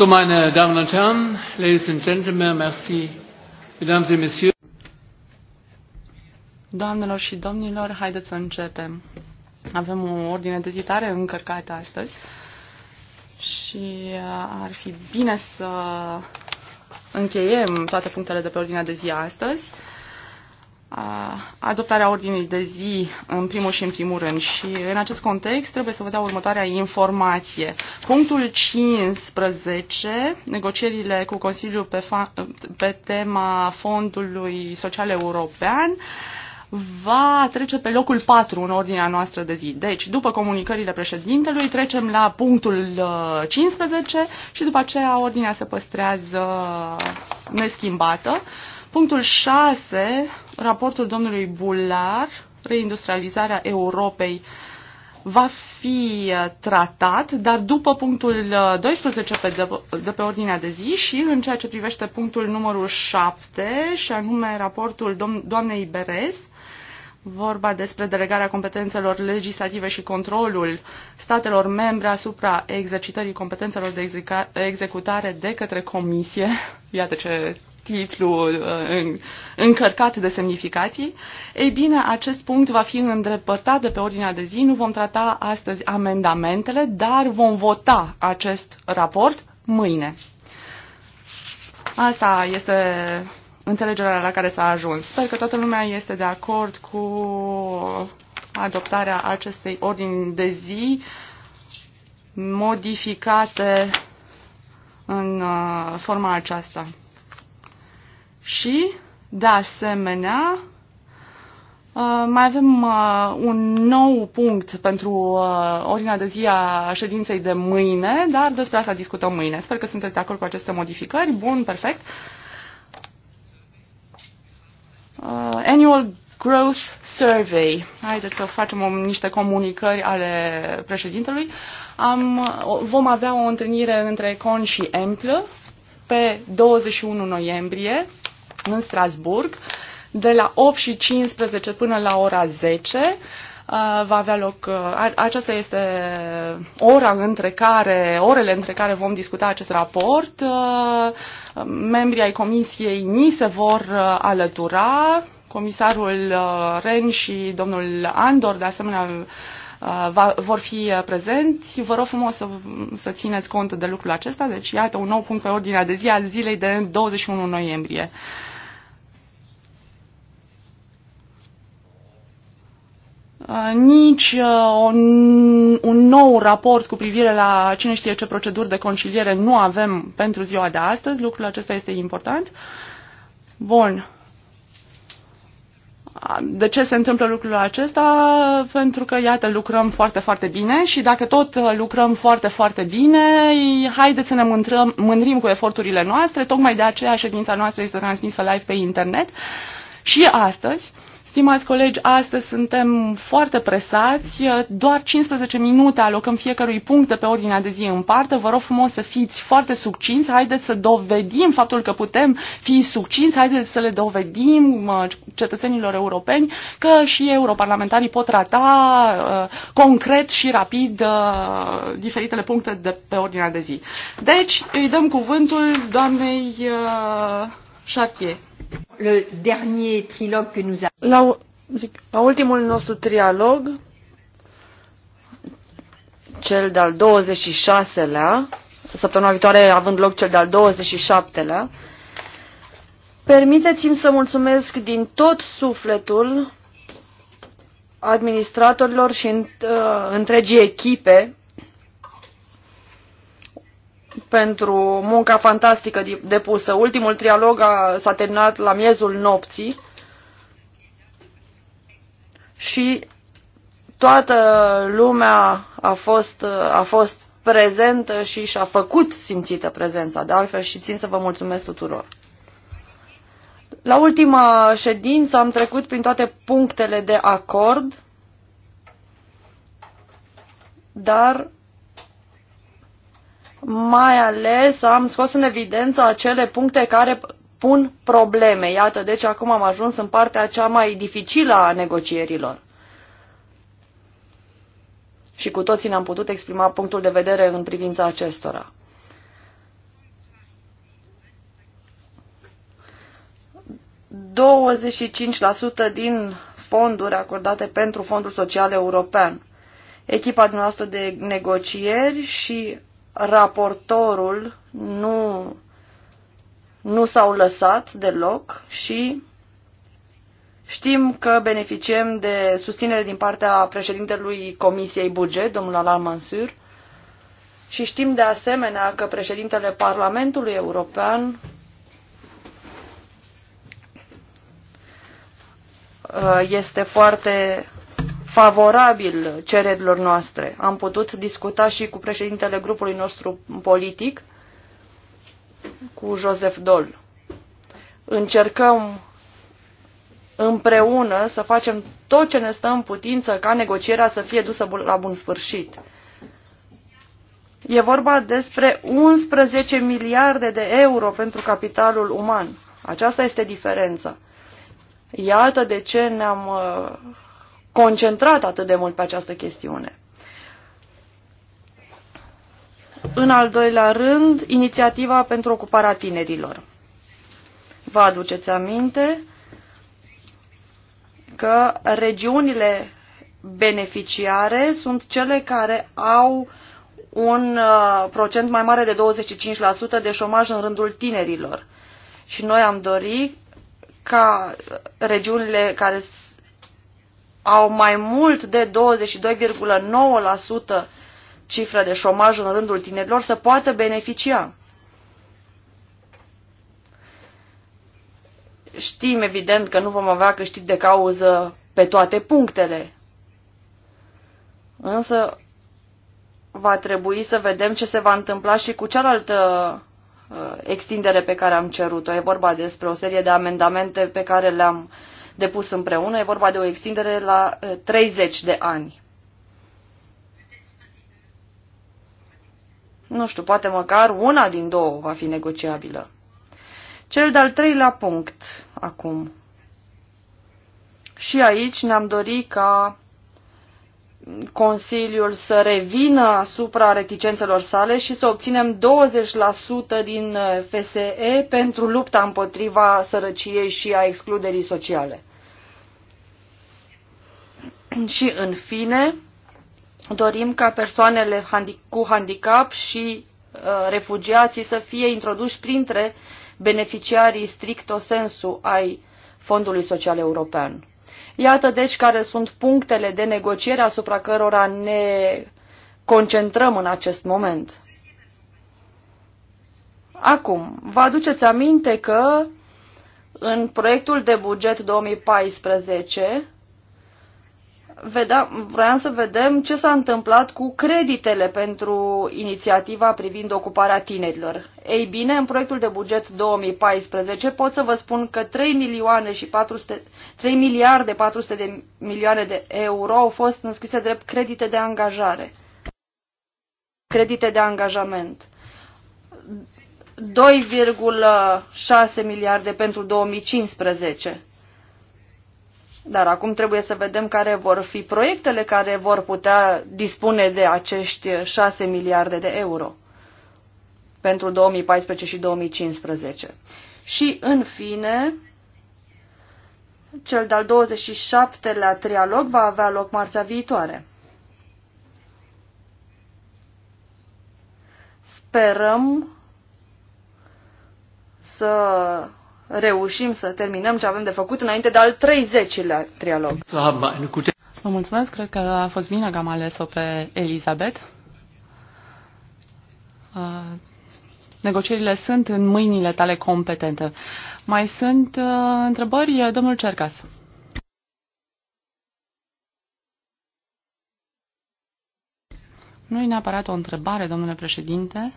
So, meine Damen und Herren, Ladies and Gentlemen, merci, Mesdames et Messieurs. Doamnelor și domnilor, haideți să începem. Avem o ordine de zitare încărcată astăzi și uh, ar fi bine să încheiem toate punctele de pe ordinea de zi astăzi adoptarea ordinii de zi în primul și în primul rând și în acest context trebuie să vă dau următoarea informație. Punctul 15, negocierile cu Consiliul pe, pe tema Fondului Social European, va trece pe locul 4 în ordinea noastră de zi. Deci, după comunicările președintelui, trecem la punctul 15 uh, și după aceea ordinea se păstrează neschimbată. Uh, Punctul 6, raportul domnului Bular, reindustrializarea Europei, va fi uh, tratat, dar după punctul 12 uh, pe de, de pe ordinea de zi și în ceea ce privește punctul numărul 7, și anume raportul dom- doamnei Beres, vorba despre delegarea competențelor legislative și controlul statelor membre asupra exercitării competențelor de executare de către comisie. Iată ce titlu uh, încărcat de semnificații, ei bine, acest punct va fi îndrepărtat de pe ordinea de zi. Nu vom trata astăzi amendamentele, dar vom vota acest raport mâine. Asta este înțelegerea la care s-a ajuns. Sper că toată lumea este de acord cu adoptarea acestei ordini de zi modificate în uh, forma aceasta. Și, de asemenea, uh, mai avem uh, un nou punct pentru uh, ordinea de zi a ședinței de mâine, dar despre asta discutăm mâine. Sper că sunteți de acord cu aceste modificări. Bun, perfect. Annual Growth Survey. Haideți să facem niște comunicări ale președintelui. Am, vom avea o întâlnire între CON și EMPLE pe 21 noiembrie în Strasburg de la 8 și 15 până la ora 10 uh, va avea loc, uh, aceasta este ora între care, orele între care vom discuta acest raport. Uh, membrii ai comisiei ni se vor alătura, comisarul Ren și domnul Andor de asemenea Uh, va, vor fi uh, prezenți. Vă rog frumos să, să țineți cont de lucrul acesta. Deci, iată, un nou punct pe ordinea de zi al zilei de 21 noiembrie. Uh, nici un, un nou raport cu privire la cine știe ce proceduri de conciliere nu avem pentru ziua de astăzi. Lucrul acesta este important. Bun. De ce se întâmplă lucrul acesta? Pentru că, iată, lucrăm foarte, foarte bine și dacă tot uh, lucrăm foarte, foarte bine, haideți să ne mântrăm, mândrim cu eforturile noastre. Tocmai de aceea ședința noastră este transmisă live pe internet. Și astăzi, Stimați colegi, astăzi suntem foarte presați, doar 15 minute alocăm fiecărui punct de pe ordinea de zi în parte. Vă rog frumos să fiți foarte succinți, haideți să dovedim faptul că putem fi succinți, haideți să le dovedim cetățenilor europeni că și europarlamentarii pot trata uh, concret și rapid uh, diferitele puncte de pe ordinea de zi. Deci, îi dăm cuvântul doamnei uh, Chartier. Le dernier trilogue que nous La, la ultimul nostru trialog, cel de-al 26-lea, săptămâna viitoare având loc cel de-al 27-lea, permiteți-mi să mulțumesc din tot sufletul administratorilor și uh, întregii echipe pentru munca fantastică depusă. Ultimul trialog s-a terminat la miezul nopții și toată lumea a fost, a fost prezentă și și-a făcut simțită prezența. De altfel și țin să vă mulțumesc tuturor. La ultima ședință am trecut prin toate punctele de acord, dar mai ales am scos în evidență acele puncte care pun probleme. Iată, deci acum am ajuns în partea cea mai dificilă a negocierilor. Și cu toții ne-am putut exprima punctul de vedere în privința acestora. ...25% din fonduri acordate pentru Fondul Social European. Echipa dumneavoastră de negocieri și raportorul nu, nu s-au lăsat deloc și știm că beneficiem de susținere din partea președintelui Comisiei Buget, domnul Alain Mansur, și știm de asemenea că președintele Parlamentului European uh, este foarte favorabil cererilor noastre. Am putut discuta și cu președintele grupului nostru politic, cu Joseph Dol. Încercăm împreună să facem tot ce ne stă în putință ca negocierea să fie dusă la bun sfârșit. E vorba despre 11 miliarde de euro pentru capitalul uman. Aceasta este diferența. Iată de ce ne-am uh, concentrat atât de mult pe această chestiune. În al doilea rând, inițiativa pentru ocuparea tinerilor. Vă aduceți aminte că regiunile beneficiare sunt cele care au un uh, procent mai mare de 25% de șomaj în rândul tinerilor. Și noi am dorit ca regiunile care au mai mult de 22,9% cifră de șomaj în rândul tinerilor să poată beneficia. Știm, evident, că nu vom avea câștig de cauză pe toate punctele. Însă va trebui să vedem ce se va întâmpla și cu cealaltă uh, extindere pe care am cerut-o. E vorba despre o serie de amendamente pe care le-am uh, depus împreună. E vorba de o extindere la 30 uh, de ani. Nu știu, poate măcar una din două va fi negociabilă. Cel de-al treilea punct acum. Și aici ne-am dorit ca Consiliul să revină asupra reticențelor sale și să obținem 20% din uh, FSE pentru lupta împotriva sărăciei și a excluderii sociale. Și, în fine, dorim ca persoanele cu handicap și uh, refugiații să fie introduși printre beneficiarii stricto sensu ai Fondului Social European. Iată deci care sunt punctele de negociere asupra cărora ne concentrăm în acest moment. Acum, vă aduceți aminte că în proiectul de buget 2014 vedea, vreau să vedem ce s-a întâmplat cu creditele pentru inițiativa privind ocuparea tinerilor. Ei bine, în proiectul de buget 2014 pot să vă spun că 3 milioane și 400, 3 miliarde 400 de milioane de euro au fost înscrise drept credite de angajare. Credite de angajament. 2,6 miliarde pentru 2015 dar acum trebuie să vedem care vor fi proiectele care vor putea dispune de acești 6 miliarde de euro pentru 2014 și 2015. Și, în fine, cel de-al 27-lea trialog va avea loc marțea viitoare. Sperăm să reușim să terminăm ce avem de făcut înainte de al 30-lea trialog. Vă mulțumesc, cred că a fost bine că am ales-o pe Elizabeth. Negocierile sunt în mâinile tale competente. Mai sunt întrebări, domnul Cercas. Nu e neapărat o întrebare, domnule președinte,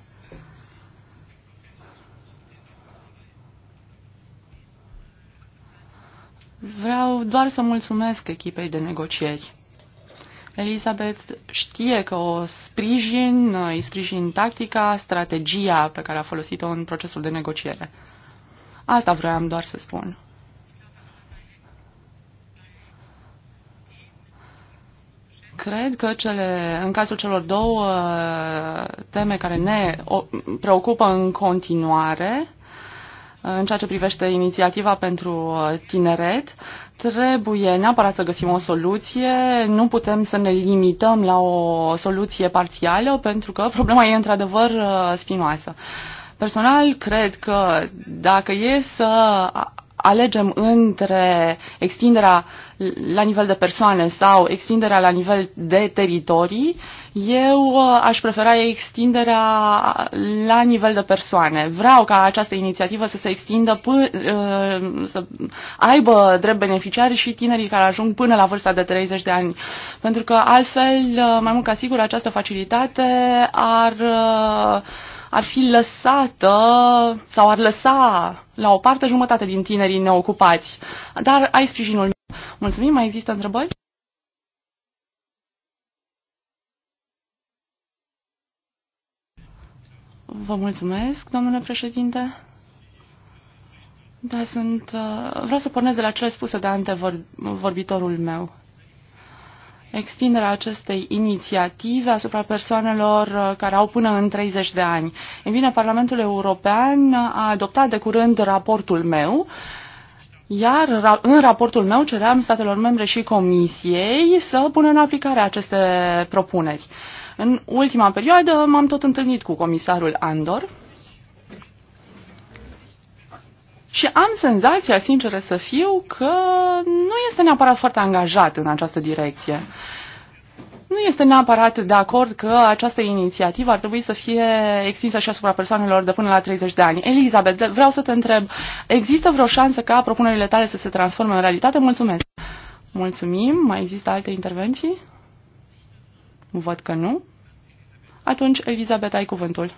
Vreau doar să mulțumesc echipei de negocieri. Elizabeth știe că o sprijin, îi sprijin tactica, strategia pe care a folosit-o în procesul de negociere. Asta vreau doar să spun. Cred că cele, în cazul celor două teme care ne preocupă în continuare, în ceea ce privește inițiativa pentru uh, tineret, trebuie neapărat să găsim o soluție, nu putem să ne limităm la o soluție parțială, pentru că problema e într-adevăr uh, spinoasă. Personal, cred că dacă e să alegem între extinderea la nivel de persoane sau extinderea la nivel de teritorii, uh, eu uh, aș prefera extinderea la nivel de persoane. Vreau ca această inițiativă să se extindă, uh, să aibă drept beneficiari și tinerii care ajung până la vârsta de 30 de ani. Pentru că altfel, uh, mai mult ca sigur, această facilitate ar ar fi lăsată sau ar lăsa la o parte jumătate din tinerii neocupați. Dar ai sprijinul meu. Mulțumim, mai există întrebări? Vă mulțumesc, domnule președinte. Da, sunt, uh, vreau să pornesc de la cele spuse de antevorbitorul meu. Extinderea acestei inițiative asupra persoanelor uh, care au până în 30 de ani. E bine, Parlamentul European a adoptat de curând raportul meu iar în raportul meu ceream statelor membre și comisiei să pună în aplicare aceste propuneri. În ultima perioadă m-am tot întâlnit cu comisarul Andor și am senzația, sinceră să fiu, că nu este neapărat foarte angajat în această direcție. Nu este neapărat de acord că această inițiativă ar trebui să fie extinsă și asupra persoanelor de până la 30 de ani. Elizabeth, vreau să te întreb, există vreo șansă ca propunerile tale să se transforme în realitate? Mulțumesc! Mulțumim. Mai există alte intervenții? Văd că nu. Atunci, Elizabeth, ai cuvântul.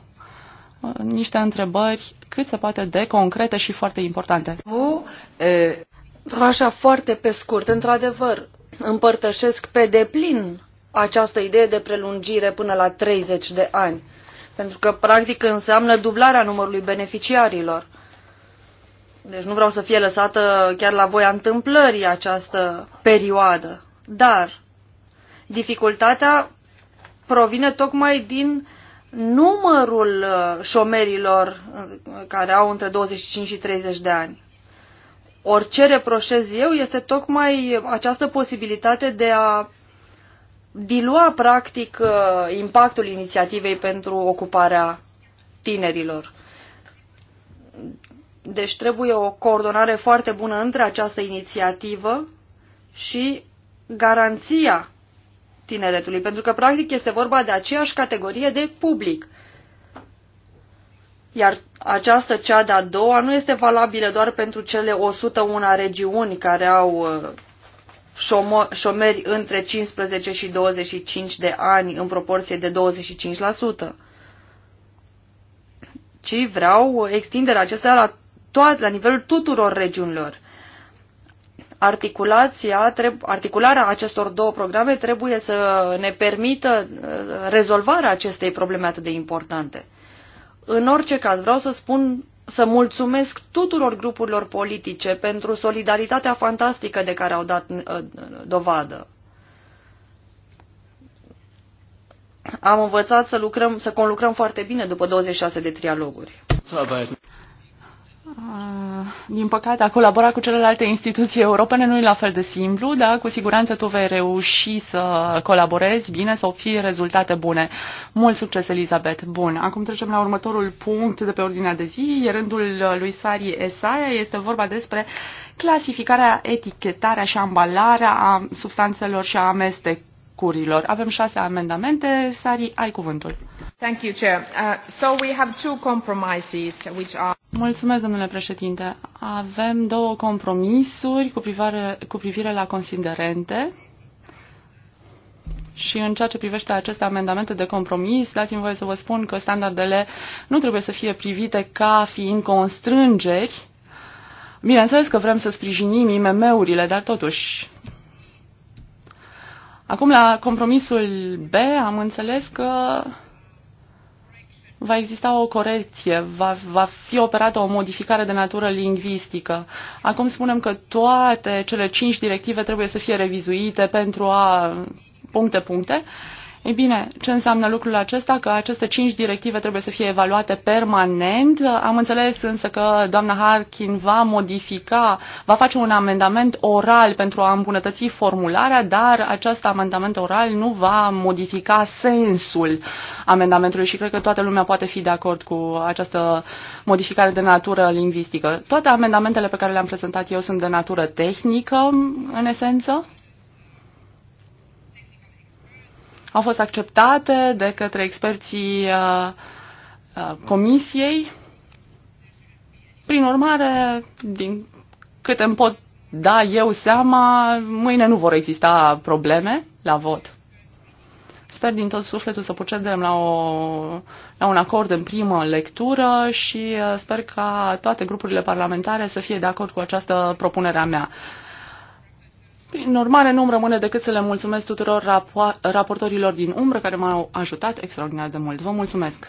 Uh, niște întrebări cât se poate de concrete și foarte importante. Nu, uh, e, așa foarte pe scurt, într-adevăr, împărtășesc pe deplin această idee de prelungire până la 30 de ani, pentru că practic înseamnă dublarea numărului beneficiarilor. Deci nu vreau să fie lăsată chiar la voia întâmplării această perioadă, dar dificultatea provine tocmai din numărul uh, șomerilor uh, care au între 25 și 30 de ani. Orice reproșez eu este tocmai această posibilitate de a dilua practic uh, impactul inițiativei pentru ocuparea tinerilor. Deci trebuie o coordonare foarte bună între această inițiativă și garanția tineretului, pentru că practic este vorba de aceeași categorie de public. Iar această cea de-a doua nu este valabilă doar pentru cele 101 regiuni care au uh, șomeri între 15 și 25 de ani în proporție de 25%, ci vreau extinderea acestea la, toat, la nivelul tuturor regiunilor articulația, articularea acestor două programe trebuie să ne permită uh, rezolvarea acestei probleme atât de importante. În orice caz, vreau să spun să mulțumesc tuturor grupurilor politice pentru solidaritatea fantastică de care au dat uh, dovadă. Am învățat să lucrăm, să conlucrăm foarte bine după 26 de trialoguri. Ah, din păcate, a colabora cu celelalte instituții europene nu e la fel de simplu, dar cu siguranță tu vei reuși să colaborezi bine, să obții rezultate bune. Mult succes, Elizabeth! Bun, acum trecem la următorul punct de pe ordinea de zi. E rândul lui Sari Esaia. Este vorba despre clasificarea, etichetarea și ambalarea a substanțelor și a amestec curilor. Avem șase amendamente. Sari, ai cuvântul. Thank you, Chair. Uh, so we have two compromises which are... Mulțumesc, domnule președinte. Avem două compromisuri cu privire, cu privire la considerente. Și în ceea ce privește aceste amendamente de compromis, dați-mi voie să vă spun că standardele nu trebuie să fie privite ca fiind constrângeri. Bineînțeles că vrem să sprijinim IMM-urile, dar totuși Acum, la compromisul B, am înțeles că va exista o corecție, va, va fi operată o modificare de natură lingvistică. Acum spunem că toate cele cinci directive trebuie să fie revizuite pentru a puncte, puncte. Uh, ei bine, ce înseamnă lucrul acesta? Că aceste cinci directive trebuie să fie evaluate permanent. Am înțeles însă că doamna Harkin va modifica, va face un amendament oral pentru a îmbunătăți formularea, dar acest amendament oral nu va modifica sensul amendamentului și cred că toată lumea poate fi de acord cu această modificare de natură lingvistică. Toate amendamentele pe care le-am prezentat eu sunt de natură tehnică, în esență. au fost acceptate de către experții uh, uh, comisiei. Prin urmare, din câte îmi pot da eu seama, mâine nu vor exista probleme la vot. Sper din tot sufletul să procedem la, o, la un acord în primă lectură și uh, sper ca toate grupurile parlamentare să fie de acord cu această propunere a mea. Prin urmare, nu îmi rămâne decât să le mulțumesc tuturor raportorilor din umbră care m-au ajutat extraordinar de mult. Vă mulțumesc!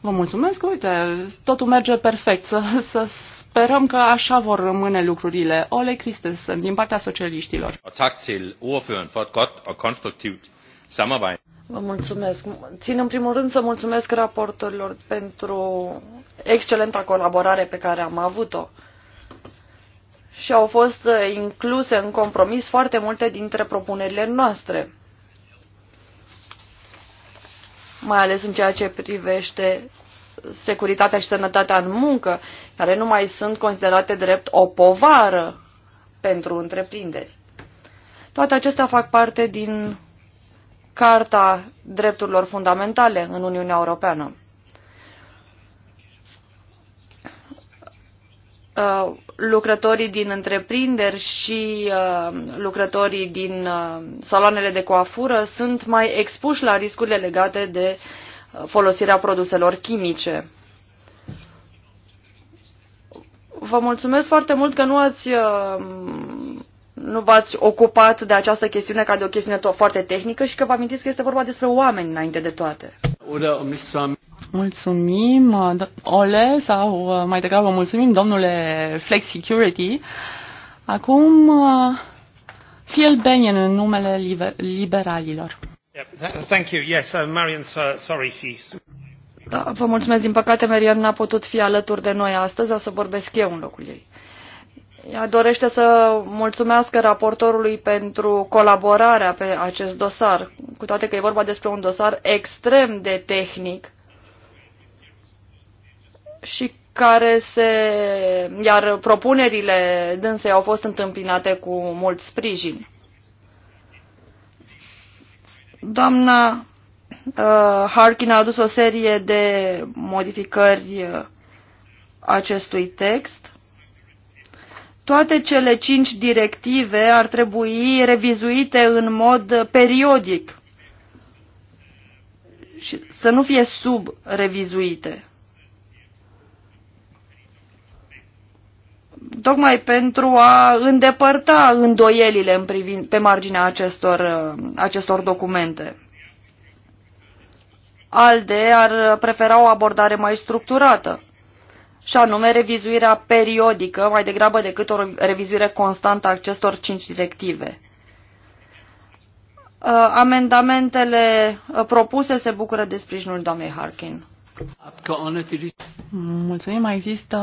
Vă mulțumesc, uite, totul merge perfect. Să, să sperăm că așa vor rămâne lucrurile. Ole Christensen, din partea socialiștilor. Vă mulțumesc. Țin în primul rând să mulțumesc raportorilor pentru excelenta colaborare pe care am avut-o și au fost uh, incluse în compromis foarte multe dintre propunerile noastre, mai ales în ceea ce privește securitatea și sănătatea în muncă, care nu mai sunt considerate drept o povară pentru întreprinderi. Toate acestea fac parte din Carta Drepturilor Fundamentale în Uniunea Europeană. Uh, lucrătorii din întreprinderi și uh, lucrătorii din uh, saloanele de coafură sunt mai expuși la riscurile legate de uh, folosirea produselor chimice. Vă mulțumesc foarte mult că nu ați nu v-ați ocupat de această chestiune ca de o chestiune foarte tehnică și că vă amintiți că este vorba despre oameni înainte de toate. Mulțumim, Ole, sau uh, mai degrabă mulțumim, domnule Flex Security. Acum, uh, Phil Benyon în numele liberalilor. Thank you. Yes, uh, Marian, sorry, she... Da, vă mulțumesc. Din păcate, Marian n-a putut fi alături de noi astăzi, o să vorbesc eu în locul ei. Ea dorește să mulțumească raportorului pentru colaborarea pe acest dosar, cu toate că e vorba despre un dosar extrem de tehnic și care se... iar propunerile dânsei au fost întâmpinate cu mult sprijin. Doamna uh, Harkin a adus o serie de modificări uh, acestui text. Toate cele cinci directive ar trebui revizuite în mod periodic și să nu fie sub-revizuite. tocmai pentru a îndepărta îndoielile în privin, pe marginea acestor, uh, acestor documente. ALDE ar prefera o abordare mai structurată, și anume revizuirea periodică, mai degrabă decât o revizuire constantă a acestor cinci directive. Uh, amendamentele uh, propuse se bucură de sprijinul doamnei Harkin. Mulțumim. Mai există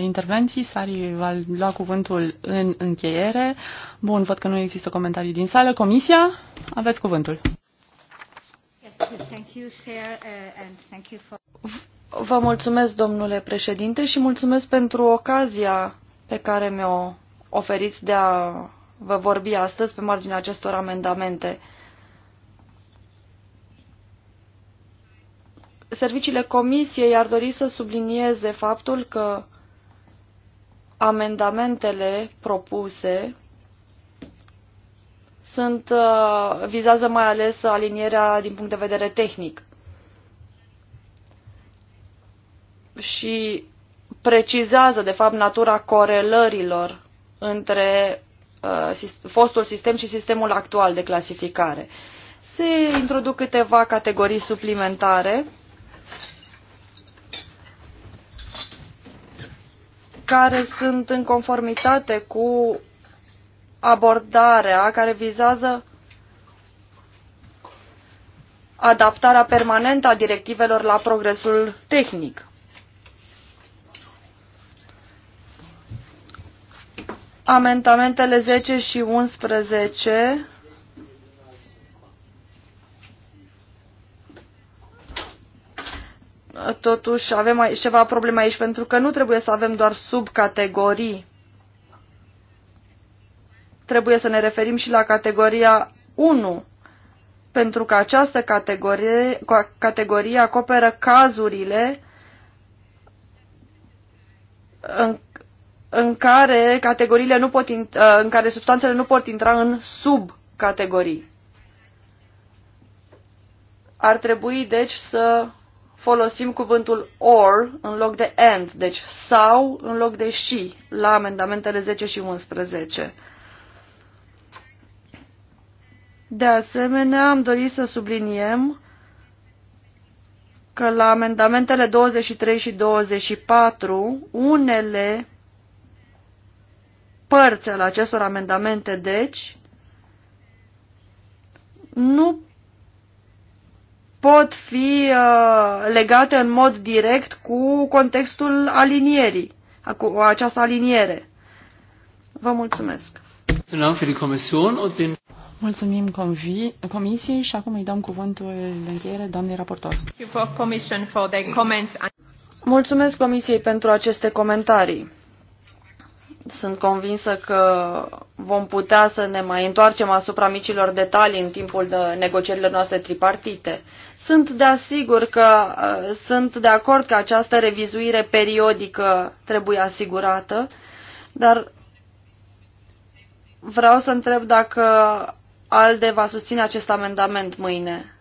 intervenții. Sari va lua cuvântul în încheiere. Bun, văd că nu există comentarii din sală. Comisia, aveți cuvântul. Uh, vă mulțumesc, domnule președinte, și mulțumesc pentru ocazia pe care mi-o oferiți de a vă vorbi astăzi pe marginea acestor amendamente. serviciile comisiei ar dori să sublinieze faptul că amendamentele propuse sunt, uh, vizează mai ales alinierea din punct de vedere tehnic și precizează, de fapt, natura corelărilor între uh, fostul sistem și sistemul actual de clasificare. Se introduc câteva categorii suplimentare care sunt în conformitate cu abordarea care vizează adaptarea permanentă a directivelor la progresul tehnic. Amendamentele 10 și 11 Totuși avem ceva probleme aici pentru că nu trebuie să avem doar subcategorii. Trebuie să ne referim și la categoria 1, pentru că această categorie, categorie acoperă cazurile în, în care categoriile nu pot, ă, în care substanțele nu pot intra în subcategorii. Ar trebui, deci, să folosim cuvântul or în loc de and, deci sau în loc de și, la amendamentele 10 și 11. De asemenea, am dorit să subliniem că la amendamentele 23 și 24, unele părți ale acestor amendamente, deci, nu pot fi uh, legate în mod direct cu contextul alinierii, cu această aliniere. Vă mulțumesc. Mulțumim comisiei și acum îi dăm cuvântul de încheiere doamnei raportor. Mulțumesc comisiei pentru aceste comentarii. Sunt convinsă că vom putea să ne mai întoarcem asupra micilor detalii în timpul de negocierilor noastre tripartite. Sunt de asigur că uh, sunt de acord că această revizuire periodică trebuie asigurată, dar vreau să întreb dacă ALDE va susține acest amendament mâine.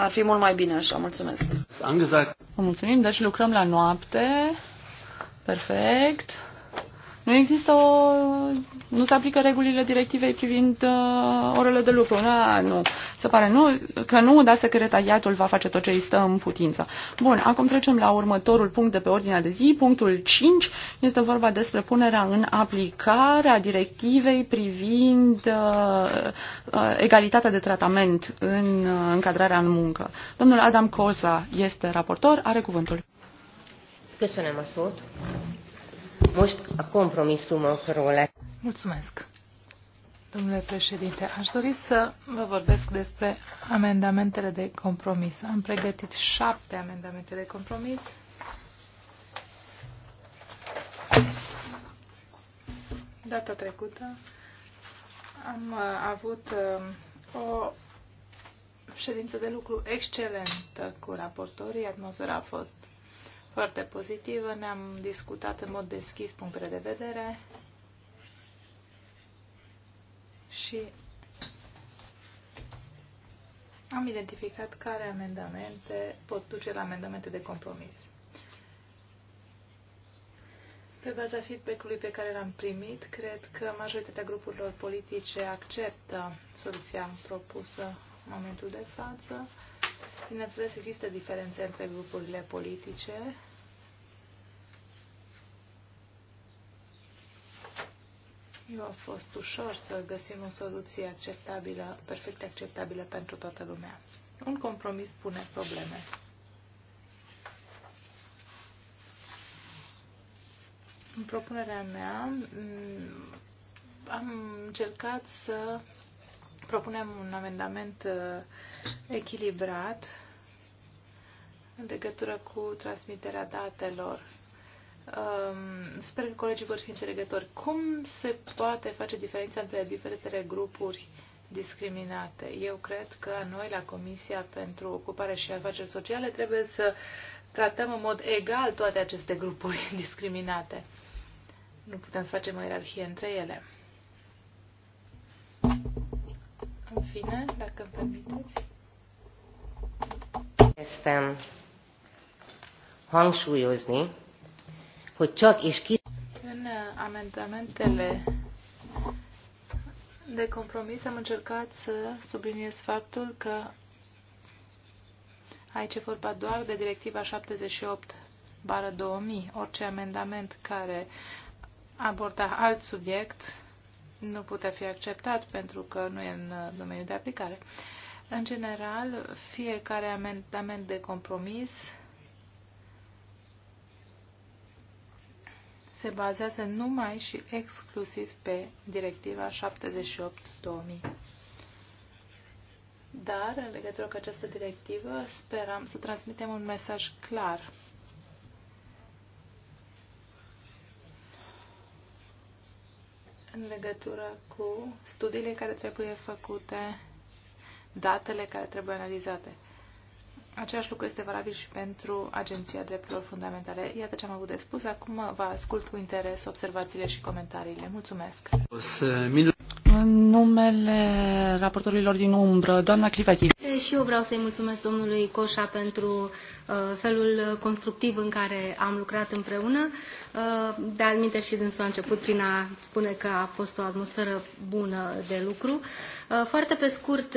Ar fi mult mai bine așa, mulțumesc. Vă mulțumim, deci lucrăm la noapte. Perfect. Nu există o... nu se aplică regulile directivei privind uh, orele de lucru. Na, nu. Se pare nu, că nu, dar secretariatul va face tot ce îi stă în putință. Bun, acum trecem la următorul punct de pe ordinea de zi. Punctul 5 este vorba despre punerea în aplicare a directivei privind uh, uh, egalitatea de tratament în uh, încadrarea în muncă. Domnul Adam Cosa este raportor, are cuvântul. Köszönöm a szót. Most a compromissumokról. Mulțumesc. Domnule președinte, aș dori să vă vorbesc despre amendamentele de compromis. Am pregătit șapte amendamente de compromis. Data trecută am uh, avut uh, o ședință de lucru excelentă cu raportorii. Atmosfera a fost foarte pozitivă. Ne-am discutat în mod deschis punctele de vedere și am identificat care amendamente pot duce la amendamente de compromis. Pe baza feedback-ului pe care l-am primit, cred că majoritatea grupurilor politice acceptă soluția propusă în momentul de față. Bineînțeles, există diferențe între grupurile politice. Eu a fost ușor să găsim o soluție acceptabilă, perfect acceptabilă pentru toată lumea. Un compromis pune probleme. În propunerea mea am încercat să propunem un amendament uh, echilibrat în legătură cu transmiterea datelor. Um, sper că colegii vor fi înțelegători. Cum se poate face diferența între diferitele grupuri discriminate? Eu cred că noi, la Comisia pentru Ocupare și Afaceri Sociale, trebuie să tratăm în mod egal toate aceste grupuri discriminate. Nu putem să facem o ierarhie între ele. În fine, dacă îmi permiteți. Kezdtem um, hangsúlyozni, hogy csak és ki... În uh, amendamentele de compromis am încercat să subliniez faptul că aici e vorba doar de directiva 78 bară 2000. Orice amendament care aborda alt subiect nu putea fi acceptat pentru că nu e în uh, domeniul de aplicare. În general, fiecare amendament de compromis se bazează numai și exclusiv pe Directiva 78-2000. Dar, în legătură cu această directivă, sperăm să transmitem un mesaj clar în legătură cu studiile care trebuie făcute, datele care trebuie analizate. Același lucru este valabil și pentru Agenția Drepturilor Fundamentale. Iată ce am avut de spus. Acum vă ascult cu interes observațiile și comentariile. Mulțumesc! Eh, numele raportorilor din umbră, doamna Clivati. Și eu vreau să-i mulțumesc domnului Coșa pentru uh, felul constructiv în care am lucrat împreună. Uh, de alminte și s a început prin a spune că a fost o atmosferă bună de lucru. Uh, foarte pe scurt,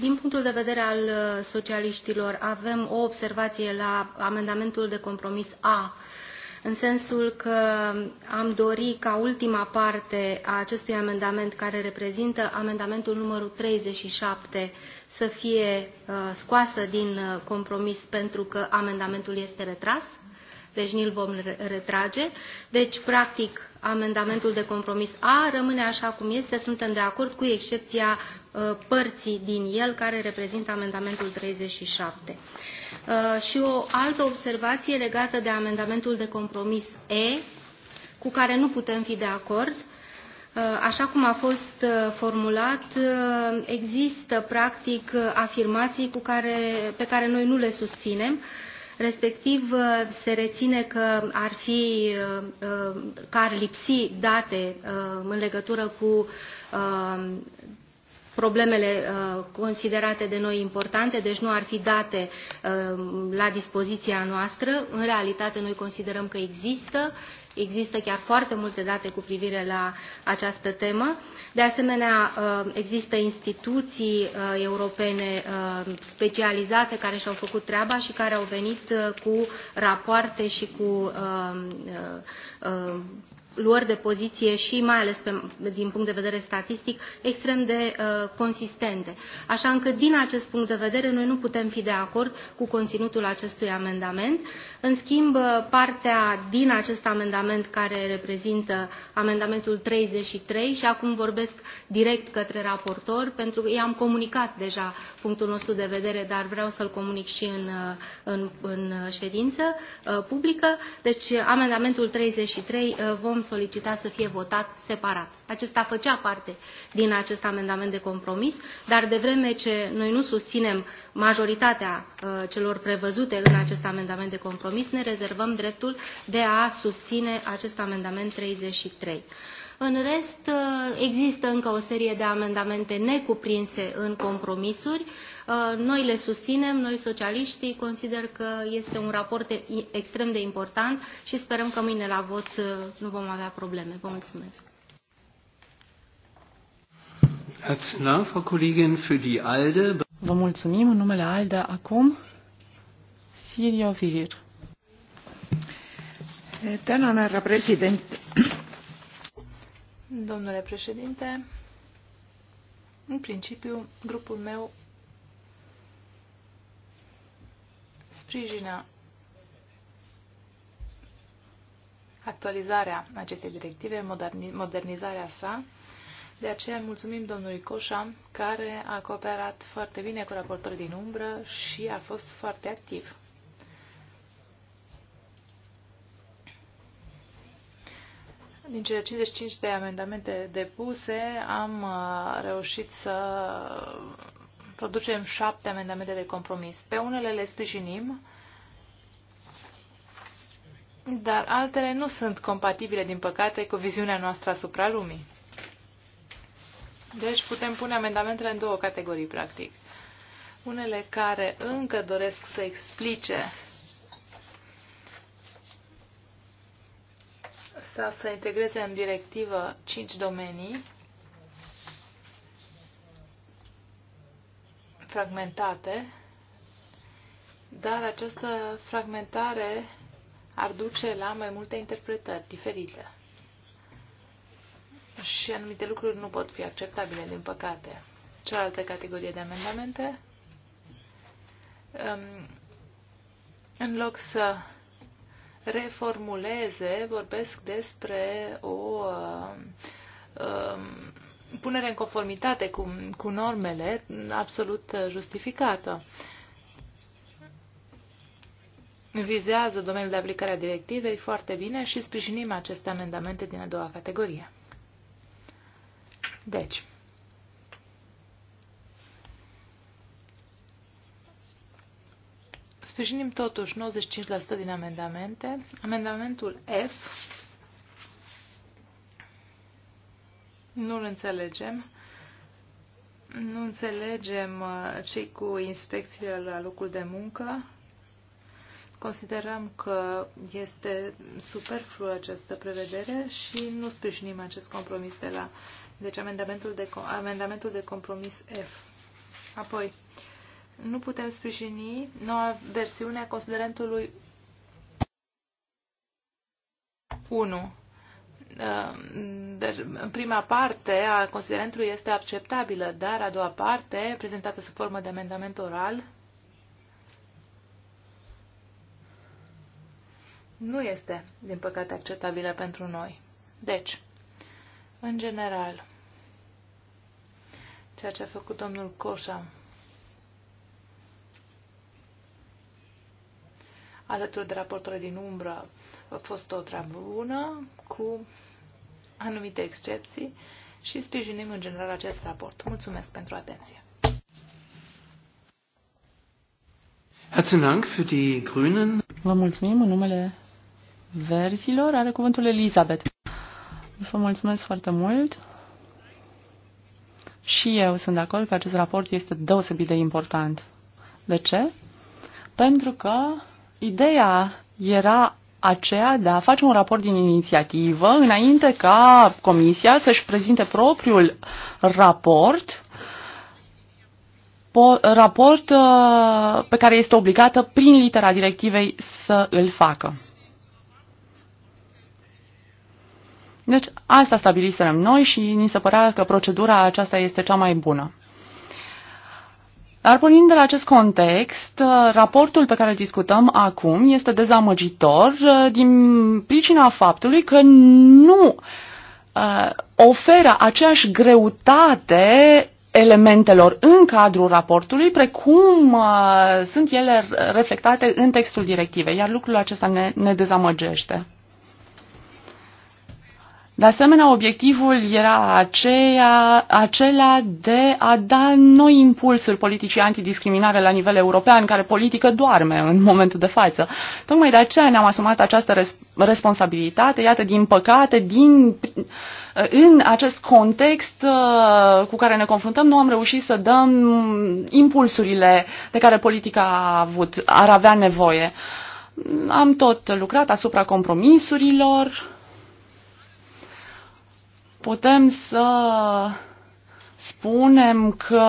din punctul de vedere al socialiștilor, avem o observație la amendamentul de compromis A în sensul că am dori ca ultima parte a acestui amendament, care reprezintă amendamentul numărul 37, să fie uh, scoasă din uh, compromis pentru că amendamentul este retras deci ni-l vom retrage. Deci, practic, amendamentul de compromis A rămâne așa cum este, suntem de acord cu excepția uh, părții din el care reprezintă amendamentul 37. Uh, și o altă observație legată de amendamentul de compromis E, cu care nu putem fi de acord, uh, Așa cum a fost formulat, există practic afirmații cu care, pe care noi nu le susținem respectiv uh, se reține că ar, fi, uh, uh, că ar lipsi date în legătură cu problemele uh, considerate de noi importante, deci nu ar fi date uh, la dispoziția noastră. În realitate, noi considerăm că există Există chiar foarte multe date cu privire la această temă. De asemenea, uh, există instituții europene specializate care și-au făcut treaba și care au venit cu rapoarte și cu luări de poziție și mai ales pe, din punct de vedere statistic extrem de uh, consistente. Așa încât din acest punct de vedere noi nu putem fi de acord cu conținutul acestui amendament. Uh, în schimb, partea din acest amendament care reprezintă amendamentul 33 și acum vorbesc direct către raportor pentru că i-am comunicat deja punctul nostru de vedere, dar vreau să-l comunic și în, în, în ședință uh, publică. Deci amendamentul 33 uh, vom solicita să fie votat separat. Acesta făcea parte din acest amendament de compromis, dar de vreme ce noi nu susținem majoritatea uh, celor prevăzute în acest amendament de compromis, ne rezervăm dreptul de a susține acest amendament 33. În rest, uh, există încă o serie de amendamente necuprinse în compromisuri. Uh, noi le susținem, noi socialiștii consider că este un raport extrem de important și sperăm că mâine la vot nu vom avea probleme. Vă mulțumesc! Vă mulțumim în numele ALDE acum. Silvio Vir. Tänan, președinte. Domnule președinte, în principiu, grupul meu sprijină actualizarea acestei directive, modernizarea sa de aceea mulțumim domnului Coșa, care a cooperat foarte bine cu raportorii din umbră și a fost foarte activ. Din cele 55 de amendamente depuse, am uh, reușit să producem șapte amendamente de compromis. Pe unele le sprijinim, dar altele nu sunt compatibile, din păcate, cu viziunea noastră asupra lumii. Deci putem pune amendamentele în două categorii, practic. Unele care încă doresc să explice sau să integreze în directivă cinci domenii fragmentate, dar această fragmentare ar duce la mai multe interpretări diferite și anumite lucruri nu pot fi acceptabile, din păcate. Cealaltă categorie de amendamente, în loc să reformuleze, vorbesc despre o um, um, punere în conformitate cu, cu normele absolut justificată. Vizează domeniul de aplicare a directivei foarte bine și sprijinim aceste amendamente din a doua categorie. Deci, Sprijinim totuși 95% din amendamente. Amendamentul F nu-l înțelegem. Nu înțelegem uh, cei cu inspecțiile la locul de muncă. Considerăm că este superflu această prevedere și nu sprijinim acest compromis de la deci amendamentul de, amendamentul de compromis F. Apoi, nu putem sprijini noua versiune a considerentului 1. Ehm, deci, prima parte a considerentului este acceptabilă, dar a doua parte, prezentată sub formă de amendament oral, nu este, din păcate, acceptabilă pentru noi. Deci, în general, ceea ce a făcut domnul Coșa alături de raportorii din umbră a fost o treabă bună, cu anumite excepții și sprijinim în general acest raport. Mulțumesc pentru atenție. Herzlichen Dank für die Grünen. Vă mulțumim în numele verzilor. Are cuvântul Elisabeth. Vă mulțumesc foarte mult. Și eu sunt de acord că acest raport este deosebit de important. De ce? Pentru că ideea era aceea de a face un raport din inițiativă înainte ca Comisia să-și prezinte propriul raport raport uh, pe care este obligată prin litera directivei să îl facă. Deci asta stabilisem noi și ni se părea că procedura aceasta este cea mai bună. Dar pornind de la acest context, raportul pe care îl discutăm acum este dezamăgitor uh, din pricina faptului că nu uh, oferă aceeași greutate elementelor în cadrul raportului, precum uh, sunt ele reflectate în textul directivei, iar lucrul acesta ne, ne dezamăgește. De asemenea, obiectivul era aceea, acela de a da noi impulsuri politicii antidiscriminare la nivel european, care politică doarme în momentul de față. Tocmai de aceea ne-am asumat această res- responsabilitate. Iată, din păcate, din, în acest context uh, cu care ne confruntăm, nu am reușit să dăm impulsurile de care politica a avut, ar avea nevoie. Am tot lucrat asupra compromisurilor putem să spunem că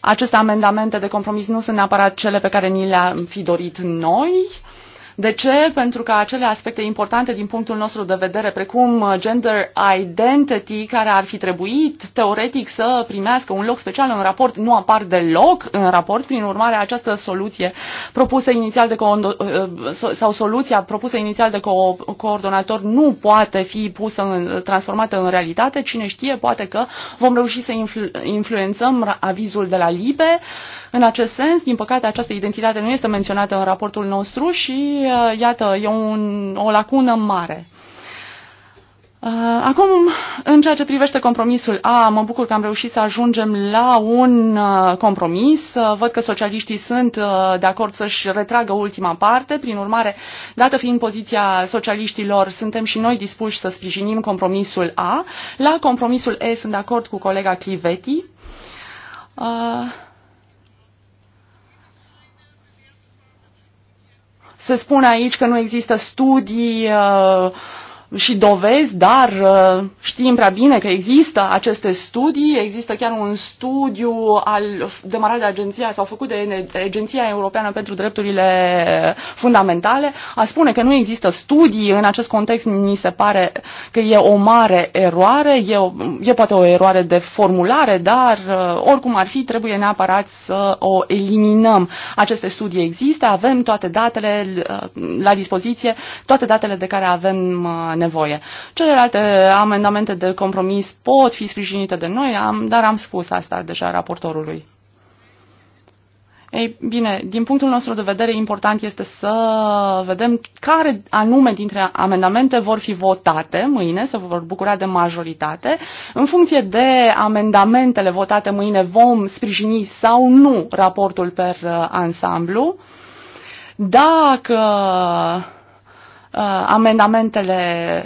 aceste amendamente de compromis nu sunt neapărat cele pe care ni le-am fi dorit noi, uh, de ce? Pentru că acele aspecte importante din punctul nostru de vedere, precum uh, gender identity, care ar fi trebuit teoretic să primească un loc special în raport, nu apar deloc în raport. Prin urmare, această soluție propusă inițial de uh, uh, sau soluția propusă inițial de co- coordonator nu poate fi pusă în, transformată în realitate. Cine știe, poate că vom reuși să influ- influențăm avizul de la LIBE în acest sens, din păcate, această identitate nu este menționată în raportul nostru și, uh, iată, e un, o lacună mare. Uh, acum, în ceea ce privește compromisul A, mă bucur că am reușit să ajungem la un uh, compromis. Văd că socialiștii sunt de acord să-și retragă ultima parte. Prin urmare, dată fiind poziția socialiștilor, suntem și noi dispuși să sprijinim compromisul A. La compromisul E sunt de acord cu colega Clivetti. Uh... Se spune aici că nu există studii uh, și dovezi, dar uh, știm prea bine că există aceste studii, există chiar un studiu al, demarat de agenția sau făcut de Agenția Europeană pentru Drepturile Fundamentale, a spune că nu există studii în acest context, mi se pare că e o mare eroare, e, o, e poate o eroare de formulare, dar uh, oricum ar fi, trebuie neapărat să o eliminăm. Aceste studii există, avem toate datele uh, la dispoziție, toate datele de care avem nevoie. Celelalte amendamente de compromis pot fi sprijinite de noi, am, dar am spus asta deja raportorului. Ei bine, din punctul nostru de vedere, important este să vedem care anume dintre amendamente vor fi votate mâine, să vor bucura de majoritate. În funcție de amendamentele votate mâine, vom sprijini sau nu raportul per uh, ansamblu. Dacă Uh, amendamentele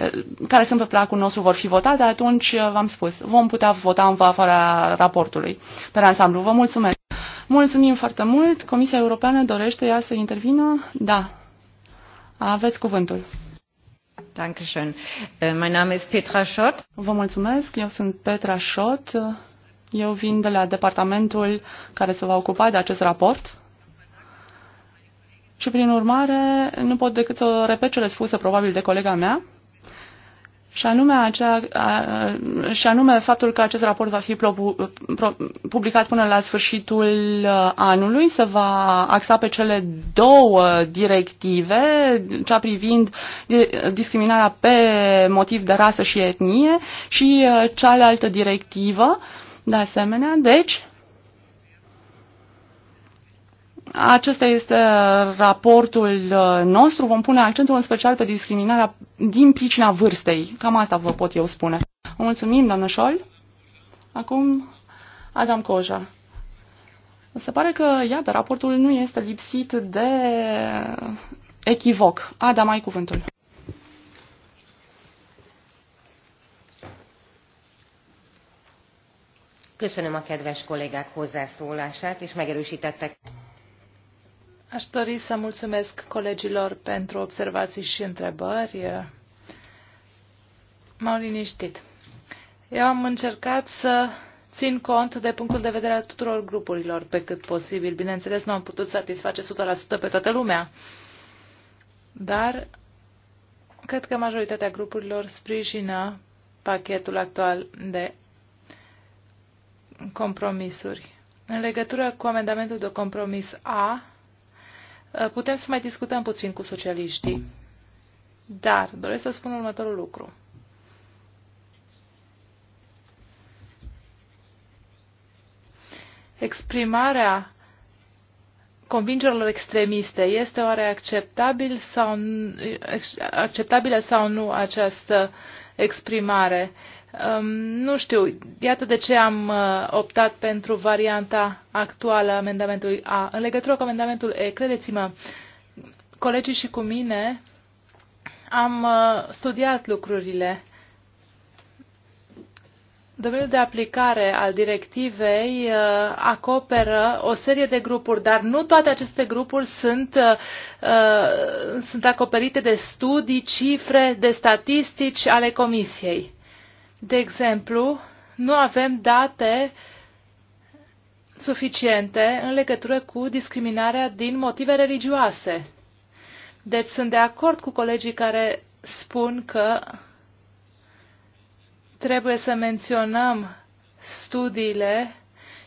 care sunt pe placul nostru vor fi votate, atunci, uh, v-am spus, vom putea vota în favoarea raportului pe ansamblu. Vă mulțumesc! Mulțumim foarte mult! Comisia Europeană dorește ea să intervină? Da. Aveți cuvântul. Dankeschön. Uh, mein Name ist Petra Schott. Vă mulțumesc, eu sunt Petra Schott. Eu vin de la departamentul care se va ocupa de acest raport. Și prin urmare, nu pot decât să repet cele spuse probabil de colega mea, și anume, acea, a, și anume faptul că acest raport va fi pro, pro, publicat până la sfârșitul uh, anului, se va axa pe cele două directive, cea privind uh, discriminarea pe motiv de rasă și etnie și uh, cealaltă directivă, de asemenea. Deci, acesta este raportul uh, nostru. Vom pune accentul în special pe discriminarea din pricina vârstei. Cam asta vă pot eu spune. Vă mulțumim, doamnă Șol. Acum, Adam Coja. Se pare că, iată, raportul nu este lipsit de echivoc. Adam, ai cuvântul. Köszönöm a kedves kollégák hozzászólását, és megerősítettek. Aș dori să mulțumesc colegilor pentru observații și întrebări. M-au liniștit. Eu am încercat să țin cont de punctul de vedere al tuturor grupurilor pe cât posibil. Bineînțeles, nu am putut satisface 100% pe toată lumea, dar cred că majoritatea grupurilor sprijină pachetul actual de compromisuri. În legătură cu amendamentul de compromis A, Uh, putem să mai discutăm puțin cu socialiștii, dar doresc să spun următorul lucru. Exprimarea convingerilor extremiste, este oare acceptabil sau, acceptabilă sau nu această exprimare? nu știu, iată de ce am uh, optat pentru varianta actuală a amendamentului A. În legătură cu amendamentul E, credeți-mă, colegii și cu mine am uh, studiat lucrurile. Domeniul de aplicare al directivei uh, acoperă o serie de grupuri, dar nu toate aceste grupuri sunt, sunt acoperite de studii, cifre, de statistici ale Comisiei. De exemplu, nu avem date suficiente în legătură cu discriminarea din motive religioase. Deci sunt de acord cu colegii care spun că trebuie să menționăm studiile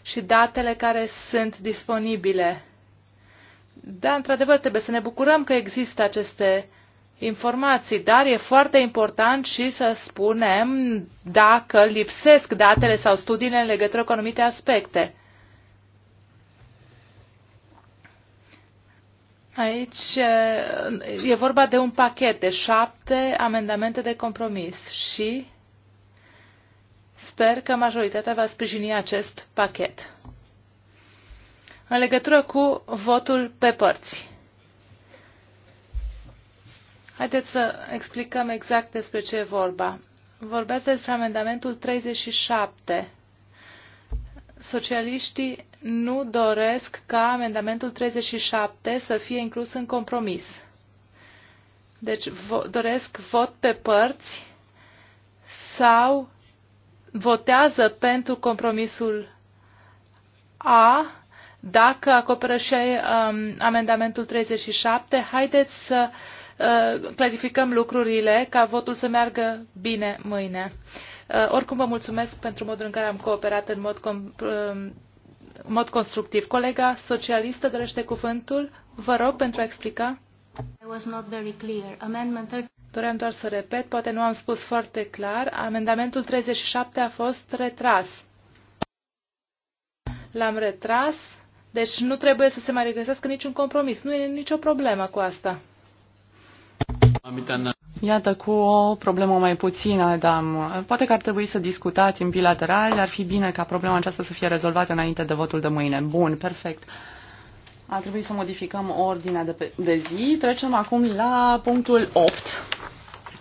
și datele care sunt disponibile. Da, într-adevăr, trebuie să ne bucurăm că există aceste informații, dar e foarte important și să spunem dacă lipsesc datele sau studiile în legătură cu anumite aspecte. Aici e vorba de un pachet de șapte amendamente de compromis și sper că majoritatea va sprijini acest pachet. În legătură cu votul pe părți. Haideți să explicăm exact despre ce e vorba. Vorbesc despre amendamentul 37. Socialiștii nu doresc ca amendamentul 37 să fie inclus în compromis. Deci vo doresc vot pe părți sau votează pentru compromisul A dacă acoperă și um, amendamentul 37. Haideți să uh, Uh, clarificăm lucrurile ca votul să meargă bine mâine. Uh, oricum vă mulțumesc pentru modul în care am cooperat în mod, com- uh, mod constructiv. Colega socialistă dorește cuvântul. Vă rog pentru a explica. Doream doar să repet, poate nu am spus foarte clar. Amendamentul 37 a fost retras. L-am retras, deci nu trebuie să se mai regăsească niciun compromis. Nu e nicio problemă cu asta. Iată, cu o problemă mai puțină, dar poate că ar trebui să discutați în bilateral. Ar fi bine ca problema aceasta să fie rezolvată înainte de votul de mâine. Bun, perfect. Ar trebui să modificăm ordinea de, pe, de zi. Trecem acum la punctul 8.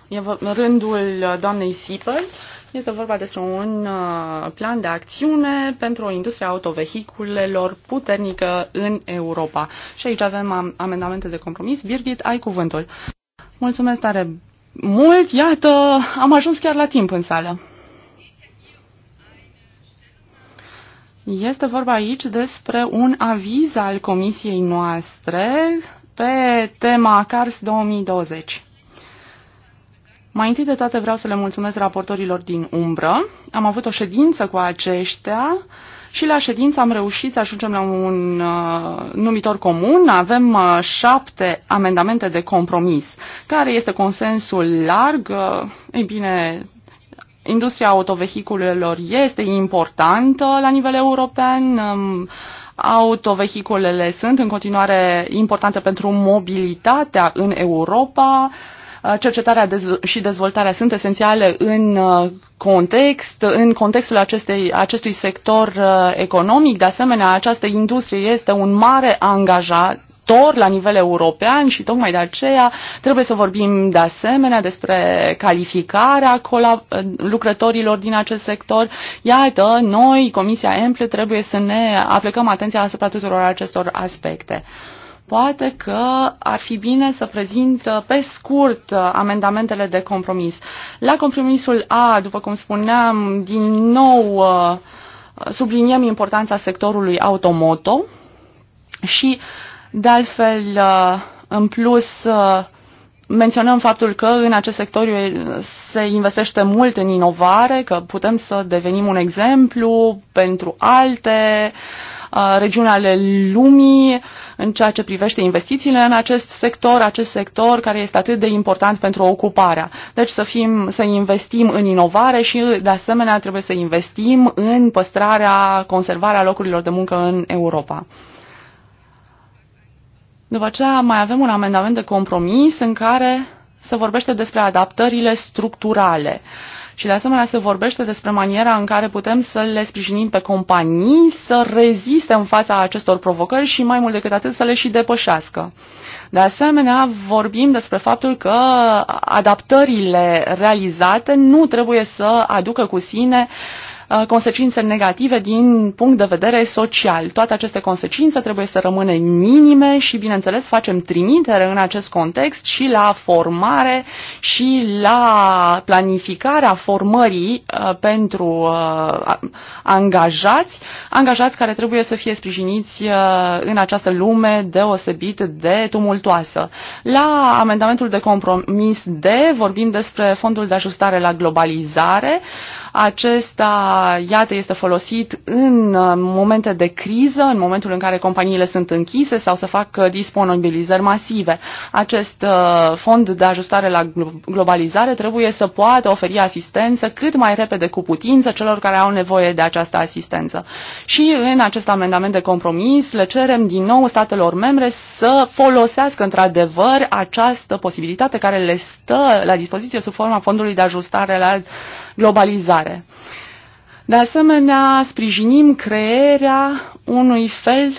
E rândul doamnei Sipăl. Este vorba despre un uh, plan de acțiune pentru o industrie autovehiculelor puternică în Europa. Și aici avem amendamente de compromis. Birgit, ai cuvântul. Mulțumesc tare mult! Iată, am ajuns chiar la timp în sală. Este vorba aici despre un aviz al comisiei noastre pe tema CARS 2020. Mai întâi de toate vreau să le mulțumesc raportorilor din umbră. Am avut o ședință cu aceștia și la ședință am reușit să ajungem la un uh, numitor comun. Avem uh, șapte amendamente de compromis. Care este consensul larg? Uh, ei bine, industria autovehiculelor este importantă la nivel european. Um, autovehiculele sunt în continuare importante pentru mobilitatea în Europa. Uh, Uh, cercetarea și dezvoltarea sunt esențiale în uh, context, în contextul acestei, acestui sector uh, economic. De asemenea, această industrie este un mare angajat la nivel european și tocmai de aceea trebuie să vorbim de asemenea despre calificarea lucrătorilor din acest sector. Iată, noi, Comisia EMPLE, trebuie să ne aplicăm atenția asupra tuturor acestor aspecte. Poate că ar fi bine să prezint uh, pe scurt uh, amendamentele de compromis. La compromisul A, după cum spuneam, din nou uh, subliniem importanța sectorului automoto și, de altfel, în plus, menționăm faptul că în acest sector se investește mult în inovare, că putem să devenim un exemplu pentru alte uh, Uh, regiuni ale lumii în ceea ce privește investițiile în acest sector, acest sector care este atât de important pentru ocuparea. Deci să, fim, să investim în inovare și de asemenea trebuie să investim în păstrarea, conservarea locurilor de muncă în Europa. După aceea mai avem un amendament de compromis în care se vorbește despre adaptările structurale. Uh, și de asemenea se vorbește despre maniera în care putem să le sprijinim pe companii să reziste în fața acestor provocări și mai mult decât atât să le și depășească. De asemenea, vorbim despre faptul că adaptările realizate nu trebuie să aducă cu sine uh, Uh, consecințe negative din punct de vedere social. Toate aceste consecințe trebuie să rămână minime și, bineînțeles, facem trimitere în acest context și la formare și la planificarea formării uh, pentru uh, angajați, angajați care trebuie să fie sprijiniți în această lume deosebit de tumultoasă. La amendamentul de compromis D vorbim despre fondul de ajustare la globalizare. Acesta, iată, este folosit în uh, momente de criză, în momentul în care companiile sunt închise sau să fac disponibilizări masive. Acest uh, fond de ajustare la globalizare trebuie să poată oferi asistență cât mai repede cu putință celor care au nevoie de această asistență. Și în acest amendament de compromis le cerem din nou statelor membre să folosească într-adevăr această posibilitate care le stă la dispoziție sub forma fondului de ajustare la globalizare. De asemenea, sprijinim crearea unui fel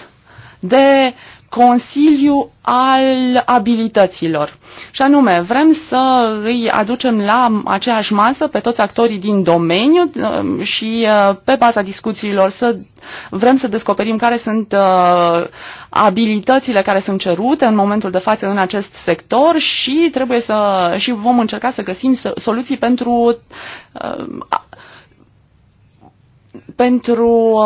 de Consiliu al abilităților. Și anume, vrem să îi aducem la aceeași masă pe toți actorii din domeniu uh, și uh, pe baza discuțiilor să vrem să descoperim care sunt uh, abilitățile care sunt cerute în momentul de față în acest sector și trebuie să și vom încerca să găsim soluții pentru pentru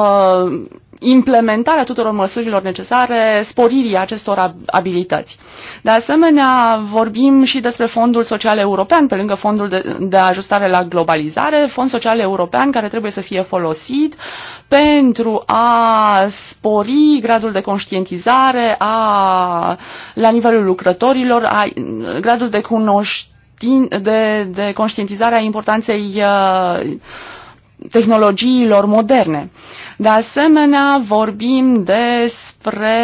implementarea tuturor măsurilor necesare sporirii acestor abilități. De asemenea, vorbim și despre Fondul Social European, pe lângă Fondul de, de Ajustare la Globalizare, Fond Social European care trebuie să fie folosit pentru a spori gradul de conștientizare a, la nivelul lucrătorilor, a, gradul de, cunoștin, de, de conștientizare a importanței a, uh, tehnologiilor moderne. Uh, de asemenea, vorbim despre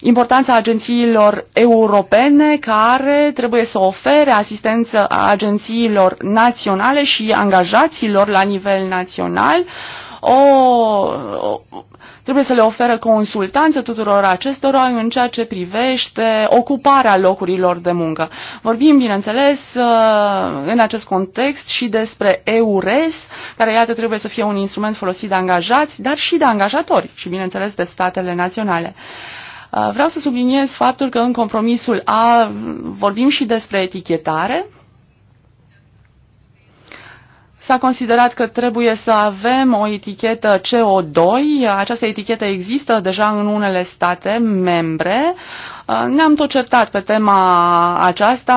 importanța agențiilor europene care trebuie să ofere asistență a agențiilor naționale și angajaților la nivel național o, trebuie să le ofere consultanță tuturor acestora în ceea ce privește ocuparea locurilor de muncă. Vorbim, bineînțeles, uh, în acest context și despre EURES, care, iată, trebuie să fie un instrument folosit de angajați, dar și de angajatori și, bineînțeles, de statele naționale. Uh, vreau să subliniez faptul că în compromisul A vorbim și despre etichetare, S-a considerat că trebuie să avem o etichetă CO2. Această etichetă există deja în unele state membre. Ne-am tot certat pe tema aceasta.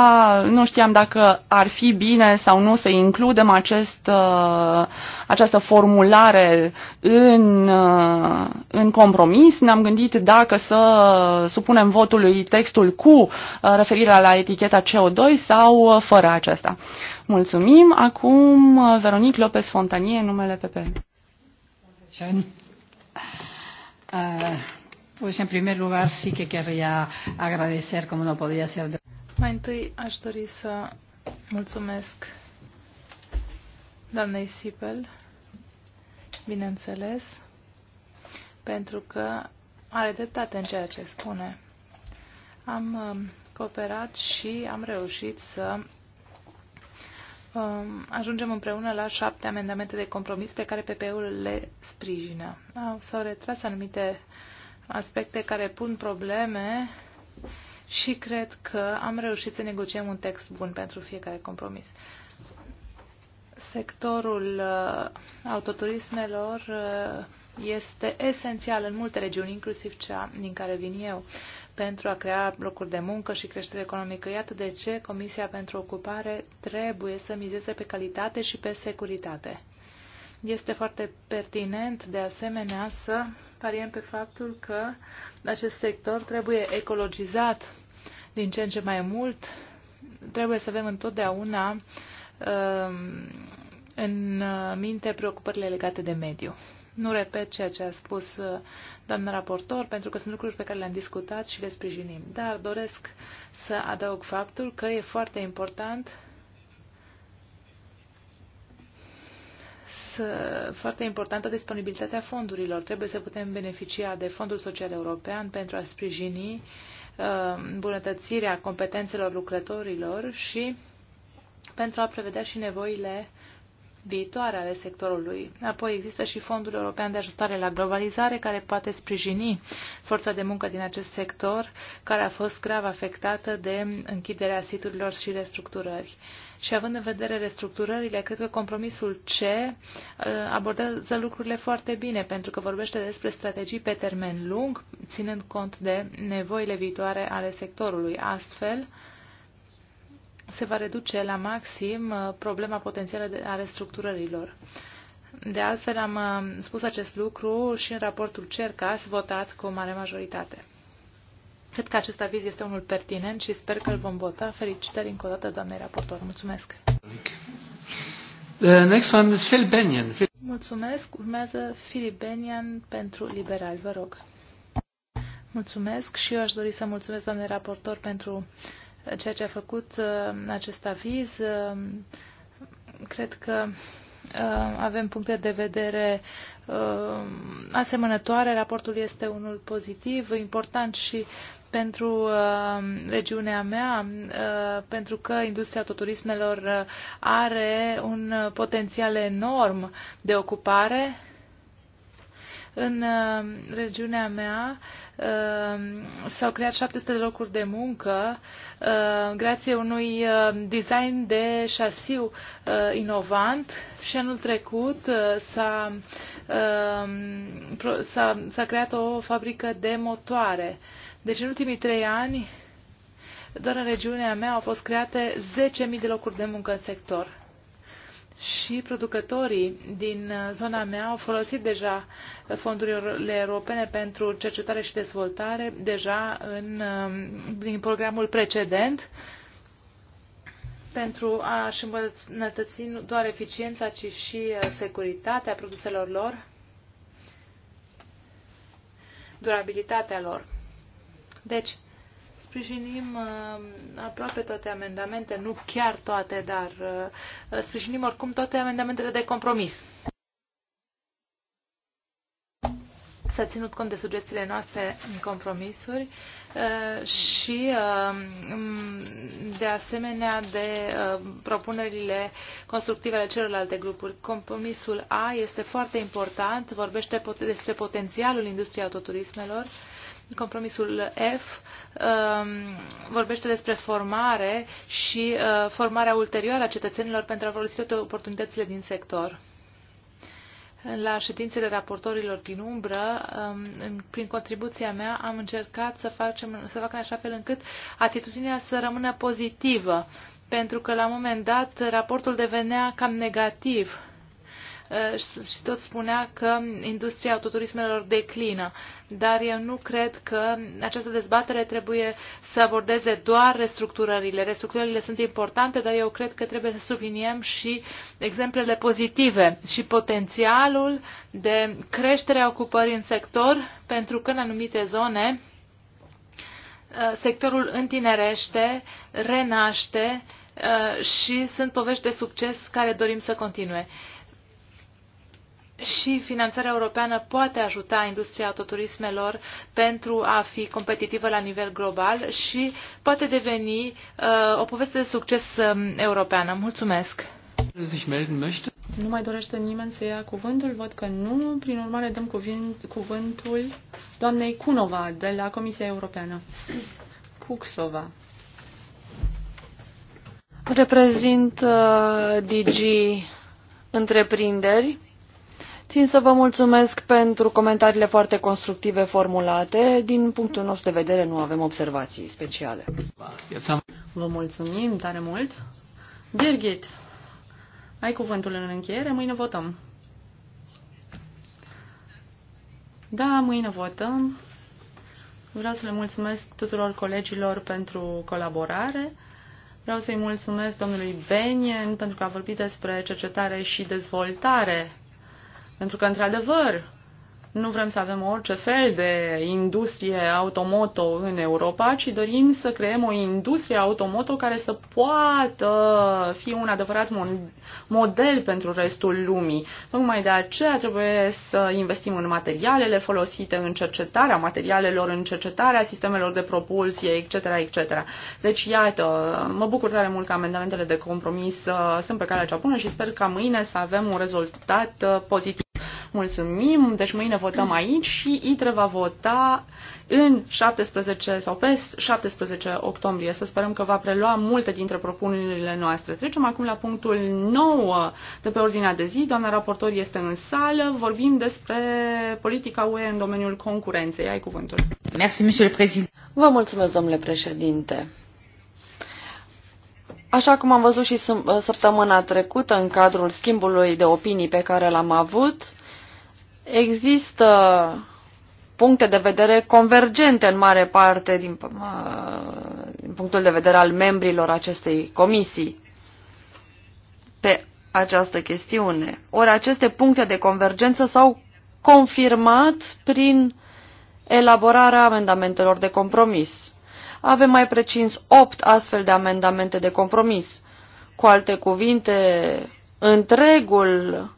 Nu știam dacă ar fi bine sau nu să includem acest, uh, această formulare în, uh, în compromis. Ne-am gândit dacă să supunem votului textul cu uh, referirea la eticheta CO2 sau fără aceasta. Mulțumim. Acum uh, Veronique Lopez Fontanie, numele PP. Uh, pues en primer lugar sí que querría agradecer, como no podía ser de... Mai întâi aș dori să mulțumesc doamnei Sipel, bineînțeles, pentru că are dreptate în ceea ce spune. Am uh, cooperat și am reușit să Um, ajungem împreună la șapte amendamente de compromis pe care PP-ul le sprijină. S-au retras anumite aspecte care pun probleme și cred că am reușit să negociem un text bun pentru fiecare compromis. Sectorul uh, autoturismelor uh, este esențial în multe regiuni, inclusiv cea din care vin eu pentru a crea locuri de muncă și creștere economică. Iată de ce Comisia pentru Ocupare trebuie să mizeze pe calitate și pe securitate. Este foarte pertinent, de asemenea, să pariem pe faptul că acest sector trebuie ecologizat din ce în ce mai mult. Trebuie să avem întotdeauna um, în uh, minte preocupările legate de mediu. Nu repet ceea ce a spus uh, doamna raportor, pentru că sunt lucruri pe care le-am discutat și le sprijinim. Dar doresc să adaug faptul că e foarte important foarte importantă disponibilitatea fondurilor. Trebuie să putem beneficia de Fondul Social European pentru a sprijini uh, îmbunătățirea competențelor lucrătorilor și pentru a prevedea și nevoile viitoare ale sectorului. Apoi există și Fondul European de Ajustare la Globalizare, care poate sprijini forța de muncă din acest sector, care a fost grav afectată de închiderea siturilor și restructurări. Și având în vedere restructurările, cred că compromisul C uh, abordează lucrurile foarte bine, pentru că vorbește despre strategii pe termen lung, ținând cont de nevoile viitoare ale sectorului. Astfel, se va reduce la maxim uh, problema potențială a restructurărilor. De altfel, am uh, spus acest lucru și în raportul CERCAS, votat cu o mare majoritate. Cred că acest aviz este unul pertinent și sper că îl vom vota. Felicitări încă o dată, doamnei raportor. Mulțumesc! The next one is Phil Benyon. Mulțumesc. Urmează Philip Benyon pentru Liberal. Vă rog. Mulțumesc și eu aș dori să mulțumesc, doamne raportor, pentru ceea ce a făcut uh, acest aviz. Uh, cred că uh, avem puncte de vedere asemănătoare. Raportul este unul pozitiv, important și pentru regiunea mea, pentru că industria autoturismelor are un potențial enorm de ocupare în uh, regiunea mea uh, s-au creat 700 de locuri de muncă uh, grație unui design de șasiu inovant și anul trecut s-a, s-a, s-a creat o fabrică de motoare. Deci în ultimii trei ani doar în regiunea mea au fost create 10.000 de locuri de muncă în sector și producătorii din uh, zona mea au folosit deja fondurile europene pentru cercetare și dezvoltare deja în, uh, din programul precedent pentru a-și îmbunătăți nu doar eficiența, ci și uh, securitatea produselor lor, durabilitatea lor. Deci, sprijinim uh, aproape toate amendamente, nu chiar toate, dar uh, sprijinim oricum toate amendamentele de compromis. s-a ținut cont de sugestiile noastre în compromisuri uh, și, de asemenea, de propunerile constructive ale celorlalte grupuri. Compromisul A este foarte important, vorbește despre potențialul industriei autoturismelor Compromisul F um, vorbește despre formare și uh, formarea ulterioară a cetățenilor pentru a folosi toate oportunitățile din sector. La ședințele raportorilor din umbră, um, prin contribuția mea, am încercat să, facem, să fac în așa fel încât atitudinea să rămână pozitivă, pentru că la un moment dat raportul devenea cam negativ Eh, și tot spunea că industria autoturismelor declină. Dar eu nu cred că această dezbatere trebuie să abordeze doar restructurările. Restructurările sunt importante, dar eu cred că trebuie să subliniem și exemplele pozitive și potențialul de creștere a ocupării în sector, pentru că în anumite zone eh, sectorul întinerește, renaște eh, și sunt povești de succes care dorim să continue și finanțarea europeană poate ajuta industria autoturismelor pentru a fi competitivă la nivel global și poate deveni uh, o poveste de succes uh, europeană. Mulțumesc! Nu mai dorește nimeni să ia cuvântul? Văd că nu. Prin urmare, dăm cuvânt, cuvântul doamnei Cunova de la Comisia Europeană. Cuxova. Reprezint uh, DG Întreprinderi Țin să vă mulțumesc pentru comentariile foarte constructive formulate. Din punctul nostru de vedere, nu avem observații speciale. Vă mulțumim tare mult. Birgit, ai cuvântul în încheiere, mâine votăm. Da, mâine votăm. Vreau să le mulțumesc tuturor colegilor pentru colaborare. Vreau să-i mulțumesc domnului Benien pentru că a vorbit despre cercetare și dezvoltare pentru că, într-adevăr, nu vrem să avem orice fel de industrie automoto în Europa, ci dorim să creăm o industrie automoto care să poată fi un adevărat model pentru restul lumii. Tocmai de aceea trebuie să investim în materialele folosite, în cercetarea materialelor, în cercetarea sistemelor de propulsie, etc. etc. Deci, iată, mă bucur tare mult că amendamentele de compromis uh, sunt pe calea cea bună și sper ca mâine să avem un rezultat uh, pozitiv. Mulțumim, deci mâine votăm aici și ITRE va vota în 17 sau pe 17 octombrie. Să sperăm că va prelua multe dintre propunerile noastre. Trecem acum la punctul 9 de pe ordinea de zi. Doamna raportor este în sală. Vorbim despre politica UE în domeniul concurenței. Ai cuvântul. Merci, monsieur le président. Vă mulțumesc, domnule președinte. Așa cum am văzut și săptămâna trecută în cadrul schimbului de opinii pe care l-am avut, Există puncte de vedere convergente în mare parte din, uh, din punctul de vedere al membrilor acestei comisii pe această chestiune. Ori aceste puncte de convergență s-au confirmat prin elaborarea amendamentelor de compromis. Avem mai precis opt astfel de amendamente de compromis. Cu alte cuvinte, întregul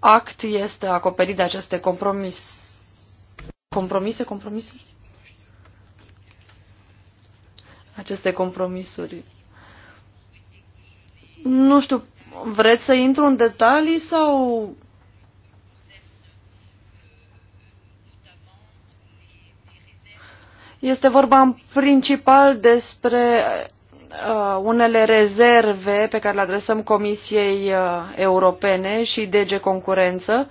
act este acoperit de aceste compromis. compromise, compromisuri? Aceste compromisuri. Nu știu, vreți să intru în detalii sau... Este vorba în principal despre Uh, unele rezerve pe care le adresăm Comisiei uh, Europene și DG Concurență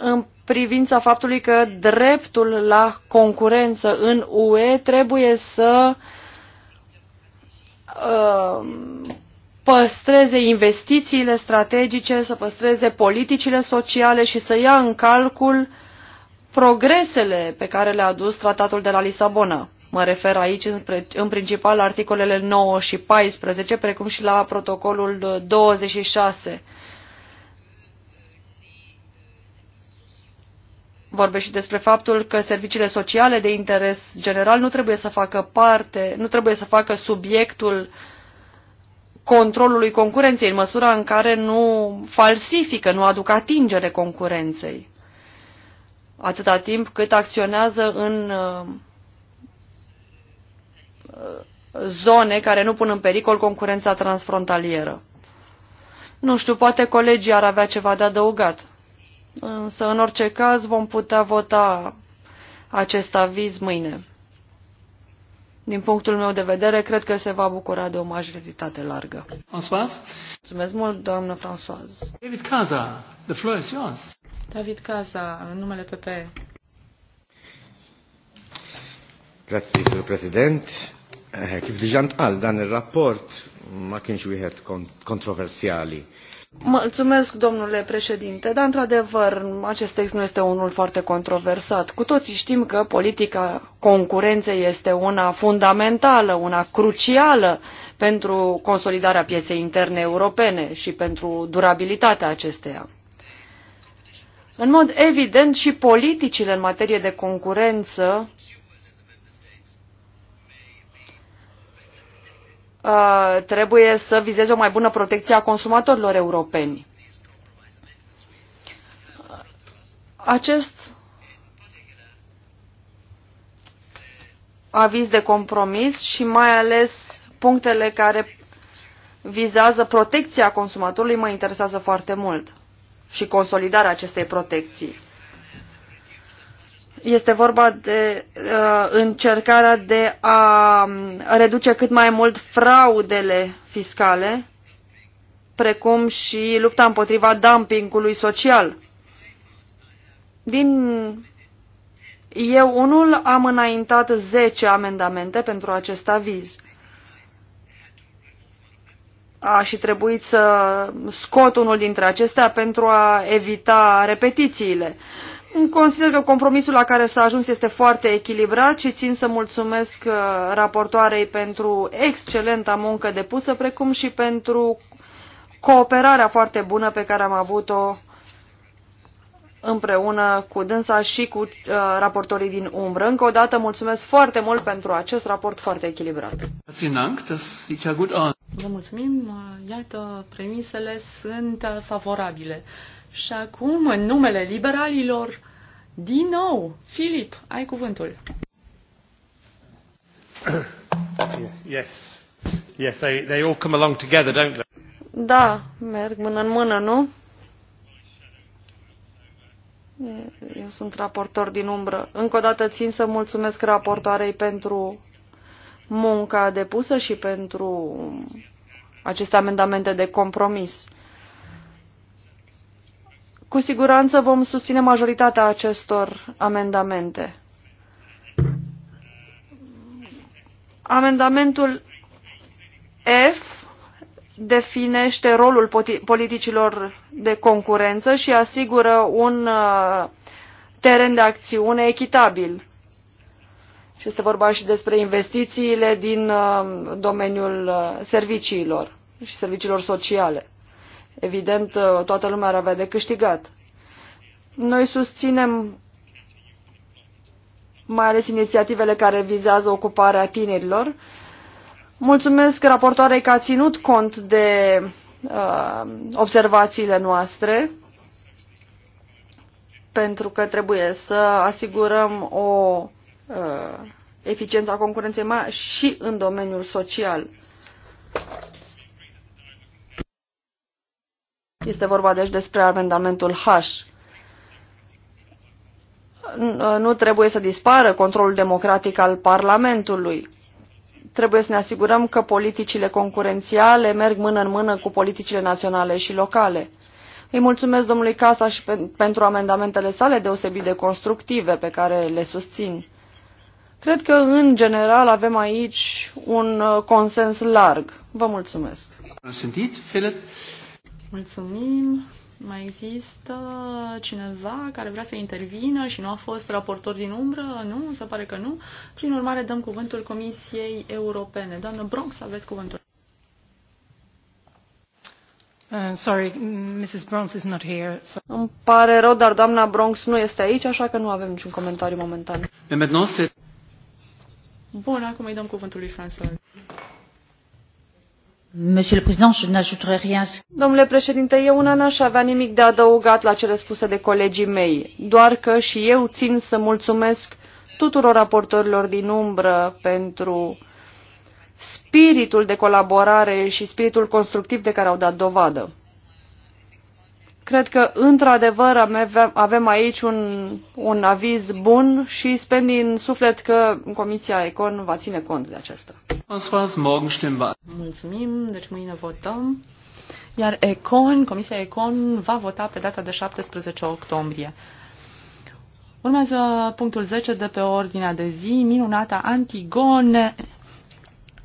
în privința faptului că dreptul la concurență în UE trebuie să uh, păstreze investițiile strategice, să păstreze politicile sociale și să ia în calcul progresele pe care le-a adus tratatul de la Lisabona. Mă refer aici în principal la articolele 9 și 14, precum și la protocolul 26. Vorbește și despre faptul că serviciile sociale de interes general nu trebuie să facă parte, nu trebuie să facă subiectul controlului concurenței în măsura în care nu falsifică, nu aduc atingere concurenței. Atâta timp cât acționează în zone care nu pun în pericol concurența transfrontalieră. Nu știu, poate colegii ar avea ceva de adăugat. Însă, în orice caz, vom putea vota acest aviz mâine. Din punctul meu de vedere, cred că se va bucura de o majoritate largă. François? Mulțumesc mult, doamnă François. David Caza, the floor is yours. David Caza, în numele PP. Grazie, președinte. Kif eh, diġant għal dan il-rapport ma kienx wieħed kontroversjali. Mulțumesc, domnule președinte, dar într-adevăr acest text nu este unul foarte controversat. Cu toții știm că politica concurenței este una fundamentală, una crucială pentru consolidarea pieței interne europene și pentru durabilitatea acesteia. În mod evident și politicile în materie de concurență Uh, trebuie să vizeze o mai bună protecție a consumatorilor europeni. Acest aviz de compromis și mai ales punctele care vizează protecția consumatorului mă interesează foarte mult și consolidarea acestei protecții. Este vorba de uh, încercarea de a um, reduce cât mai mult fraudele fiscale, precum și lupta împotriva dumpingului social. Din eu unul am înaintat 10 amendamente pentru acest aviz. A și trebuit să scot unul dintre acestea pentru a evita repetițiile. Uh, Consider că compromisul la care s-a ajuns este foarte echilibrat și țin să mulțumesc uh, raportoarei pentru excelenta muncă depusă, precum și pentru cooperarea foarte bună pe care am avut-o împreună cu dânsa și cu uh, raportorii din umbră. Încă o dată mulțumesc foarte mult pentru acest raport foarte echilibrat. Vă mulțumim. Iată, premisele sunt uh, favorabile. Și acum, în numele liberalilor, din nou, Filip, ai cuvântul. yes. Yes, they, they all come along together, don't they? Da, merg mână în mână, nu? Eu sunt raportor din umbră. Încă o dată țin să mulțumesc raportoarei pentru munca depusă și pentru aceste amendamente de compromis. Cu siguranță vom susține majoritatea acestor amendamente. Amendamentul F definește rolul politicilor de concurență și asigură un uh, teren de acțiune echitabil. Și este vorba și despre investițiile din uh, domeniul uh, serviciilor și serviciilor sociale evident, uh, toată lumea ar avea de câștigat. Noi susținem mai ales inițiativele care vizează ocuparea tinerilor. Mulțumesc raportoarei că a ținut cont de uh, observațiile noastre pentru că trebuie să asigurăm o uh, eficiență a concurenței mai și în domeniul social. Este vorba deci despre amendamentul H. Nu trebuie să dispară controlul democratic al Parlamentului. Trebuie să ne asigurăm că politicile concurențiale merg mână în mână cu politicile naționale și locale. Îi mulțumesc domnului Casa și pe, pentru amendamentele sale deosebit de constructive pe care le susțin. Cred că, în general, avem aici un uh, consens larg. Vă mulțumesc. Sentit, Philip. Mulțumim. Mai există cineva care vrea să intervină și nu a fost raportor din umbră? Nu? Se pare că nu. Prin urmare, dăm cuvântul Comisiei Europene. Doamnă Bronx, aveți cuvântul. Uh, sorry, Mrs. Bronx is not here. So... Îmi pare rău, dar doamna Bronx nu este aici, așa că nu avem niciun comentariu momentan. Bun, acum îi dăm cuvântul lui François. Domnule președinte, eu una n-aș avea nimic de adăugat la cele spuse de colegii mei, doar că și eu țin să mulțumesc tuturor raportorilor din umbră pentru spiritul de colaborare și spiritul constructiv de care au dat dovadă. Cred că, într-adevăr, avem aici un, un aviz bun și sper din suflet că Comisia Econ va ține cont de acesta. Mulțumim, deci mâine votăm. Iar Econ, Comisia Econ va vota pe data de 17 octombrie. Urmează punctul 10 de pe ordinea de zi, minunata Antigone.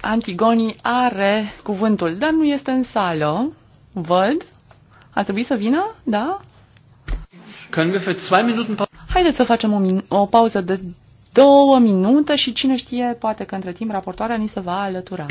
Antigoni are cuvântul, dar nu este în sală. Văd. Ar trebui să vină? Da? Haideți să facem o, o pauză de două minute și cine știe, poate că între timp raportoarea ni se va alătura.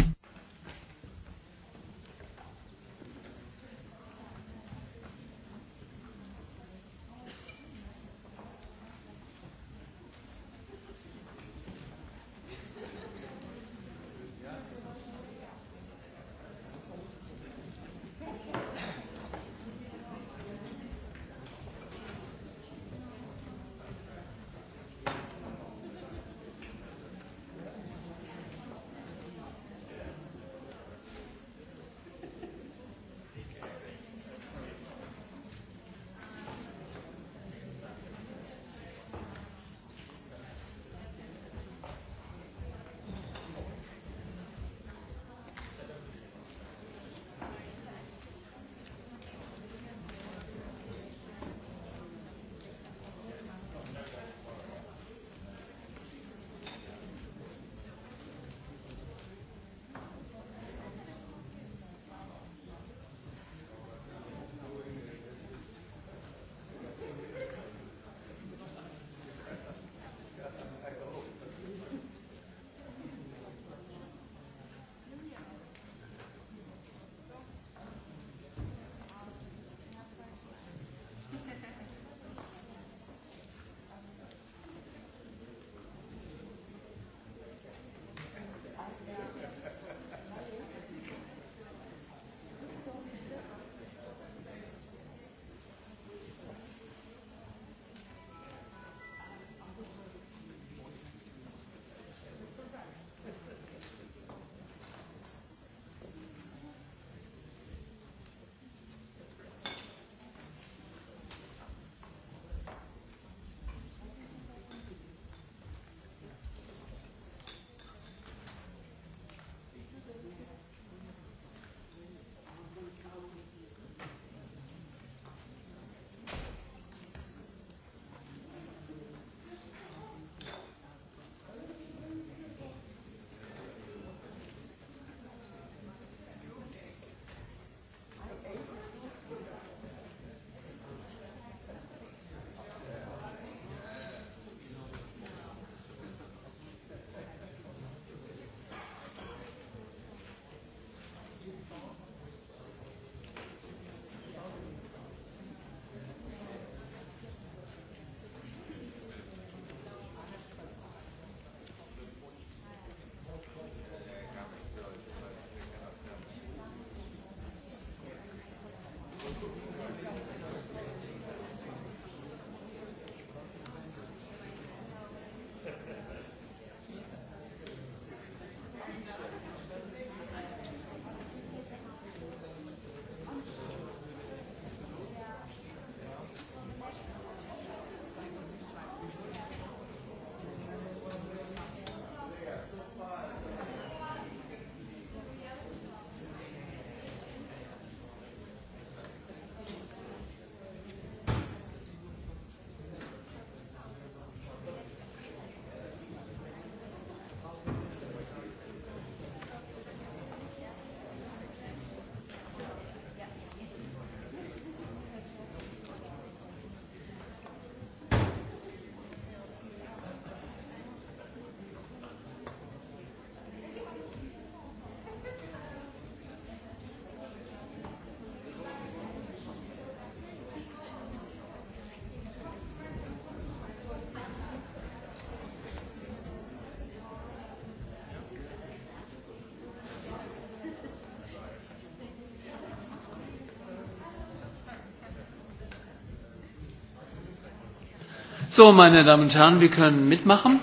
So, meine Damen und Herren, wir können mitmachen.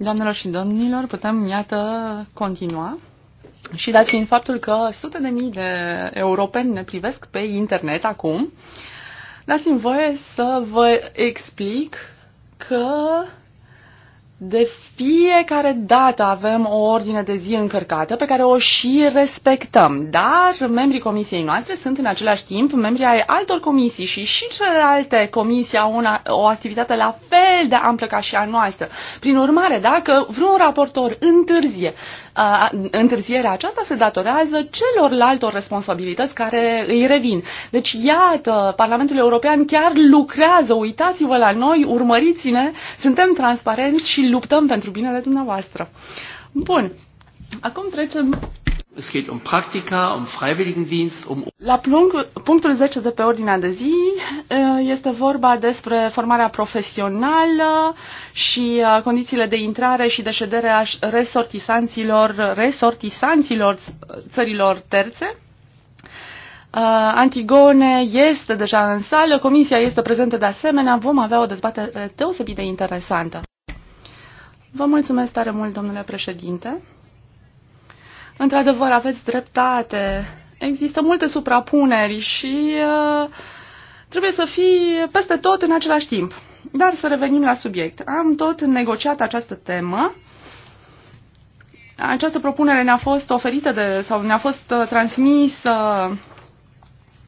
Doamnelor și domnilor, putem, iată, continua. Și dați fiind faptul că sute de mii de europeni ne privesc pe internet acum, dați-mi voie să vă explic că de fiecare dată avem o ordine de zi încărcată pe care o și respectăm, dar membrii comisiei noastre sunt în același timp membri ai altor comisii și și celelalte comisii au una, o activitate la fel de amplă ca și a noastră. Prin urmare, dacă vreun raportor întârzie întârzierea aceasta se datorează celorlaltor responsabilități care îi revin. Deci, iată, Parlamentul European chiar lucrează, uitați-vă la noi, urmăriți-ne, suntem transparenți și luptăm pentru binele dumneavoastră. Bun. Acum trecem Es geht um Praktika, um Freiwilligendienst, um... La punctul 10 de pe ordinea de zi este vorba despre formarea profesională și condițiile de intrare și de ședere a resortisanților, resortisanților țărilor terțe. Antigone este deja în sală, comisia este prezentă de asemenea, vom avea o dezbatere deosebit de interesantă. Vă mulțumesc tare mult, domnule președinte. Într-adevăr, aveți dreptate. Există multe suprapuneri și uh, trebuie să fii peste tot în același timp. Dar să revenim la subiect. Am tot negociat această temă. Această propunere ne-a fost oferită de, sau ne-a fost uh, transmisă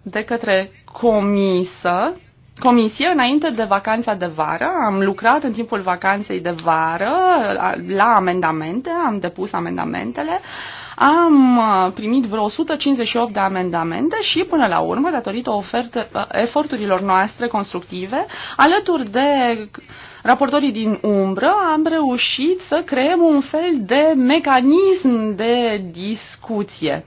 de către comisă, comisie înainte de vacanța de vară. Am lucrat în timpul vacanței de vară uh, la amendamente, am depus amendamentele. Uh, am uh, primit vreo 158 de amendamente și până la urmă, datorită ofertă, uh, eforturilor noastre constructive, alături de raportorii din umbră, am reușit să creăm un fel de mecanism de discuție.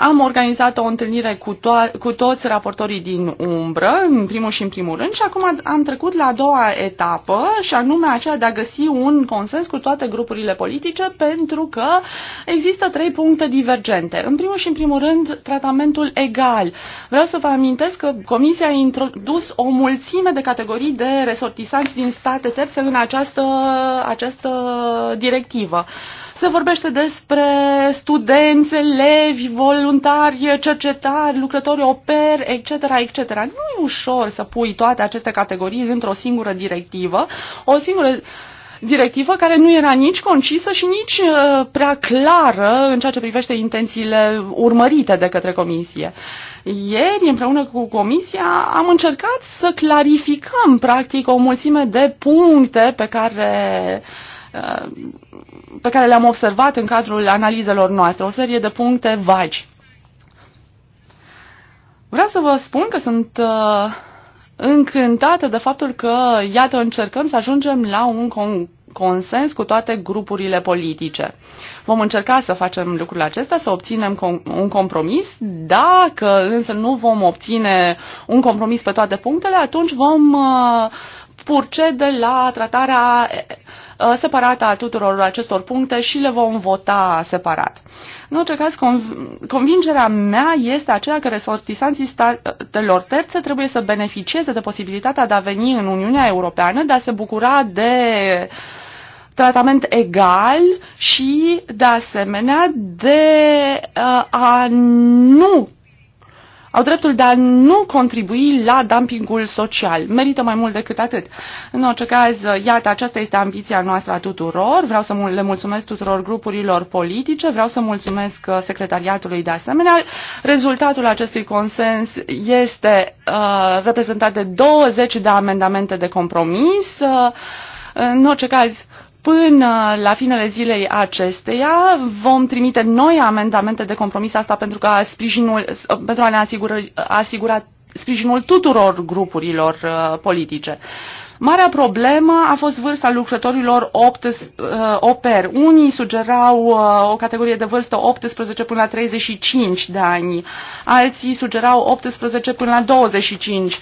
Am organizat o întâlnire cu, to- cu toți raportorii din umbră, în primul și în primul rând, și acum am trecut la a doua etapă, și anume aceea de a găsi un consens cu toate grupurile politice, pentru că există trei puncte divergente. În primul și în primul rând, tratamentul egal. Vreau să vă amintesc că Comisia a introdus o mulțime de categorii de resortisanți din state terțe în această, această directivă. Uh, se vorbește despre studenți, elevi, voluntari, cercetari, lucrători oper, etc., etc. Nu e ușor să pui toate aceste categorii într-o singură directivă, o singură directivă care nu era nici concisă și nici uh, prea clară în ceea ce privește intențiile urmărite de către comisie. Ieri, împreună cu comisia, am încercat să clarificăm, practic, o mulțime de puncte pe care uh, pe care le-am observat în cadrul analizelor noastre, o serie de puncte vagi. Vreau să vă spun că sunt uh, încântată de faptul că, iată, încercăm să ajungem la un con- consens cu toate grupurile politice. Vom încerca să facem lucrul acesta, să obținem com- un compromis. Dacă însă nu vom obține un compromis pe toate punctele, atunci vom. Uh, purcede la tratarea separată a tuturor acestor puncte și le vom vota separat. În orice caz, convingerea mea este aceea că resortisanții statelor terțe trebuie să beneficieze de posibilitatea de a veni în Uniunea Europeană, de a se bucura de tratament egal și, de asemenea, de a nu au dreptul de a nu contribui la dumpingul social. Merită mai mult decât atât. În orice caz, iată, aceasta este ambiția noastră a tuturor. Vreau să le mulțumesc tuturor grupurilor politice, vreau să mulțumesc uh, secretariatului de asemenea. Rezultatul acestui consens este uh, reprezentat de 20 de amendamente de compromis. Uh, în orice caz, uh, Până la finele zilei acesteia vom trimite noi amendamente de compromis asta pentru, ca sprijinul, pentru a ne asigura, asigura sprijinul tuturor grupurilor uh, politice. Marea problemă a fost vârsta lucrătorilor 8, uh, oper. Unii sugerau uh, o categorie de vârstă 18 până la 35 de ani, alții sugerau 18 până la 25.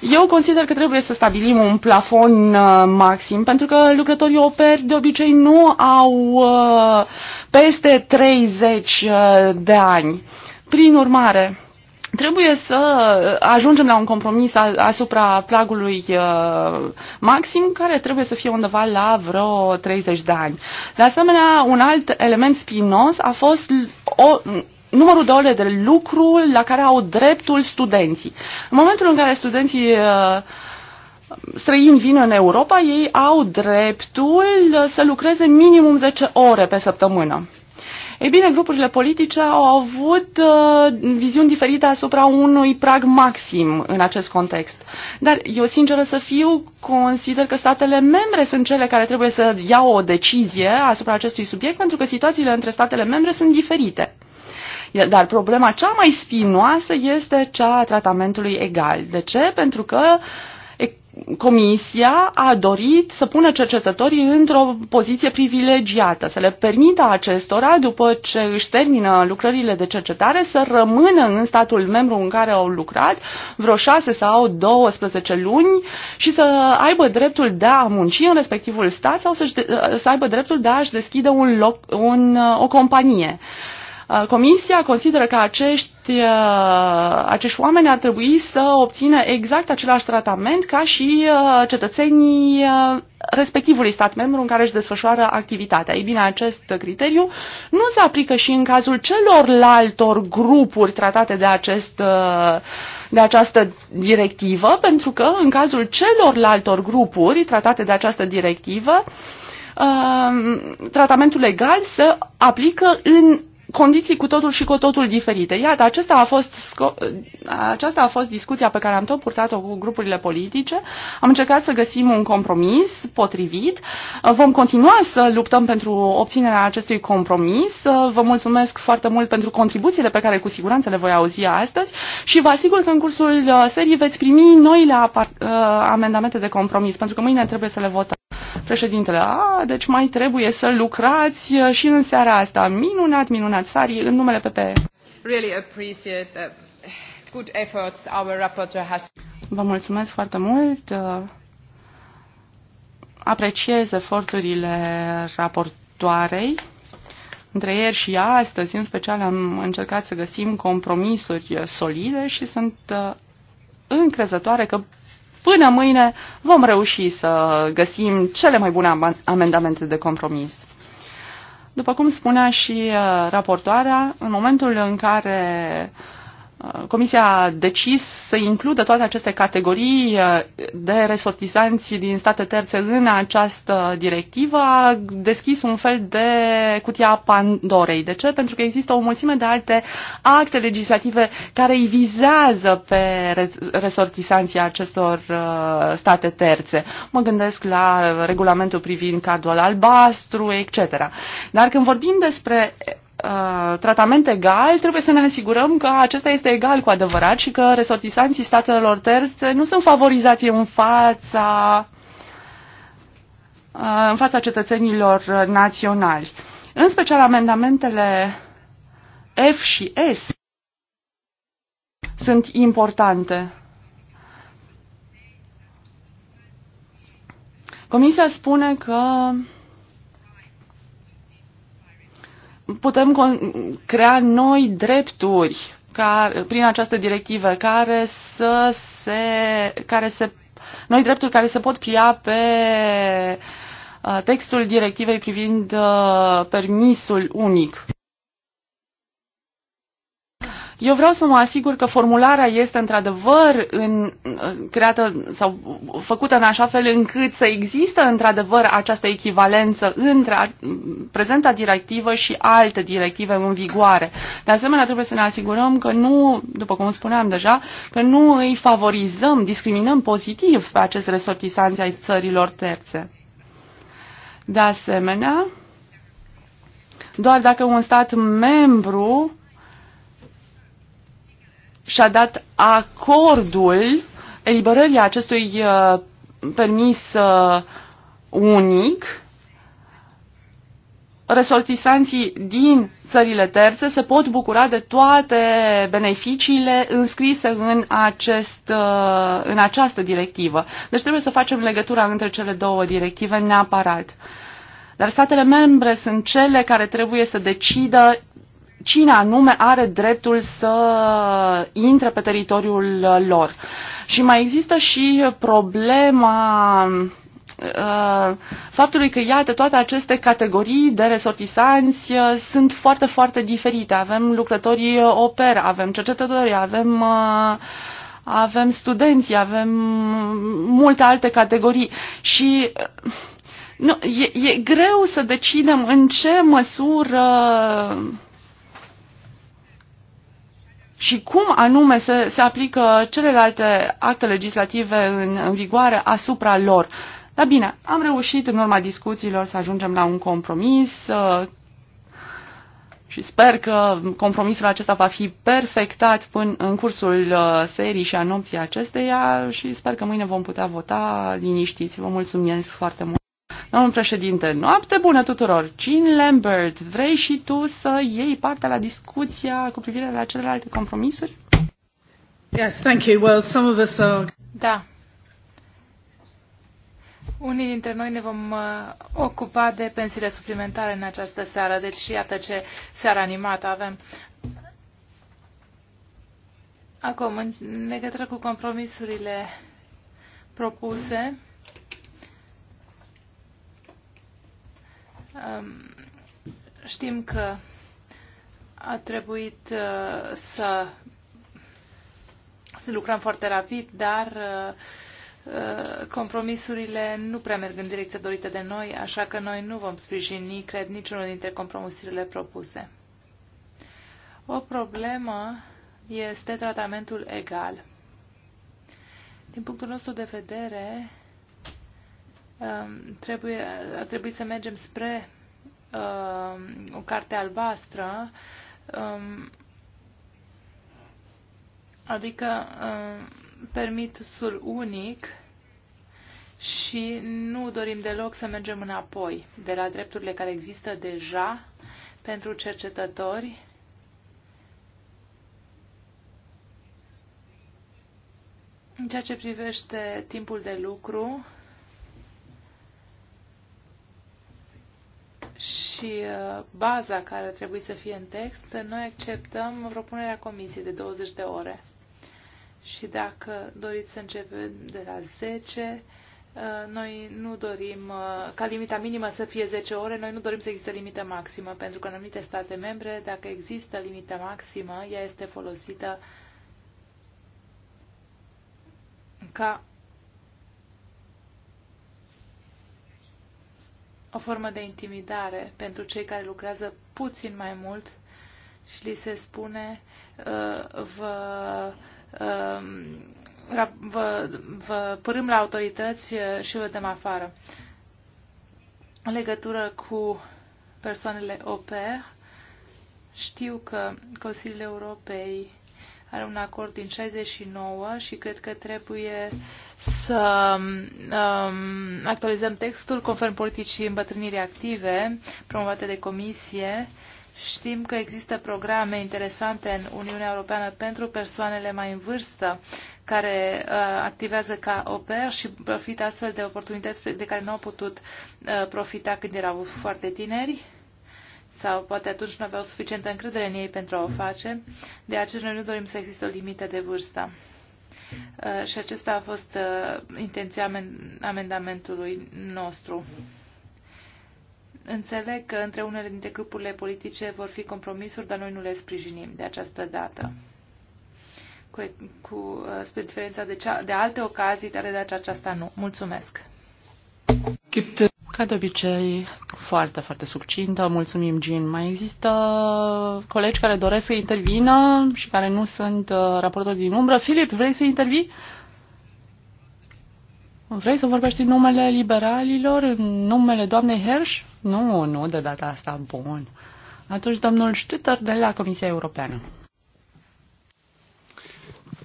Eu consider că trebuie să stabilim un plafon uh, maxim, pentru că lucrătorii operi de obicei nu au uh, peste 30 uh, de ani. Prin urmare, trebuie să ajungem la un compromis asupra plagului maxim, care trebuie să fie undeva la vreo 30 de ani. De asemenea, un alt element spinos a fost o, numărul de ore de lucru la care au dreptul studenții. În momentul în care studenții uh, străini vin în Europa, ei au dreptul să lucreze minimum 10 ore pe săptămână. Ei bine, grupurile politice au avut uh, viziuni diferite asupra unui prag maxim în acest context. Dar eu, sinceră să fiu, consider că statele membre sunt cele care trebuie să iau o decizie asupra acestui subiect, pentru că situațiile între statele membre sunt diferite. Dar problema cea mai spinoasă este cea a tratamentului egal. De ce? Pentru că Comisia a dorit să pună cercetătorii într-o poziție privilegiată, să le permită acestora, după ce își termină lucrările de cercetare, să rămână în statul membru în care au lucrat vreo 6 sau 12 luni și să aibă dreptul de a munci în respectivul stat sau să, să aibă dreptul de a-și deschide un loc, un, o companie. Uh, Uh, comisia consideră că acești, uh, acești oameni ar trebui să obțină exact același tratament ca și uh, cetățenii respectivului stat membru în care își desfășoară activitatea. Ei bine, acest criteriu nu se aplică și în cazul celorlaltor grupuri tratate de, acest, de această directivă, pentru că în cazul celorlaltor grupuri tratate de această directivă, tratamentul legal se aplică în condiții cu totul și cu totul diferite. Iată, acesta a fost aceasta a fost discuția pe care am tot purtat-o cu grupurile politice. Am încercat să găsim un compromis potrivit. Vom continua să luptăm pentru obținerea acestui compromis. Vă mulțumesc foarte mult pentru contribuțiile pe care cu siguranță le voi auzi astăzi și vă asigur că în cursul uh, serii veți primi noile uh, amendamente de compromis, pentru că mâine trebuie să le votăm. Președintele, a, deci mai trebuie să lucrați uh, și în seara asta. Minunat, minunat, Sari, în numele PP. Really appreciate the good efforts our rapporteur has. Vă mulțumesc foarte mult. Uh, apreciez eforturile raportoarei între ieri și astăzi, în special, am încercat să găsim compromisuri solide și sunt uh, încrezătoare că până mâine vom reuși să găsim cele mai bune amendamente de compromis. După cum spunea și uh, raportoarea, în momentul în care uh, Uh, Comisia a decis să includă toate aceste categorii uh, de resortizanți din state terțe în această directivă, a deschis un fel de cutia a Pandorei. De ce? Pentru că există o mulțime de alte acte legislative care îi vizează pe resortizanții acestor uh, state terțe. Mă gândesc la regulamentul privind cadrul albastru, etc. Dar când vorbim despre Uh, tratament egal, trebuie să ne asigurăm că acesta este egal cu adevărat și că resortisanții statelor terțe nu sunt favorizați în fața, uh, în fața cetățenilor naționali. În special amendamentele F și S sunt importante. Comisia spune că putem crea noi drepturi care, prin această directivă care să se, care se noi drepturi care se pot plia pe uh, textul directivei privind uh, permisul unic. Eu vreau să mă asigur că formularea este într-adevăr în, creată sau făcută în așa fel încât să există într-adevăr această echivalență între prezenta directivă și alte directive în vigoare. De asemenea, trebuie să ne asigurăm că nu, după cum spuneam deja, că nu îi favorizăm, discriminăm pozitiv pe acest resortisanți ai țărilor terțe. De asemenea, doar dacă un stat membru și-a dat acordul eliberării acestui uh, permis uh, unic resortisanții din țările terțe se pot bucura de toate beneficiile înscrise în, acest, uh, în această directivă. Deci trebuie să facem legătura între cele două directive neapărat. Dar statele membre sunt cele care trebuie să decidă cine anume are dreptul să intre pe teritoriul lor. Și mai există și problema uh, faptului că, iată, toate aceste categorii de resortisanți uh, sunt foarte, foarte diferite. Avem lucrătorii oper, avem cercetători, avem uh, avem studenți, avem multe alte categorii și nu, e, e greu să decidem în ce măsură uh, și cum anume se, se aplică celelalte acte legislative în, în vigoare asupra lor. Dar bine, am reușit în urma discuțiilor să ajungem la un compromis și sper că compromisul acesta va fi perfectat până în cursul uh, serii și a nopții acesteia și sper că mâine vom putea vota liniștiți. Vă mulțumesc foarte mult! Domnul președinte, noapte bună tuturor! Jean Lambert, vrei și tu să iei parte la discuția cu privire la celelalte compromisuri? Yes, thank you. Well, some of us are... Da. Unii dintre noi ne vom uh, ocupa de pensiile suplimentare în această seară, deci iată ce seară animată avem. Acum, în legătură cu compromisurile propuse, Știm că a trebuit uh, să, să lucrăm foarte rapid, dar uh, uh, compromisurile nu prea merg în direcția dorită de noi, așa că noi nu vom sprijini, cred, niciunul dintre compromisurile propuse. O problemă este tratamentul egal. Din punctul nostru de vedere, Um, trebuie, ar trebui să mergem spre um, o carte albastră, um, adică permisul unic și nu dorim deloc să mergem înapoi de la drepturile care există deja pentru cercetători În ceea ce privește timpul de lucru, și uh, baza care trebuie să fie în text, noi acceptăm propunerea comisiei de 20 de ore. Și dacă doriți să începem de la 10, uh, noi nu dorim, uh, ca limita minimă să fie 10 ore, noi nu dorim să existe limită maximă, pentru că în anumite state membre, dacă există limită maximă, ea este folosită ca o formă de intimidare pentru cei care lucrează puțin mai mult și li se spune uh, vă, uh, vă, vă părâm la autorități uh, și vă dăm afară. În legătură cu persoanele au pair, știu că Consiliul Europei are un acord din 69 și cred că trebuie să um, actualizăm textul conform politicii îmbătrânirii active promovate de comisie. Știm că există programe interesante în Uniunea Europeană pentru persoanele mai în vârstă care uh, activează ca oper și profită astfel de oportunități de care nu au putut uh, profita când erau foarte tineri sau poate atunci nu aveau suficientă încredere în ei pentru a o face, de aceea noi nu dorim să existe o limită de vârstă. Uh, și acesta a fost uh, intenția amendamentului nostru. Înțeleg că între unele dintre grupurile politice vor fi compromisuri, dar noi nu le sprijinim de această dată. Cu, cu, uh, spre diferența de, cea, de alte ocazii, dar de aceasta nu. Mulțumesc! Ca de obicei, foarte, foarte succintă. Mulțumim, Jean. Mai există colegi care doresc să intervină și care nu sunt uh, raportori din umbră. Filip, vrei să intervii? Vrei să vorbești în numele liberalilor, în numele doamnei Hersch? Nu, nu, de data asta, bun. Atunci, domnul Stutter de la Comisia Europeană.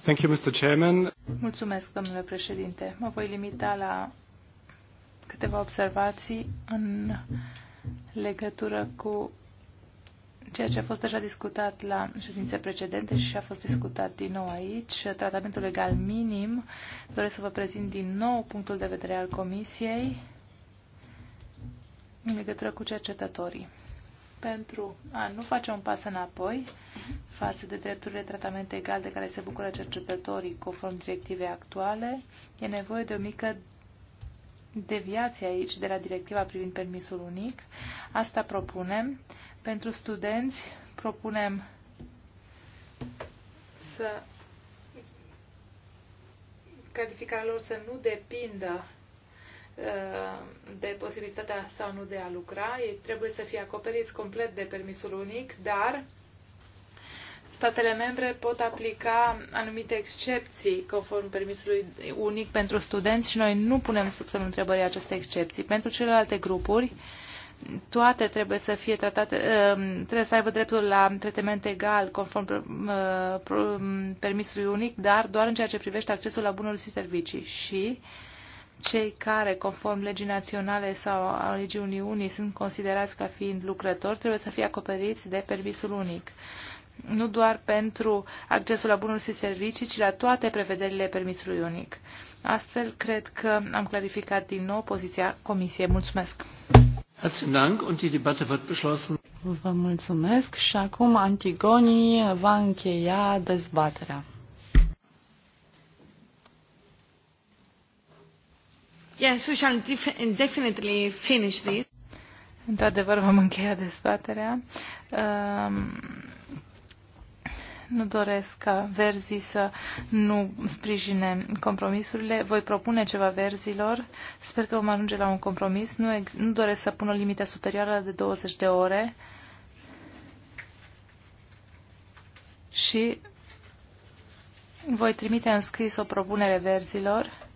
Thank you, Mr. Chairman. Mulțumesc, domnule președinte. Mă voi limita la câteva observații în legătură cu ceea ce a fost deja discutat la ședințe precedente și a fost discutat din nou aici, tratamentul legal minim. Doresc să vă prezint din nou punctul de vedere al Comisiei în legătură cu cercetătorii. Pentru a nu face un pas înapoi față de drepturile de tratament egal de care se bucură cercetătorii conform directivei actuale, e nevoie de o mică deviație aici de la directiva privind permisul unic. Asta propunem. Pentru studenți propunem să calificarea lor să nu depindă uh, de posibilitatea sau nu de a lucra. Ei trebuie să fie acoperiți complet de permisul unic, dar statele membre pot aplica anumite excepții conform permisului unic pentru studenți și noi nu punem sub semnul întrebării aceste excepții. Pentru celelalte grupuri, toate trebuie să fie tratate, ă, trebuie să aibă dreptul la tratament egal conform ă, permisului unic, dar doar în ceea ce privește accesul la bunuri și servicii. Și cei care, conform legii naționale sau a legii Uniunii, sunt considerați ca fiind lucrători, trebuie să fie acoperiți de permisul unic nu doar pentru accesul la bunuri și servicii, ci la toate prevederile permisului unic. Astfel, cred că am clarificat din nou poziția Comisiei. Mulțumesc! Vă mulțumesc și acum Antigoni va încheia dezbaterea. Yes, we shall definitely finish this. Într-adevăr, vom încheia dezbaterea. Um nu doresc ca verzii să nu sprijine compromisurile. Voi propune ceva verzilor. Sper că vom ajunge la un compromis. Nu, ex nu doresc să pun o limită superioară de 20 de ore. Și voi trimite în scris o propunere verzilor.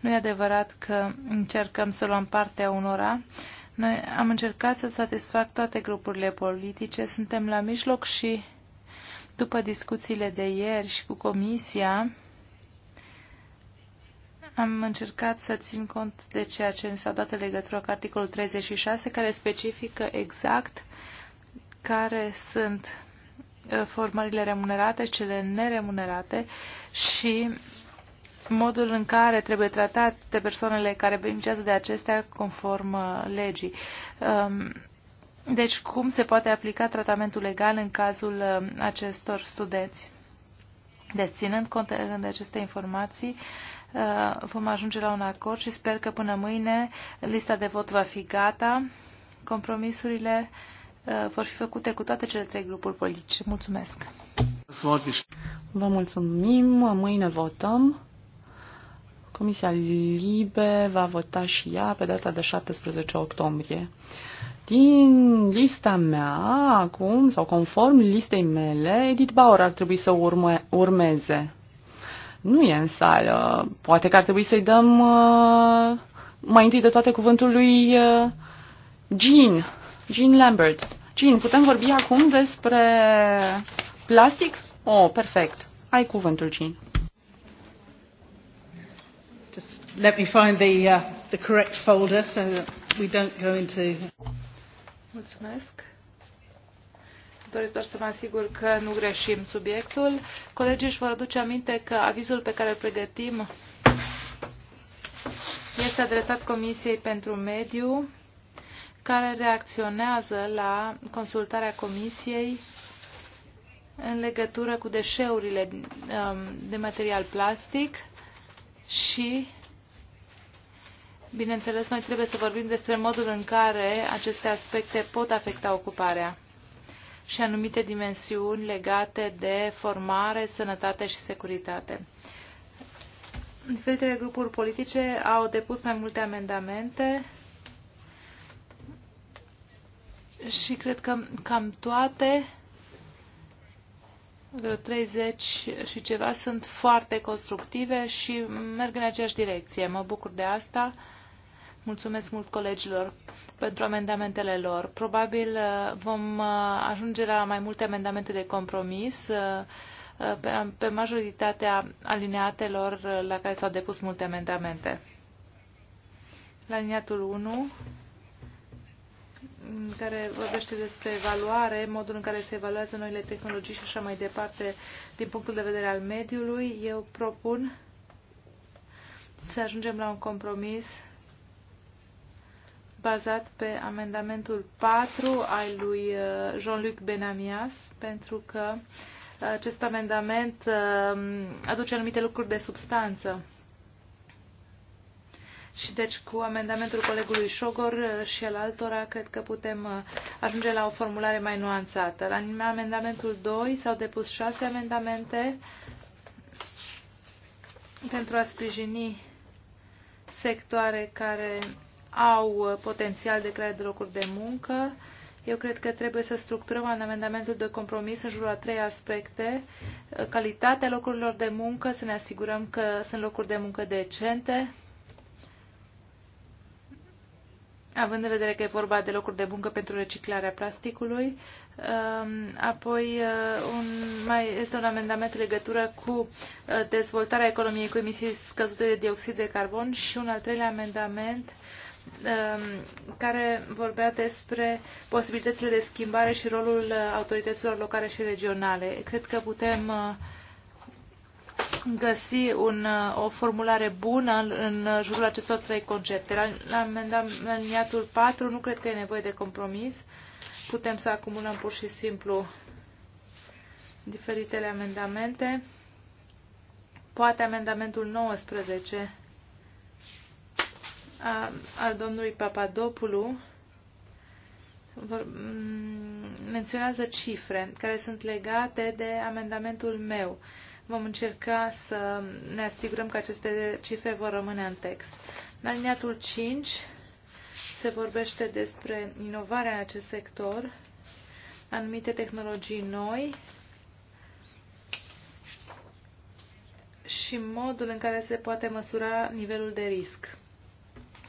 Nu e adevărat că încercăm să luăm partea unora. Noi am încercat să satisfac toate grupurile politice, suntem la mijloc și după discuțiile de ieri și cu Comisia, am încercat să țin cont de ceea ce ne s-a dat în legătură cu articolul 36, care specifică exact care sunt uh, formările remunerate și cele neremunerate și modul în care trebuie tratate persoanele care beneficiază de acestea conform uh, legii. Um, deci, cum se poate aplica tratamentul legal în cazul uh, acestor studenți? Deci, ținând cont de aceste informații, uh, vom ajunge la un acord și sper că până mâine lista de vot va fi gata. Compromisurile uh, vor fi făcute cu toate cele trei grupuri politice. Mulțumesc! Vă mulțumim! Mâine votăm. Comisia Libe va vota și ea pe data de 17 octombrie din lista mea acum, sau conform listei mele, Edith Bauer ar trebui să urme, urmeze. Nu e în sală. Poate că ar trebui să-i dăm uh, mai întâi de toate cuvântul lui uh, Jean, Jean Lambert. Jean, putem vorbi acum despre plastic? Oh, perfect. Ai cuvântul, Jean. Just let me find the, uh, the correct folder so that we don't go into... Mulțumesc. Doresc doar să mă asigur că nu greșim subiectul. Colegii își vor aduce aminte că avizul pe care îl pregătim este adresat Comisiei pentru Mediu, care reacționează la consultarea Comisiei în legătură cu deșeurile um, de material plastic și Bineînțeles, noi trebuie să vorbim despre modul în care aceste aspecte pot afecta ocuparea și anumite dimensiuni legate de formare, sănătate și securitate. Diferitele grupuri politice au depus mai multe amendamente și cred că cam toate, vreo 30 și ceva, sunt foarte constructive și merg în aceeași direcție. Mă bucur de asta Mulțumesc mult colegilor pentru amendamentele lor. Probabil uh, vom uh, ajunge la mai multe amendamente de compromis uh, pe majoritatea alineatelor la care s-au depus multe amendamente. La aliniatul 1, care vorbește despre evaluare, modul în care se evaluează noile tehnologii și așa mai departe din punctul de vedere al mediului, eu propun să ajungem la un compromis bazat pe amendamentul 4 al lui uh, Jean-Luc Benamias, pentru că uh, acest amendament uh, aduce anumite lucruri de substanță. Și deci cu amendamentul colegului Șogor și al altora, cred că putem ajunge la o formulare mai nuanțată. La amendamentul 2 s-au depus șase amendamente pentru a sprijini sectoare care au uh, potențial de creare de locuri de muncă. Eu cred că trebuie să structurăm în amendamentul de compromis în jurul a trei aspecte. Uh, calitatea locurilor de muncă, să ne asigurăm că sunt locuri de muncă decente, având în vedere că e vorba de locuri de muncă pentru reciclarea plasticului. Um, apoi uh, un, mai este un amendament în legătură cu dezvoltarea economiei cu emisii scăzute de dioxid de carbon și un al treilea amendament uh, Um, care vorbea despre posibilitățile de schimbare și rolul uh, autorităților locale și regionale. Cred că putem uh, găsi un, uh, o formulare bună în, jurul acestor trei concepte. La, la amendamentul 4 nu cred că e nevoie de compromis. Putem să acumulăm pur și simplu diferitele amendamente. Poate amendamentul 19 a, al domnului Papadopoulou vor, mm, menționează cifre care sunt legate de amendamentul meu. Vom încerca să ne asigurăm că aceste cifre vor rămâne în text. În aliniatul 5 se vorbește despre inovarea în acest sector, anumite tehnologii noi și modul în care se poate măsura nivelul de risc.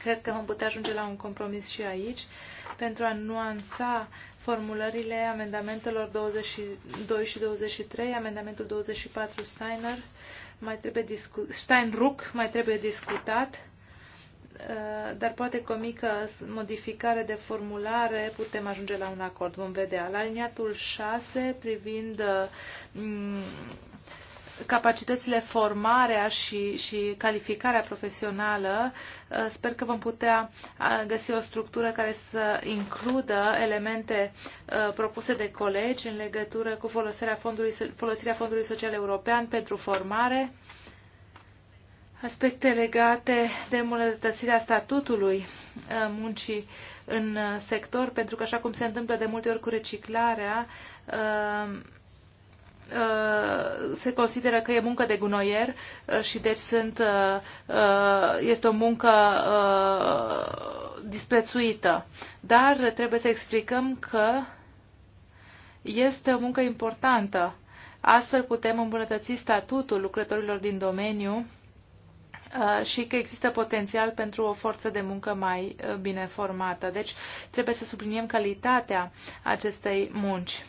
Cred că vom putea ajunge la un compromis și aici pentru a nuanța formulările amendamentelor 22 și 23, amendamentul 24 Steiner, mai trebuie discu Steinruck mai trebuie discutat, uh, dar poate cu o mică modificare de formulare putem ajunge la un acord. Vom vedea. La liniatul 6 privind uh, capacitățile, formarea și, și calificarea profesională, uh, sper că vom putea uh, găsi o structură care să includă elemente uh, propuse de colegi în legătură cu folosirea fondului, folosirea fondului social european pentru formare, aspecte legate de îmbunătățirea statutului muncii în sector, pentru că așa cum se întâmplă de multe ori cu reciclarea, Uh, se consideră că e muncă de gunoier uh, și deci sunt, uh, este o muncă disprețuită. Dar trebuie să explicăm că este o muncă importantă. Astfel putem îmbunătăți statutul lucrătorilor din domeniu și că există potențial pentru o forță de muncă mai bine formată. Deci trebuie să subliniem calitatea acestei munci.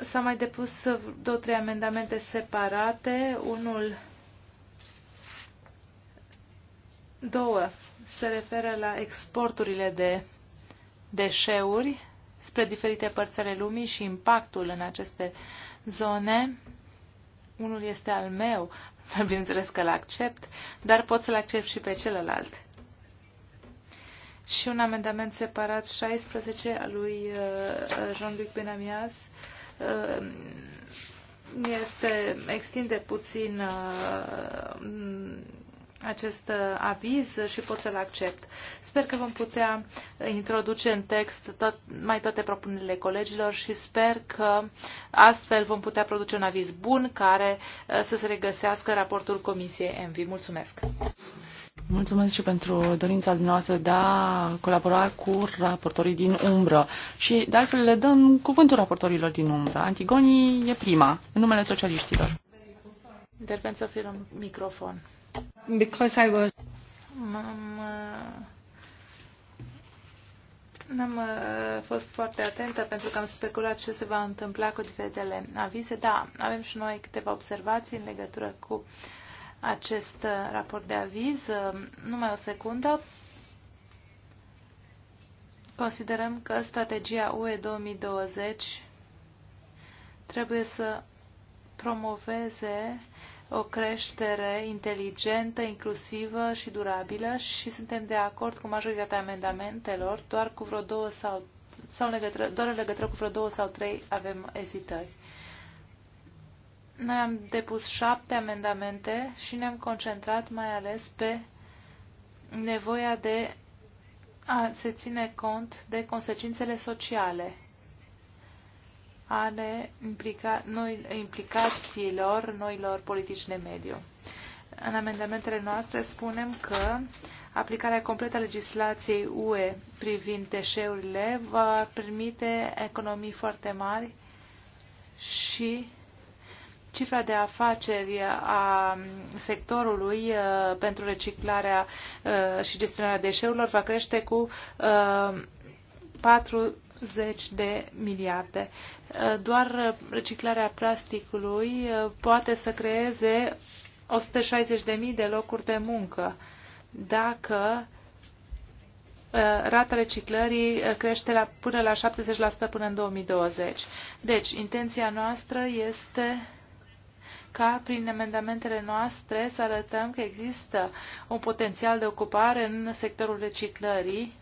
S-a mai depus două, trei amendamente separate. Unul, două, se referă la exporturile de deșeuri spre diferite părți ale lumii și impactul în aceste zone. Unul este al meu, bineînțeles că îl accept, dar pot să-l accept și pe celălalt. Și un amendament separat 16 al lui uh, Jean-Luc Benamias, este extinde puțin uh, acest aviz și pot să-l accept. Sper că vom putea introduce în text tot, mai toate propunerile colegilor și sper că astfel vom putea produce un aviz bun care uh, să se regăsească raportul Comisiei Envi. Mulțumesc! Mulțumesc și pentru dorința dumneavoastră de a colabora cu raportorii din umbră. Și de altfel le dăm cuvântul raportorilor din umbră. Antigonii e prima, în numele socialiștilor. Intervenție fără microfon. Because I was... Uh, n-am uh, fost foarte atentă pentru că am speculat ce se va întâmpla cu diferitele avize. Da, avem și noi câteva observații în legătură cu uh, acest uh, raport de aviz. Uh, numai o secundă. Considerăm că strategia UE 2020 trebuie să promoveze o creștere inteligentă, inclusivă și durabilă și suntem de acord cu majoritatea amendamentelor, doar cu vreo două sau, sau legătură, doar în legătură cu vreo două sau trei avem ezitări. Noi am depus șapte amendamente și ne-am concentrat mai ales pe nevoia de a se ține cont de consecințele sociale ale implica noi, implicațiilor noilor politici de mediu. În amendamentele noastre spunem că aplicarea completă a legislației UE privind deșeurile va permite economii foarte mari și cifra de afaceri a sectorului uh, pentru reciclarea uh, și gestionarea deșeurilor va crește cu 40 uh, de miliarde. Doar reciclarea plasticului poate să creeze 160.000 de locuri de muncă. Dacă rata reciclării crește la, până la 70% până în 2020. Deci, intenția noastră este ca prin amendamentele noastre să arătăm că există un potențial de ocupare în sectorul reciclării,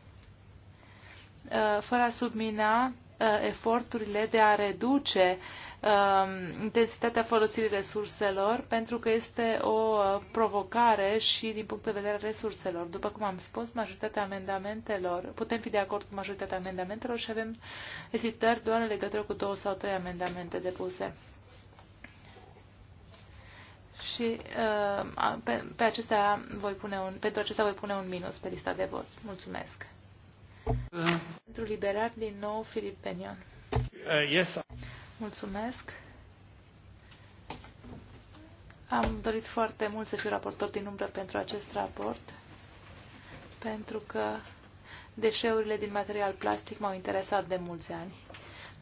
uh, fără a submina uh, eforturile de a reduce um, intensitatea folosirii resurselor, pentru că este o uh, provocare și din punct de vedere resurselor. După cum am spus, majoritatea amendamentelor, putem fi de acord cu majoritatea amendamentelor și avem ezitări doar în legătură cu două sau trei amendamente depuse și uh, pe, pe acestea voi pune un, pentru acestea voi pune un minus pe lista de vot. Mulțumesc. Pentru Liberat din nou, Filip Benion. Uh, yes. Mulțumesc. Am dorit foarte mult să fiu raportor din umbră pentru acest raport, pentru că deșeurile din material plastic m-au interesat de mulți ani.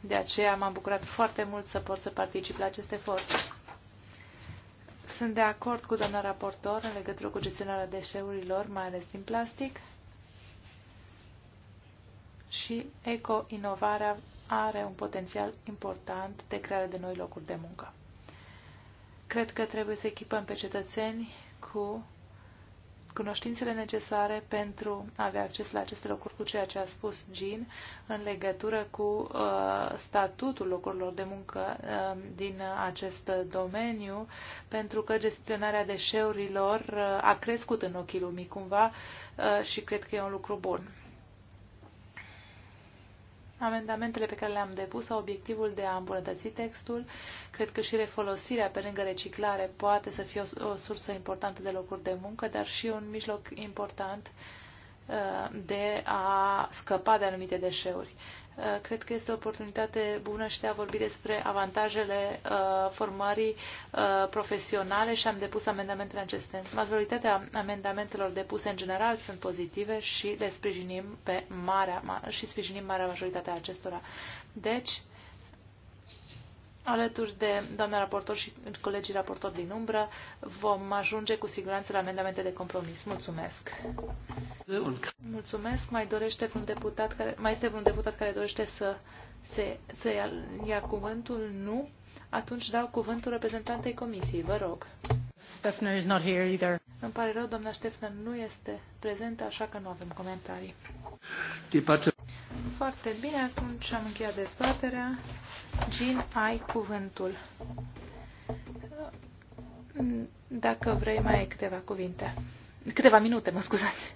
De aceea m-am bucurat foarte mult să pot să particip la acest efort. Sunt de acord cu doamna raportor în legătură cu gestionarea deșeurilor, mai ales din plastic. Și eco-inovarea are un potențial important de creare de noi locuri de muncă. Cred că trebuie să echipăm pe cetățeni cu cunoștințele necesare pentru a avea acces la aceste locuri cu ceea ce a spus Jean în legătură cu uh, statutul locurilor de muncă uh, din acest domeniu, pentru că gestionarea deșeurilor uh, a crescut în ochii lumii cumva uh, și cred că e un lucru bun. Amendamentele pe care le-am depus au obiectivul de a îmbunătăți textul. Cred că și refolosirea pe lângă reciclare poate să fie o, o sursă importantă de locuri de muncă, dar și un mijloc important uh, de a scăpa de anumite deșeuri. Uh, cred că este o oportunitate bună și de a vorbi despre avantajele uh, formării uh, profesionale și am depus amendamente în acest sens. Majoritatea amendamentelor depuse în general sunt pozitive și le sprijinim pe marea și sprijinim marea majoritatea acestora. Deci, Alături de doamna raportor și colegii raportori din umbră, vom ajunge cu siguranță la amendamente de compromis. Mulțumesc. Mulțumesc. Mai dorește un deputat care, mai este un deputat care dorește să, să, să ia, ia cuvântul? Nu? Atunci dau cuvântul reprezentantei comisiei. Vă rog. Stefner is not here either. Îmi pare rău, doamna Stefner nu este prezentă, așa că nu avem comentarii. Foarte bine, atunci am încheiat dezbaterea. Jean, ai cuvântul. Dacă vrei, mai ai câteva cuvinte. Câteva minute, mă scuzați.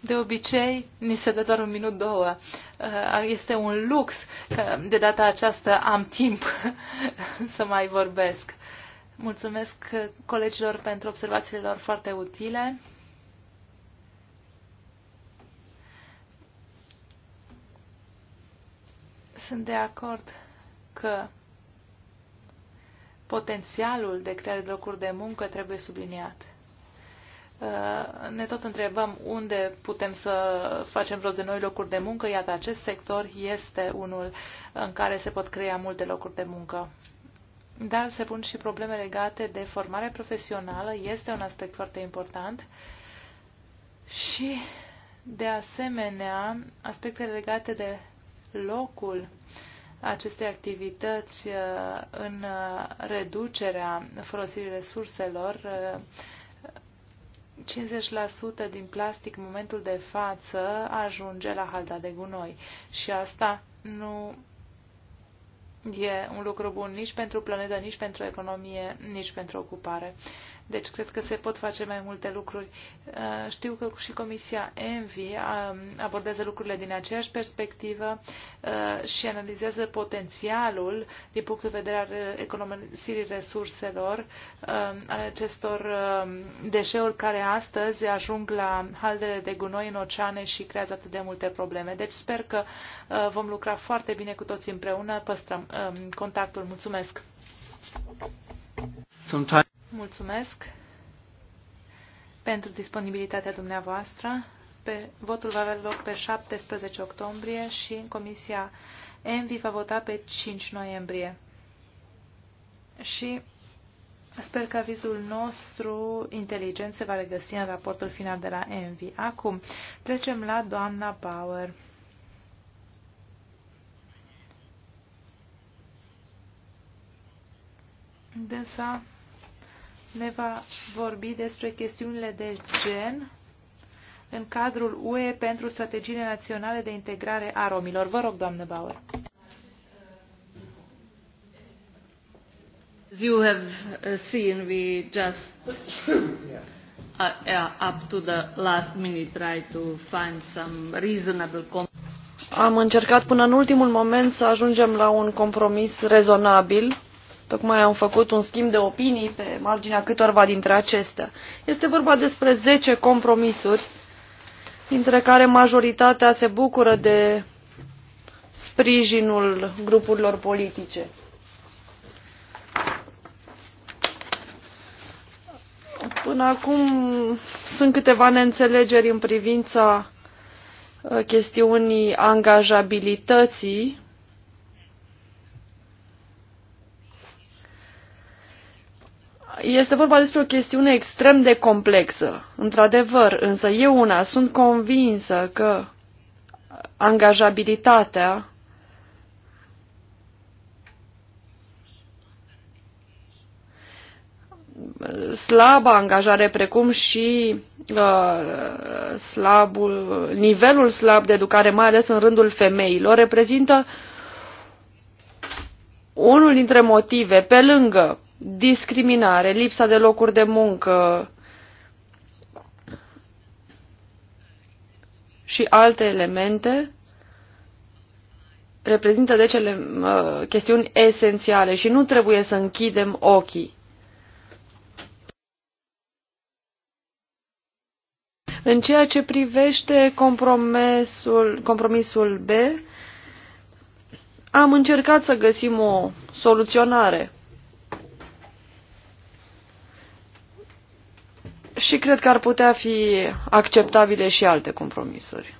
De obicei, ni se dă doar un minut, două. Uh, este un lux că de data aceasta am timp să mai vorbesc. Mulțumesc colegilor pentru observațiile lor foarte utile. Sunt de acord că potențialul de creare de locuri de muncă trebuie subliniat. Uh, ne tot întrebăm unde putem să facem vreo de noi locuri de muncă. Iată, acest sector este unul în care se pot crea multe locuri de muncă. Dar se pun și probleme legate de formare profesională. Este un aspect foarte important. Și, de asemenea, aspectele legate de locul acestei activități uh, în uh, reducerea folosirii resurselor 50% din plastic în momentul de față ajunge la halda de gunoi și asta nu e un lucru bun nici pentru planetă, nici pentru economie, nici pentru ocupare. Deci cred că se pot face mai multe lucruri. Uh, știu că și Comisia Envi um, abordează lucrurile din aceeași perspectivă uh, și analizează potențialul din punct de vedere al economisirii resurselor um, al acestor um, deșeuri care astăzi ajung la haldele de gunoi în oceane și creează atât de multe probleme. Deci sper că uh, vom lucra foarte bine cu toți împreună, păstrăm contactul. Mulțumesc! Sometimes Mulțumesc pentru disponibilitatea dumneavoastră. Pe, votul va avea loc pe 17 octombrie și în Comisia ENVI va vota pe 5 noiembrie. Și Sper că vizul nostru inteligent se va regăsi în raportul final de la ENVI. Acum, trecem la doamna Bauer. Dânsa ne va vorbi despre chestiunile de gen în cadrul UE pentru strategiile naționale de integrare a romilor. Vă rog, doamnă Bauer. As you have uh, seen, we just uh, up to the last minute try to find some reasonable Am încercat până în ultimul moment să ajungem la un compromis rezonabil Tocmai am făcut un schimb de opinii pe marginea câtorva dintre acestea. Este vorba despre 10 compromisuri, dintre care majoritatea se bucură de sprijinul grupurilor politice. Până acum sunt câteva neînțelegeri în privința uh, chestiunii angajabilității Este vorba despre o chestiune extrem de complexă, într-adevăr, însă eu una sunt convinsă că angajabilitatea slaba angajare, precum și uh, slabul, nivelul slab de educare, mai ales în rândul femeilor, reprezintă unul dintre motive, pe lângă discriminare, lipsa de locuri de muncă și alte elemente reprezintă deci cele uh, chestiuni esențiale și nu trebuie să închidem ochii. În ceea ce privește compromisul, compromisul B, am încercat să găsim o soluționare. și cred că ar putea fi acceptabile și alte compromisuri.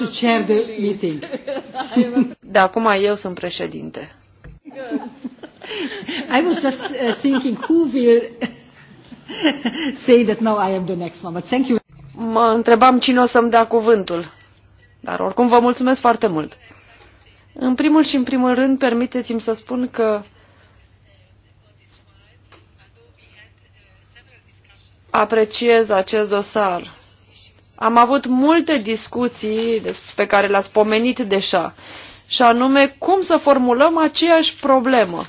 You chair the meeting. Da, acum eu sunt președinte. I was just uh, thinking who will say that now I am the next one, but thank you mă întrebam cine o să-mi dea cuvântul. Dar oricum vă mulțumesc foarte mult. În primul și în primul rând, permiteți-mi să spun că apreciez acest dosar. Am avut multe discuții pe care le-ați pomenit deja, și anume cum să formulăm aceeași problemă.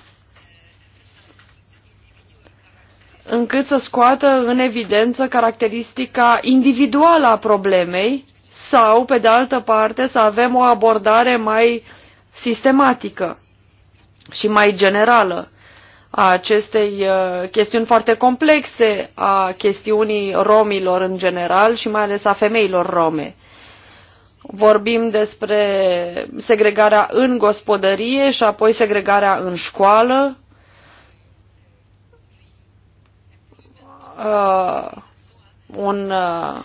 încât să scoată în evidență caracteristica individuală a problemei sau, pe de altă parte, să avem o abordare mai sistematică și mai generală a acestei uh, chestiuni foarte complexe, a chestiunii romilor în general și mai ales a femeilor rome. Vorbim despre segregarea în gospodărie și apoi segregarea în școală, uh, un uh,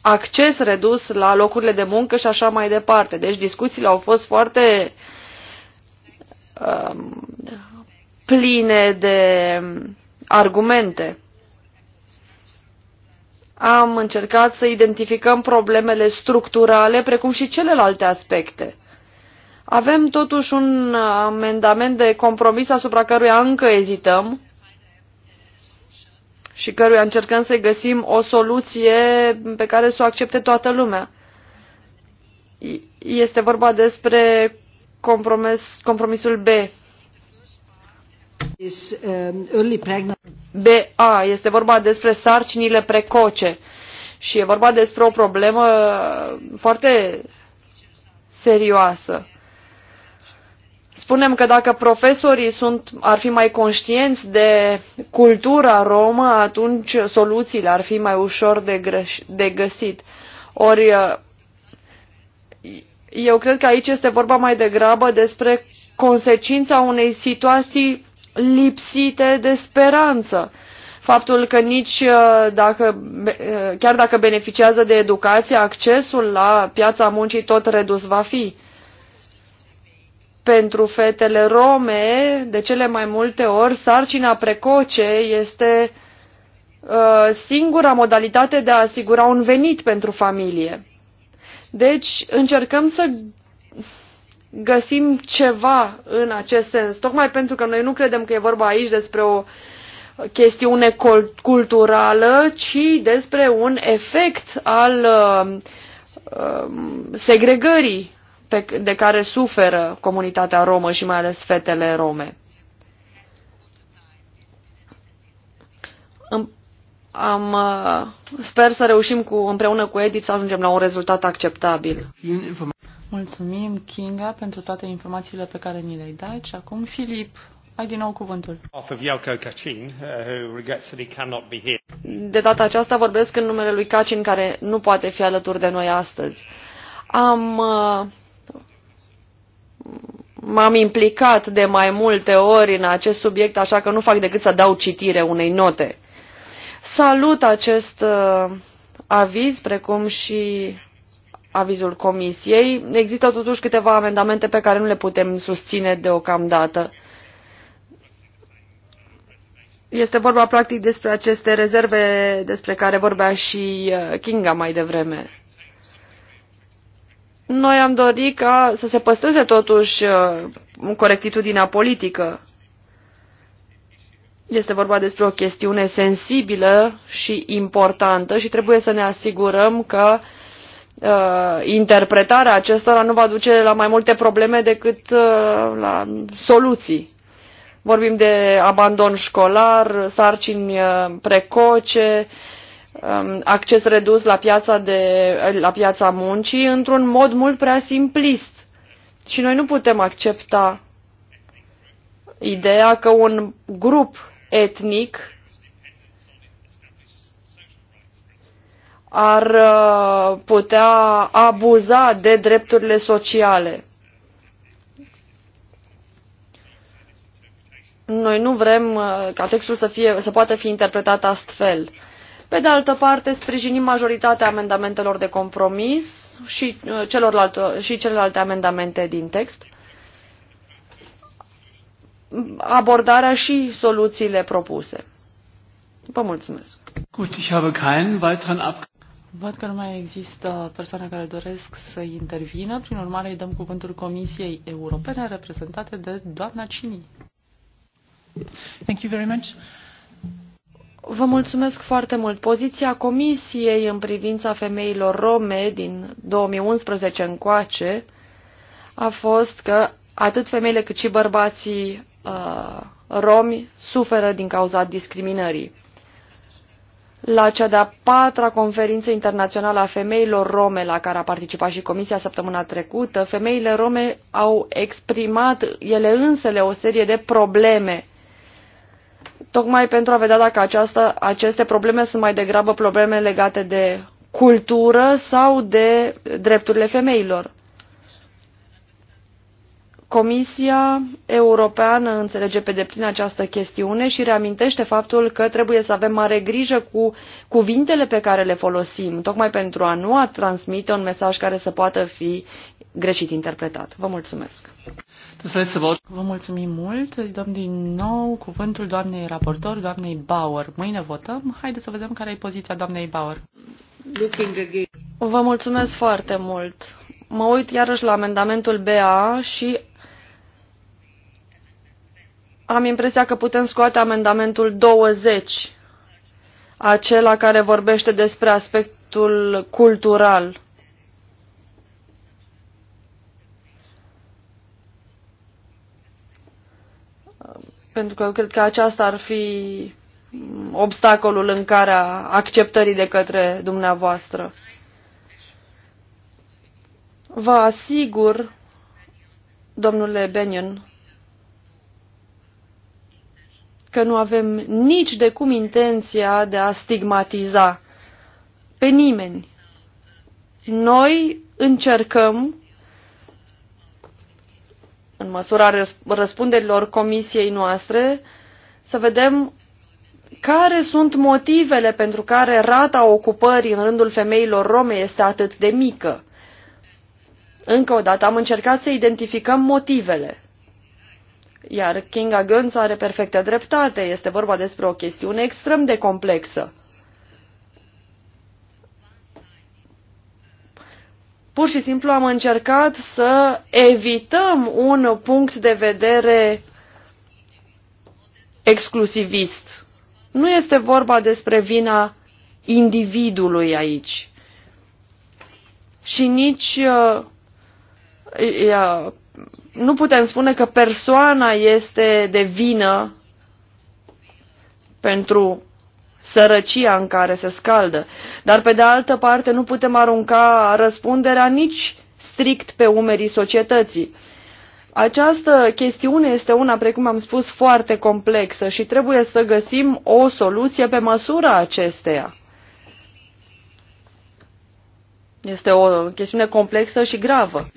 acces redus la locurile de muncă și așa mai departe. Deci discuțiile au fost foarte uh, pline de argumente. Am încercat să identificăm problemele structurale, precum și celelalte aspecte. Avem totuși un amendament de compromis asupra căruia încă ezităm, și căruia încercăm să-i găsim o soluție pe care să o accepte toată lumea. Este vorba despre compromis, compromisul B. Um, BA este vorba despre sarcinile precoce și e vorba despre o problemă foarte serioasă spunem că dacă profesorii sunt, ar fi mai conștienți de cultura romă, atunci soluțiile ar fi mai ușor de, greș, de găsit. Ori eu cred că aici este vorba mai degrabă despre consecința unei situații lipsite de speranță. Faptul că nici dacă, chiar dacă beneficiază de educație, accesul la piața muncii tot redus va fi. Pentru fetele rome, de cele mai multe ori, sarcina precoce este uh, singura modalitate de a asigura un venit pentru familie. Deci încercăm să găsim ceva în acest sens, tocmai pentru că noi nu credem că e vorba aici despre o chestiune culturală, ci despre un efect al uh, um, segregării pe, de care suferă comunitatea romă și mai ales fetele rome. Am, uh, sper să reușim cu, împreună cu Edith să ajungem la un rezultat acceptabil. Mulțumim, Kinga, pentru toate informațiile pe care ni le-ai dat și acum Filip. Ai din nou cuvântul. Uh, de data aceasta vorbesc în numele lui Cacin, care nu poate fi alături de noi astăzi. Am uh, m-am implicat de mai multe ori în acest subiect, așa că nu fac decât să dau citire unei note. Salut acest uh, aviz, precum și avizul comisiei. Există totuși câteva amendamente pe care nu le putem susține deocamdată. Este vorba practic despre aceste rezerve despre care vorbea și uh, Kinga mai devreme. Noi am dorit ca să se păstreze totuși uh, corectitudinea politică. Este vorba despre o chestiune sensibilă și importantă și trebuie să ne asigurăm că uh, interpretarea acestora nu va duce la mai multe probleme decât uh, la soluții. Vorbim de abandon școlar, sarcini uh, precoce, uh, Um, acces redus la piața, de, la piața muncii într-un mod mult prea simplist. Și noi nu putem accepta ideea că un grup etnic ar uh, putea abuza de drepturile sociale. Noi nu vrem uh, ca textul să, fie, să poată fi interpretat astfel. Pe de altă parte, sprijinim majoritatea amendamentelor de compromis și, uh, celorlalte, și celelalte amendamente din text, abordarea și soluțiile propuse. Vă mulțumesc. Gut, ich habe keinen Văd că nu mai există persoane care doresc să intervină, prin urmare îi dăm cuvântul Comisiei Europene reprezentate de doamna Cini. Thank you very much. Vă mulțumesc foarte mult. Poziția Comisiei în privința femeilor rome din 2011 încoace a fost că atât femeile cât și bărbații uh, romi suferă din cauza discriminării. La cea de-a patra conferință internațională a femeilor rome, la care a participat și Comisia săptămâna trecută, femeile rome au exprimat ele însele o serie de probleme tocmai pentru a vedea dacă aceasta aceste probleme sunt mai degrabă probleme legate de cultură sau de drepturile femeilor. Comisia Europeană înțelege pe deplin această chestiune și reamintește faptul că trebuie să avem mare grijă cu cuvintele pe care le folosim, tocmai pentru a nu a transmite un mesaj care să poată fi greșit interpretat. Vă mulțumesc. Vă mulțumim mult. Dăm din nou cuvântul doamnei raportor, doamnei Bauer. Mâine votăm. Haideți să vedem care e poziția doamnei Bauer. Vă mulțumesc foarte mult. Mă uit iarăși la amendamentul BA și am impresia că putem scoate amendamentul 20, acela care vorbește despre aspectul cultural pentru că eu cred că aceasta ar fi obstacolul în care a acceptării de către dumneavoastră. Vă asigur, domnule Benion, că nu avem nici de cum intenția de a stigmatiza pe nimeni. Noi încercăm în măsura răspunderilor comisiei noastre, să vedem care sunt motivele pentru care rata ocupării în rândul femeilor rome este atât de mică. Încă o dată am încercat să identificăm motivele. Iar Kinga Gönz are perfectă dreptate, este vorba despre o chestiune extrem de complexă. Pur și simplu am încercat să evităm un punct de vedere exclusivist. Nu este vorba despre vina individului aici și nici uh, nu putem spune că persoana este de vină pentru sărăcia în care se scaldă, dar pe de altă parte nu putem arunca răspunderea nici strict pe umerii societății. Această chestiune este una, precum am spus, foarte complexă și trebuie să găsim o soluție pe măsura acesteia. Este o chestiune complexă și gravă.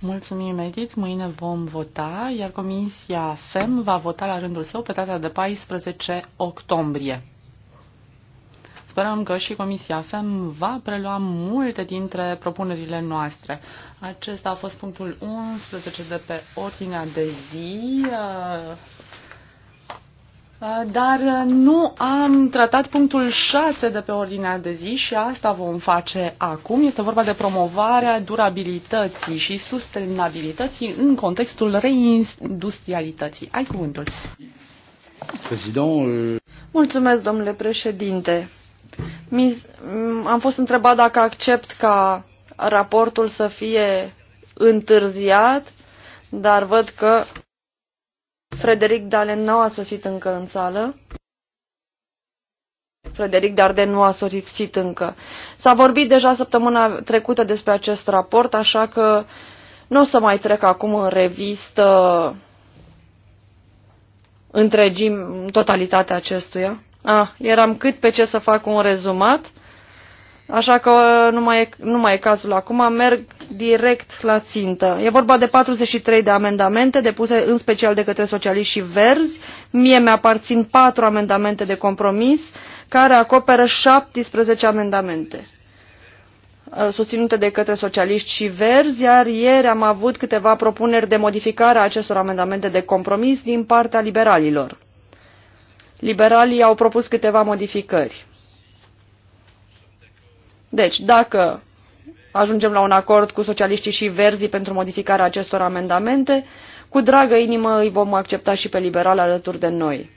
Mulțumim, Edith. Mâine vom vota, iar Comisia FEM va vota la rândul său pe data de 14 octombrie. Sperăm că și Comisia FEM va prelua multe dintre propunerile noastre. Acesta a fost punctul 11 de pe ordinea de zi. Uh, dar uh, nu am tratat punctul 6 de pe ordinea de zi și asta vom face acum. Este vorba de promovarea durabilității și sustenabilității în contextul reindustrialității. Ai cuvântul. Uh, Mulțumesc, domnule președinte. Am fost întrebat dacă accept ca raportul să fie întârziat, dar văd că Frederic Dalen nu a sosit încă în sală. Frederic Darden nu a sosit încă. S-a vorbit deja săptămâna trecută despre acest raport, așa că nu o să mai trec acum în revistă întregim totalitatea acestuia. Ah, eram cât pe ce să fac un rezumat. Așa că nu mai, e, nu mai e cazul acum, merg direct la țintă. E vorba de 43 de amendamente depuse în special de către socialiști și verzi. Mie mi-aparțin 4 amendamente de compromis care acoperă 17 amendamente ă, susținute de către socialiști și verzi, iar ieri am avut câteva propuneri de modificare a acestor amendamente de compromis din partea liberalilor. Liberalii au propus câteva modificări. Deci, dacă ajungem la un acord cu socialiștii și verzii pentru modificarea acestor amendamente, cu dragă inimă îi vom accepta și pe liberal alături de noi.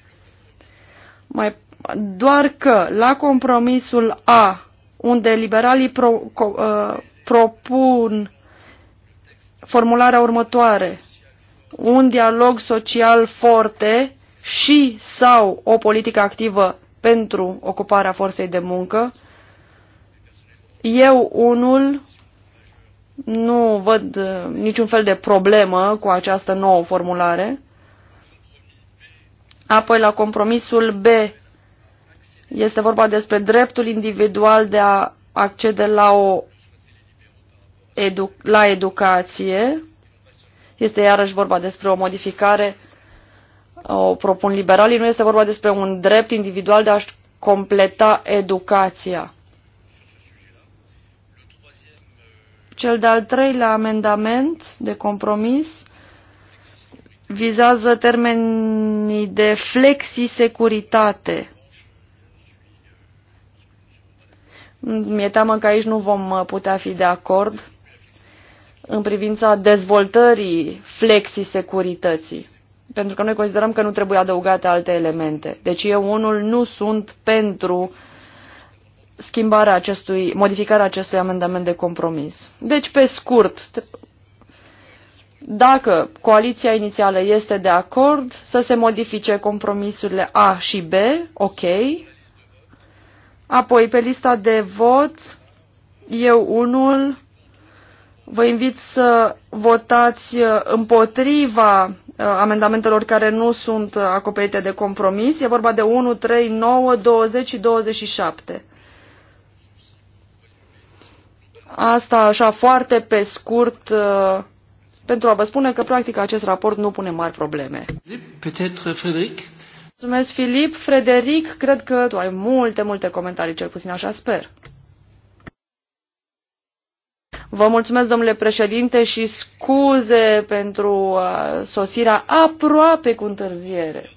Mai, doar că la compromisul A, unde liberalii pro, co, uh, propun formularea următoare, un dialog social forte și sau o politică activă pentru ocuparea forței de muncă, eu, unul, nu văd uh, niciun fel de problemă cu această nouă formulare. Apoi, la compromisul B, este vorba despre dreptul individual de a accede la, o edu la educație. Este iarăși vorba despre o modificare, o propun liberalii, nu este vorba despre un drept individual de a-și completa educația. Cel de-al treilea amendament de compromis vizează termenii de flexisecuritate. Mi-e teamă că aici nu vom uh, putea fi de acord în privința dezvoltării flexisecurității, pentru că noi considerăm că nu trebuie adăugate alte elemente. Deci eu unul nu sunt pentru uh, schimbarea acestui, modificarea acestui amendament de compromis. Deci, pe scurt, dacă coaliția inițială este de acord să se modifice compromisurile A și B, ok. Apoi, pe lista de vot, eu unul vă invit să votați uh, împotriva uh, amendamentelor care nu sunt uh, acoperite de compromis. E vorba de 1, 3, 9, 20 și 27. Asta așa foarte pe scurt uh, pentru a vă spune că practic acest raport nu pune mari probleme. Frederic. Mulțumesc, Filip. Frederic, cred că tu ai multe, multe comentarii, cel puțin așa sper. Vă mulțumesc, domnule președinte, și scuze pentru uh, sosirea aproape cu întârziere.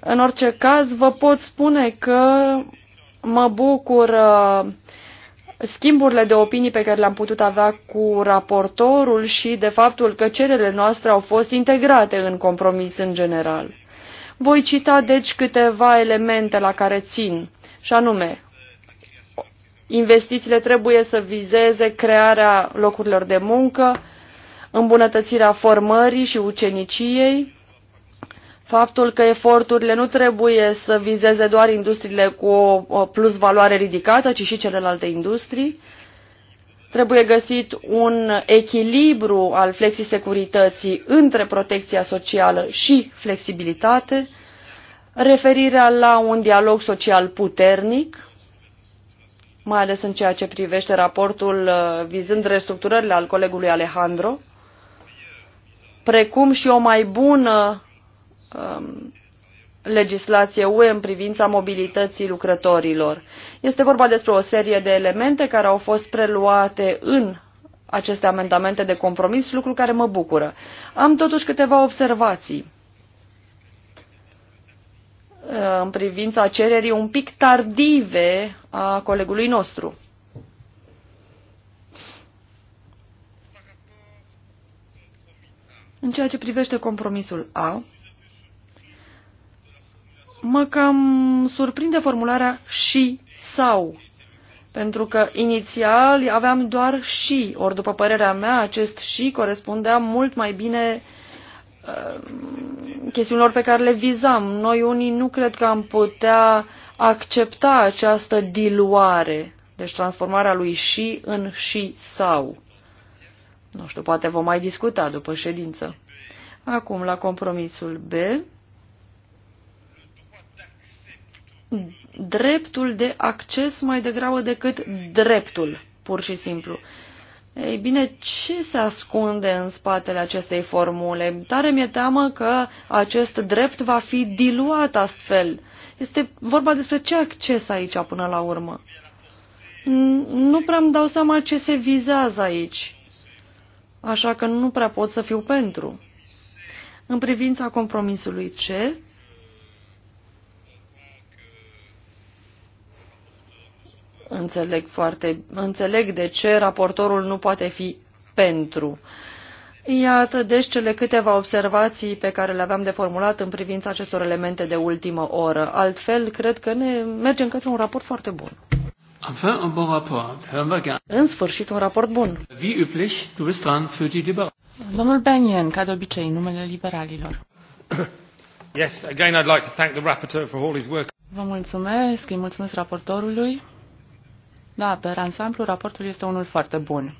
În orice caz, vă pot spune că mă bucur uh, schimburile de opinii pe care le-am putut avea cu raportorul și de faptul că cererile noastre au fost integrate în compromis în general. Voi cita deci câteva elemente la care țin, și anume, investițiile trebuie să vizeze crearea locurilor de muncă, îmbunătățirea formării și uceniciei, faptul că eforturile nu trebuie să vizeze doar industriile cu o plus valoare ridicată, ci și celelalte industrii. Trebuie găsit un echilibru al flexisecurității între protecția socială și flexibilitate, referirea la un dialog social puternic, mai ales în ceea ce privește raportul uh, vizând restructurările al colegului Alejandro, precum și o mai bună Um, legislație UE în privința mobilității lucrătorilor. Este vorba despre o serie de elemente care au fost preluate în aceste amendamente de compromis, lucru care mă bucură. Am totuși câteva observații uh, în privința cererii un pic tardive a colegului nostru. În ceea ce privește compromisul A, mă cam surprinde formularea și sau. Pentru că inițial aveam doar și, ori după părerea mea, acest și corespundea mult mai bine uh, chestiunilor pe care le vizam. Noi unii nu cred că am putea accepta această diluare, deci transformarea lui și în și sau. Nu știu, poate vom mai discuta după ședință. Acum la compromisul B. dreptul de acces mai degrabă decât dreptul, pur și simplu. Ei bine, ce se ascunde în spatele acestei formule? Tare mi-e teamă că acest drept va fi diluat astfel. Este vorba despre ce acces aici până la urmă. Nu prea îmi dau seama ce se vizează aici, așa că nu prea pot să fiu pentru. În privința compromisului C, înțeleg foarte, înțeleg de ce raportorul nu poate fi pentru. Iată, deci, cele câteva observații pe care le aveam de formulat în privința acestor elemente de ultimă oră. Altfel, cred că ne mergem către un raport foarte bun. Enfin, un bon raport. În sfârșit, un raport bun. Domnul Benien, ca de obicei, numele liberalilor. yes, again I'd like to thank the rapporteur for all his work. Vă mulțumesc, îi mulțumesc raportorului da, pe ansamblu, raportul este unul foarte bun.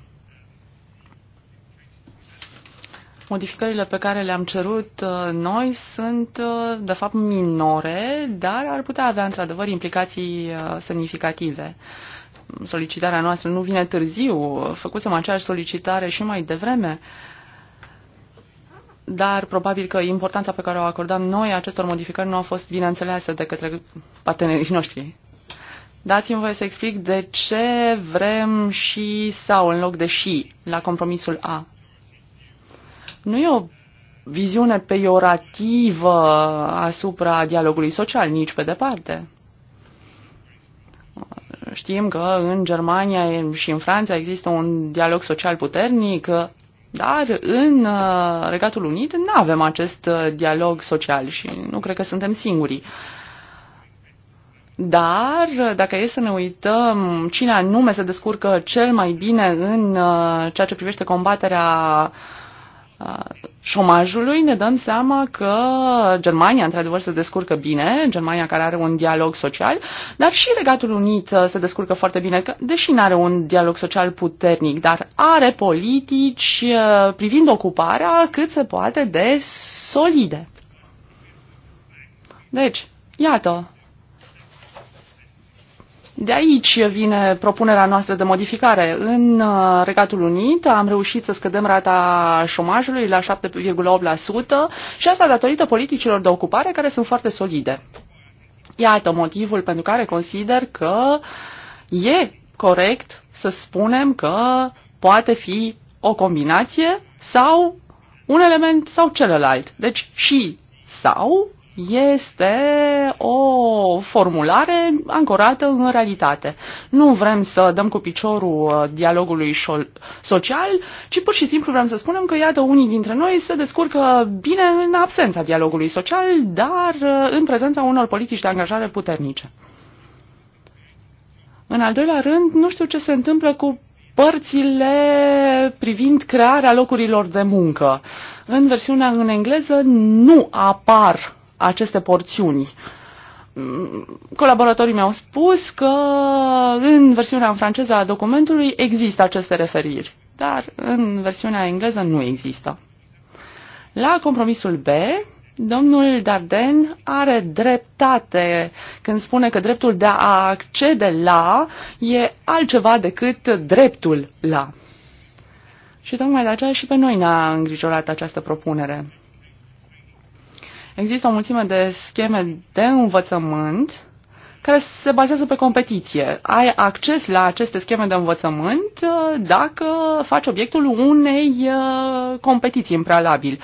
Modificările pe care le-am cerut uh, noi sunt, uh, de fapt, minore, dar ar putea avea, într-adevăr, implicații uh, semnificative. Solicitarea noastră nu vine târziu, făcusem aceeași solicitare și mai devreme, dar probabil că importanța pe care o acordam noi acestor modificări nu a fost bine înțeleasă de către partenerii noștri. Dați-mi voie să explic de ce vrem și sau în loc de și la compromisul A. Nu e o viziune peiorativă asupra dialogului social, nici pe departe. Știm că în Germania și în Franța există un dialog social puternic, dar în uh, Regatul Unit nu avem acest uh, dialog social și nu cred că suntem singurii. Dar dacă e să ne uităm cine anume se descurcă cel mai bine în uh, ceea ce privește combaterea uh, șomajului, ne dăm seama că Germania, într-adevăr, se descurcă bine, Germania care are un dialog social, dar și Regatul Unit uh, se descurcă foarte bine, deși nu are un dialog social puternic, dar are politici privind ocuparea cât se poate de solide. Deci, iată, de aici vine propunerea noastră de modificare. În uh, Regatul Unit am reușit să scădem rata șomajului la 7,8% și asta datorită politicilor de ocupare care sunt foarte solide. Iată motivul pentru care consider că e corect să spunem că poate fi o combinație sau un element sau celălalt. Deci și sau este o formulare ancorată în realitate. Nu vrem să dăm cu piciorul uh, dialogului social, ci pur și simplu vrem să spunem că, iată, unii dintre noi se descurcă bine în absența dialogului social, dar uh, în prezența unor politici de angajare puternice. În al doilea rând, nu știu ce se întâmplă cu părțile privind crearea locurilor de muncă. În versiunea în engleză nu apar aceste porțiuni. Colaboratorii mi-au spus că în versiunea în franceză a documentului există aceste referiri, dar în versiunea engleză nu există. La compromisul B, domnul Darden are dreptate când spune că dreptul de a accede la e altceva decât dreptul la. Și tocmai de aceea și pe noi ne-a îngrijorat această propunere. Există o mulțime de scheme de învățământ care se bazează pe competiție. Ai acces la aceste scheme de învățământ uh, dacă faci obiectul unei uh, competiții în prealabil.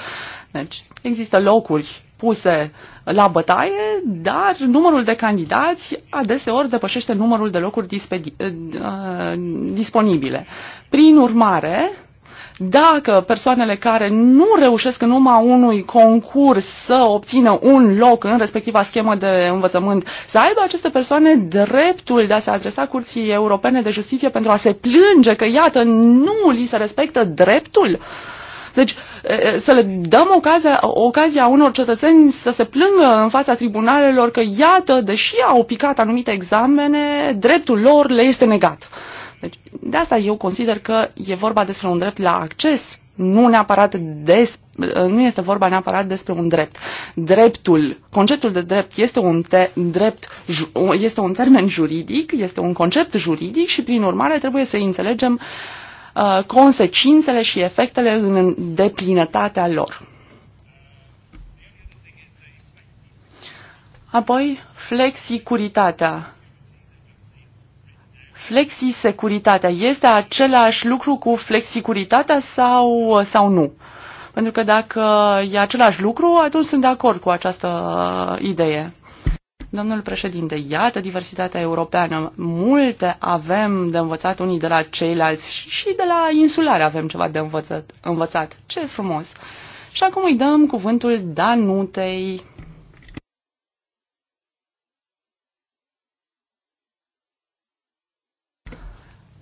Deci există locuri puse la bătaie, dar numărul de candidați adeseori depășește numărul de locuri uh, disponibile. Prin urmare, dacă persoanele care nu reușesc în urma unui concurs să obțină un loc în respectiva schemă de învățământ, să aibă aceste persoane dreptul de a se adresa Curții Europene de Justiție pentru a se plânge că, iată, nu li se respectă dreptul? Deci să le dăm ocazia, ocazia unor cetățeni să se plângă în fața tribunalelor că, iată, deși au picat anumite examene, dreptul lor le este negat. Deci, de asta eu consider că e vorba despre un drept la acces, nu neapărat des, nu este vorba neapărat despre un drept. Dreptul, conceptul de drept este un, te, drept este un termen juridic, este un concept juridic și prin urmare trebuie să înțelegem uh, consecințele și efectele în deplinătatea lor. Apoi, flexicuritatea flexisecuritatea este același lucru cu flexicuritatea sau, sau nu? Pentru că dacă e același lucru, atunci sunt de acord cu această idee. Domnul președinte, iată diversitatea europeană. Multe avem de învățat unii de la ceilalți și de la insulare avem ceva de învățat. învățat. Ce frumos! Și acum îi dăm cuvântul Danutei.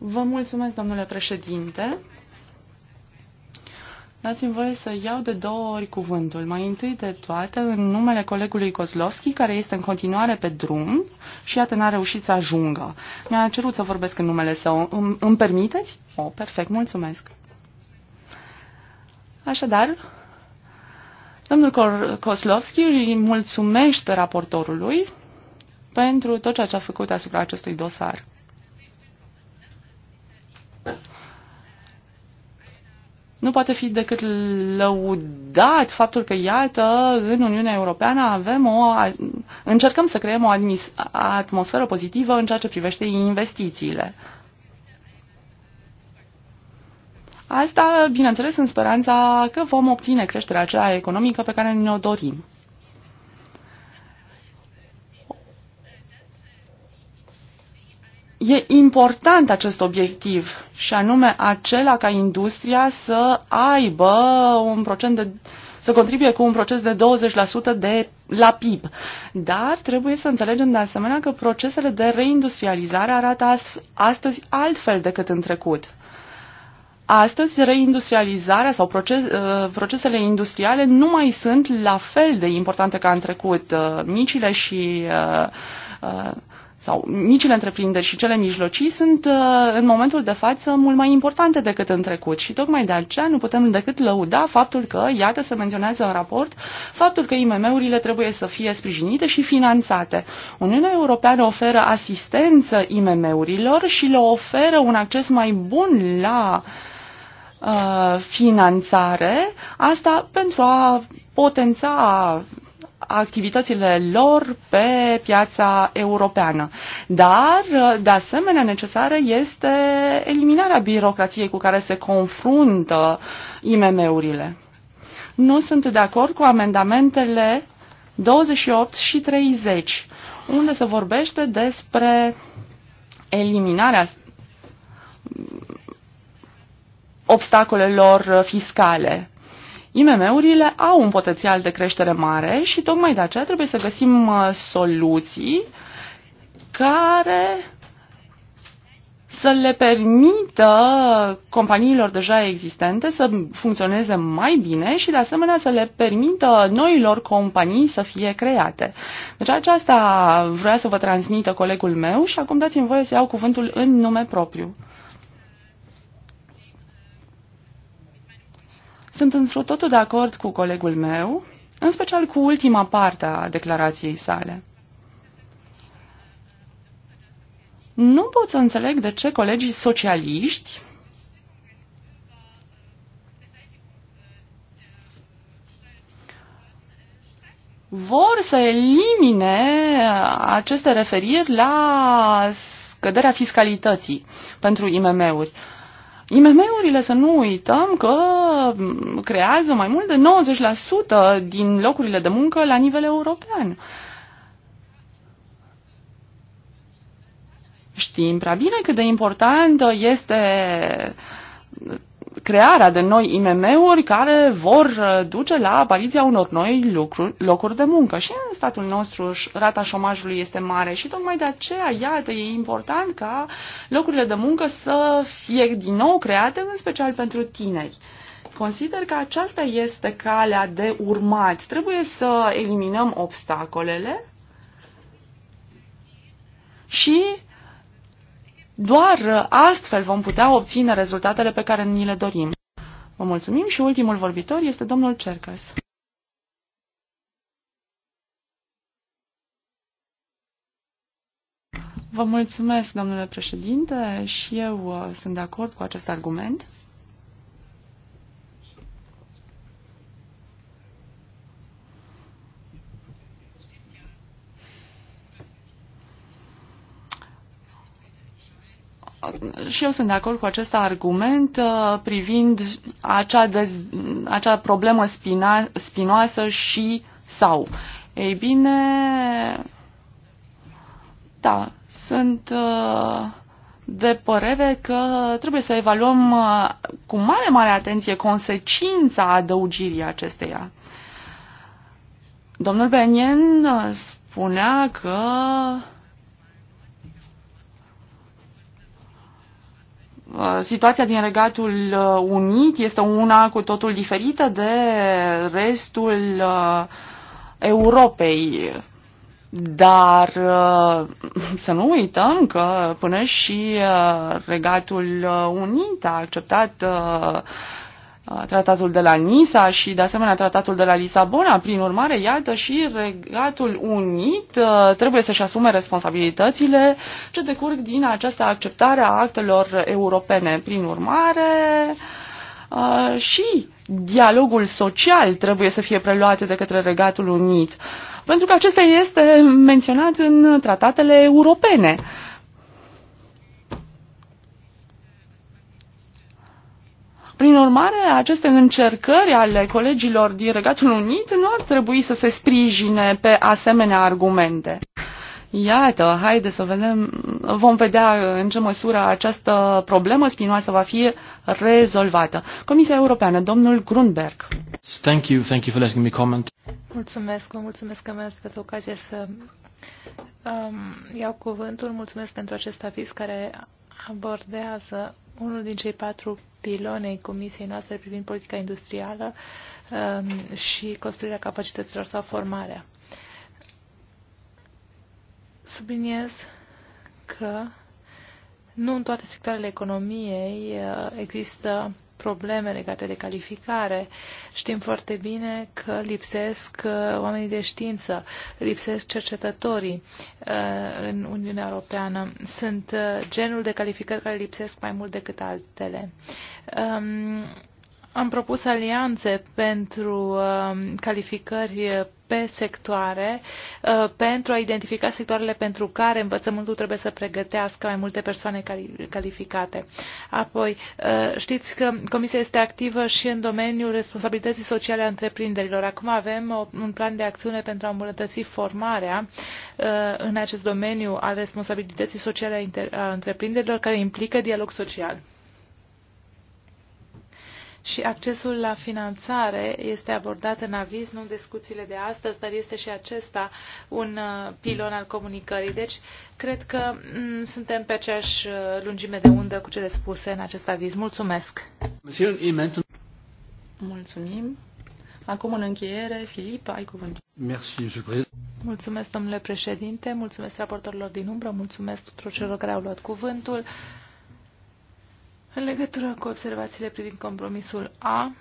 Vă mulțumesc, domnule președinte. Dați-mi voie să iau de două ori cuvântul. Mai întâi de toate, în numele colegului Kozlovski, care este în continuare pe drum și iată n-a reușit să ajungă. Mi-a cerut să vorbesc în numele său. Îmi, îmi permiteți? Oh, perfect, mulțumesc. Așadar, domnul Kozlovski îi mulțumește raportorului pentru tot ceea ce a făcut asupra acestui dosar. nu poate fi decât lăudat faptul că, iată, în Uniunea Europeană avem o, încercăm să creăm o atmosferă pozitivă în ceea ce privește investițiile. Asta, bineînțeles, în speranța că vom obține creșterea aceea economică pe care ne-o dorim. e important acest obiectiv și anume acela ca industria să aibă un procent de să contribuie cu un proces de 20% de la PIB. Dar trebuie să înțelegem de asemenea că procesele de reindustrializare arată astăzi altfel decât în trecut. Astăzi, reindustrializarea sau proces, uh, procesele industriale nu mai sunt la fel de importante ca în trecut. Uh, micile și uh, uh sau micile întreprinderi și cele mijlocii sunt uh, în momentul de față mult mai importante decât în trecut și tocmai de aceea nu putem decât lăuda faptul că, iată, se menționează în raport faptul că IMM-urile trebuie să fie sprijinite și finanțate. Uniunea Europeană oferă asistență IMM-urilor și le oferă un acces mai bun la uh, finanțare, asta pentru a potența activitățile lor pe piața europeană. Dar, de asemenea, necesară este eliminarea birocrației cu care se confruntă IMM-urile. Nu sunt de acord cu amendamentele 28 și 30, unde se vorbește despre eliminarea obstacolelor fiscale. IMM-urile au un potențial de creștere mare și tocmai de aceea trebuie să găsim uh, soluții care să le permită companiilor deja existente să funcționeze mai bine și de asemenea să le permită noilor companii să fie create. Deci aceasta vrea să vă transmită colegul meu și acum dați-mi voie să iau cuvântul în nume propriu. Sunt într totul de acord cu colegul meu, în special cu ultima parte a declarației sale. Nu pot să înțeleg de ce colegii socialiști vor să elimine aceste referiri la scăderea fiscalității pentru IMM-uri. IMM-urile, să nu uităm că creează mai mult de 90% din locurile de muncă la nivel european. Știm prea bine cât de importantă este crearea de noi IMM-uri care vor uh, duce la apariția unor noi lucruri, locuri de muncă. Și în statul nostru rata șomajului este mare și tocmai de aceea, iată, e important ca locurile de muncă să fie din nou create, în special pentru tineri. Consider că aceasta este calea de urmat. Trebuie să eliminăm obstacolele și uh, doar uh, astfel vom putea obține rezultatele pe care ni le dorim. Vă mulțumim și ultimul vorbitor este domnul Cercas. Vă mulțumesc, domnule președinte, și eu uh, sunt de acord cu acest argument. și eu sunt de acord cu acest argument uh, privind acea, dez, acea problemă spina, spinoasă și sau. Ei bine, da, sunt uh, de părere că trebuie să evaluăm uh, cu mare, mare atenție consecința adăugirii acesteia. Domnul Benien spunea că Uh, situația din Regatul uh, Unit este una cu totul diferită de restul uh, Europei. Dar să nu uităm că până și Regatul Unit a acceptat tratatul de la Nisa și, de asemenea, tratatul de la Lisabona. Prin urmare, iată și Regatul Unit trebuie să-și asume responsabilitățile ce decurg din această acceptare a actelor europene. Prin urmare, și dialogul social trebuie să fie preluat de către Regatul Unit, pentru că acesta este menționat în tratatele europene. Prin urmare, aceste încercări ale colegilor din Regatul Unit nu ar trebui să se sprijine pe asemenea argumente. Iată, haide să vedem, vom vedea în ce măsură această problemă spinoasă va fi rezolvată. Comisia Europeană, domnul Grunberg. Thank you, thank you for letting me comment. Mulțumesc, vă mulțumesc că mi-ați dat ocazia să um, iau cuvântul. Mulțumesc pentru acest aviz care abordează unul din cei patru pilonei Comisiei noastre privind politica industrială um, și construirea capacităților sau formarea. Subliniez că nu în toate sectoarele economiei uh, există probleme legate de calificare. Știm foarte bine că lipsesc uh, oamenii de știință, lipsesc cercetătorii uh, în Uniunea Europeană. Sunt uh, genul de calificări care lipsesc mai mult decât altele. Um, am propus alianțe pentru um, calificări pe sectoare, uh, pentru a identifica sectoarele pentru care învățământul trebuie să pregătească mai multe persoane calificate. Apoi, uh, știți că Comisia este activă și în domeniul responsabilității sociale a întreprinderilor. Acum avem un plan de acțiune pentru a îmbunătăți formarea uh, în acest domeniu al responsabilității sociale a întreprinderilor, care implică dialog social și accesul la finanțare este abordat în aviz, nu în discuțiile de astăzi, dar este și acesta un uh, pilon al comunicării. Deci, cred că mm, suntem pe aceeași uh, lungime de undă cu cele spuse în acest aviz. Mulțumesc! Mulțumim! Acum, în încheiere, Filip, ai cuvântul. Merci, mulțumesc, domnule președinte, mulțumesc raportorilor din umbră, mulțumesc tuturor celor care au luat cuvântul. În legătură cu observațiile privind compromisul A,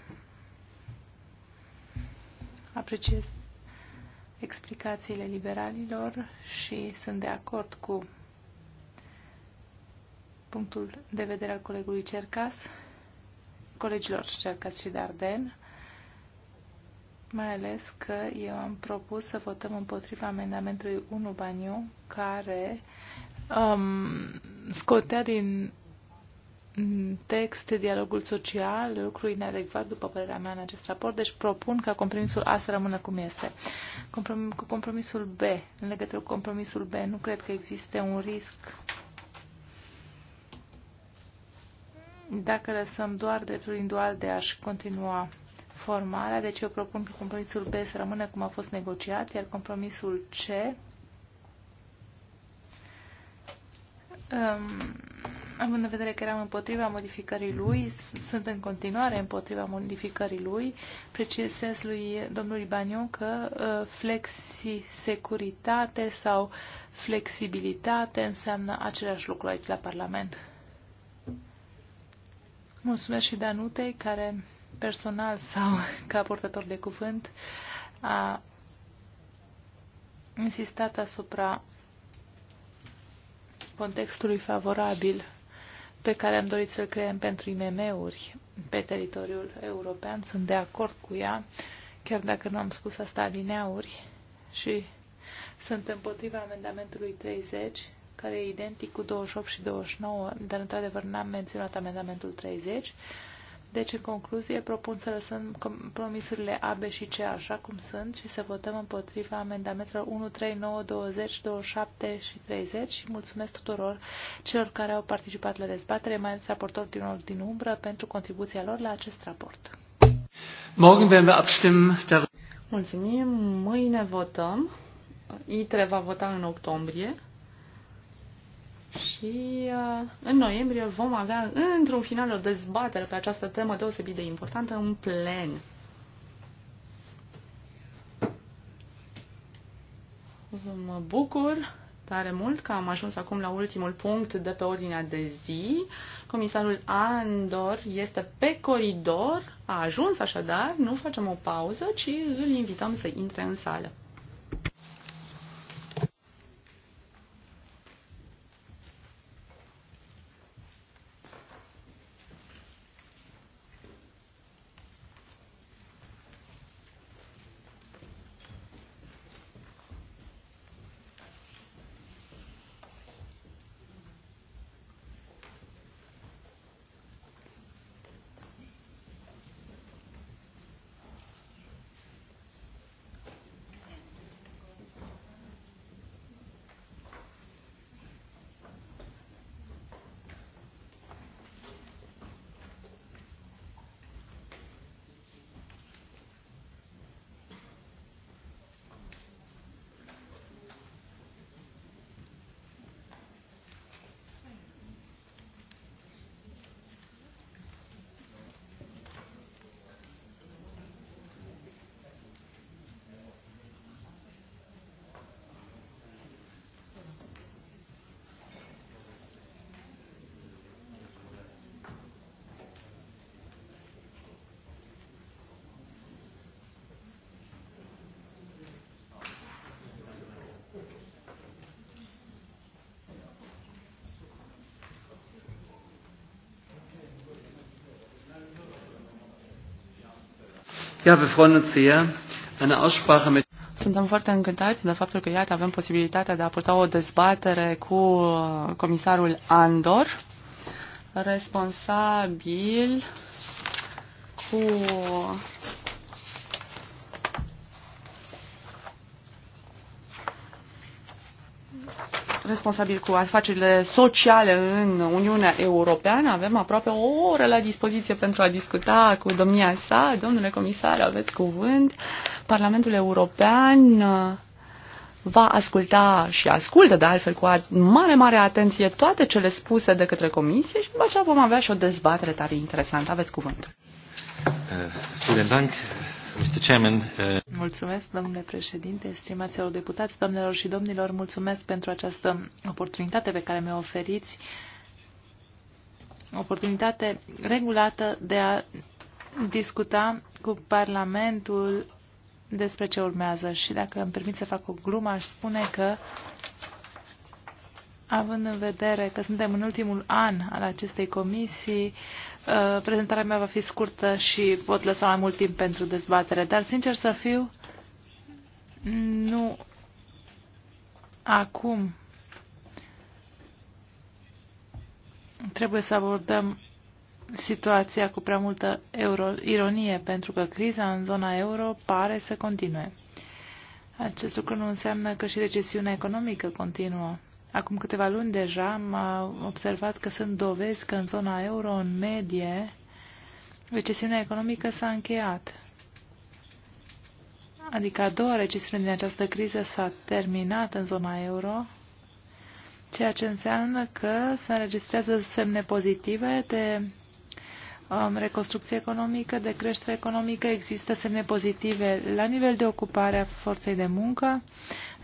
apreciez explicațiile liberalilor și sunt de acord cu punctul de vedere al colegului Cercas, colegilor Cercas și Darden, mai ales că eu am propus să votăm împotriva amendamentului 1 Baniu, care um, scotea din Mm, text, dialogul social, lucru inadecvat, după părerea mea, în acest raport, deci propun ca compromisul A să rămână cum este. Comprom cu compromisul B, în legătură cu compromisul B, nu cred că există un risc dacă lăsăm doar dreptul individual de a-și continua formarea, deci eu propun că compromisul B să rămână cum a fost negociat, iar compromisul C um, Având în vedere că eram împotriva modificării lui, sunt în continuare împotriva modificării lui, precisez lui domnului Baniu că uh, flexi securitate sau flexibilitate înseamnă același lucru aici la Parlament. Mulțumesc și Danutei, care personal sau ca portător de cuvânt a insistat asupra contextului favorabil pe care am dorit să-l creăm pentru IMM-uri pe teritoriul european. Sunt de acord cu ea, chiar dacă nu am spus asta din adineauri și sunt împotriva amendamentului 30, care e identic cu 28 și 29, dar într-adevăr n-am menționat amendamentul 30. Deci, în concluzie, propun să lăsăm promisurile A, B și C așa cum sunt și să votăm împotriva amendamentelor 1, 3, 9, 20, 27 și 30 și mulțumesc tuturor celor care au participat la dezbatere, mai ales raportor din, or, din umbră, pentru contribuția lor la acest raport. Morgen werden wir abstimmen. Da- Mulțumim. Mâine votăm. ITRE va vota în octombrie. Și uh, în noiembrie vom avea într-un final o dezbatere pe această temă deosebit de importantă în plen. Mă bucur tare mult că am ajuns acum la ultimul punct de pe ordinea de zi. Comisarul Andor este pe coridor, a ajuns așadar, nu facem o pauză, ci îl invităm să intre în sală. Ja, wir freuen uns sehr. Eine Aussprache mit suntem foarte încântați de faptul că, iată, avem posibilitatea de a purta o dezbatere cu uh, comisarul Andor, responsabil cu responsabil cu afacerile sociale în Uniunea Europeană. Avem aproape o oră la dispoziție pentru a discuta cu domnia sa. Domnule comisar, aveți cuvânt. Parlamentul European uh, va asculta și ascultă de altfel cu mare, mare atenție toate cele spuse de către comisie și după aceea vom avea și o dezbatere tare interesantă. Aveți cuvântul. Uh, Mr. Chairman, uh... Mulțumesc, domnule președinte, stimaților deputați, doamnelor și domnilor, mulțumesc pentru această oportunitate pe care mi-o oferiți, oportunitate regulată de a discuta cu Parlamentul despre ce urmează și dacă îmi permit să fac o glumă, aș spune că având în vedere că suntem în ultimul an al acestei comisii, uh, Uh, prezentarea mea va fi scurtă și pot lăsa mai mult timp pentru dezbatere, dar sincer să fiu, nu acum trebuie să abordăm situația cu prea multă euro, ironie, pentru că criza în zona euro pare să continue. Acest lucru nu înseamnă că și recesiunea economică continuă. Acum câteva luni deja am uh, observat că sunt dovezi că în zona euro, în medie, recesiunea economică s-a încheiat. Adică a doua recesiune din această criză s-a terminat în zona euro, ceea ce înseamnă că se înregistrează semne pozitive de um, reconstrucție economică, de creștere economică, există semne pozitive la nivel de ocupare a forței de muncă,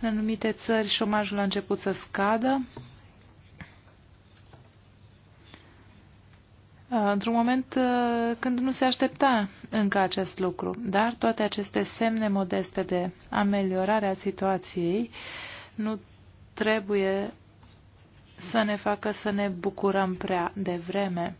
în anumite țări șomajul a început să scadă. Uh, într-un moment uh, când nu se aștepta încă acest lucru, dar toate aceste semne modeste de ameliorare a situației nu trebuie să ne facă să ne bucurăm prea devreme.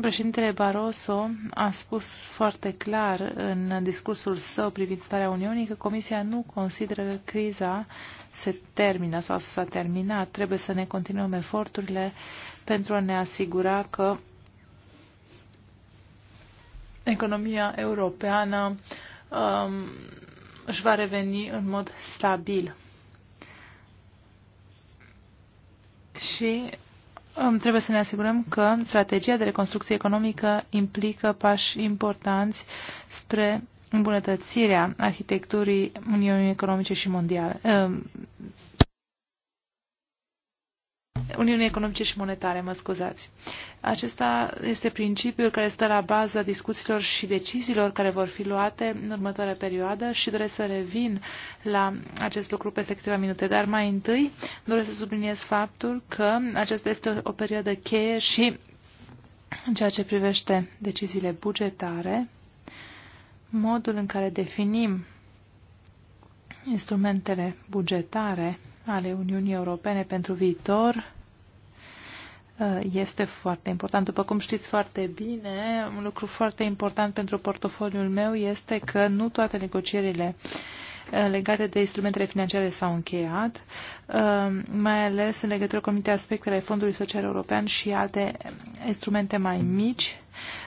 Președintele Barroso a spus foarte clar în discursul său privind starea Uniunii că Comisia nu consideră că criza se termină sau s-a terminat. Trebuie să ne continuăm eforturile pentru a ne asigura că economia europeană um, își va reveni în mod stabil. Și trebuie să ne asigurăm că strategia de reconstrucție economică implică pași importanți spre îmbunătățirea arhitecturii Uniunii Economice și mondiale, Uniunii Economice și Monetare, mă scuzați. Acesta este principiul care stă la baza discuțiilor și deciziilor care vor fi luate în următoarea perioadă și doresc să revin la acest lucru peste câteva minute. Dar mai întâi doresc să subliniez faptul că aceasta este o perioadă cheie și în ceea ce privește deciziile bugetare, modul în care definim instrumentele bugetare ale Uniunii Europene pentru viitor Uh, este foarte important. După cum știți foarte bine, un lucru foarte important pentru portofoliul meu este că nu toate negocierile uh, legate de instrumentele financiare s-au încheiat, uh, mai ales în legătură cu anumite aspecte ale Fondului Social European și alte instrumente mai mici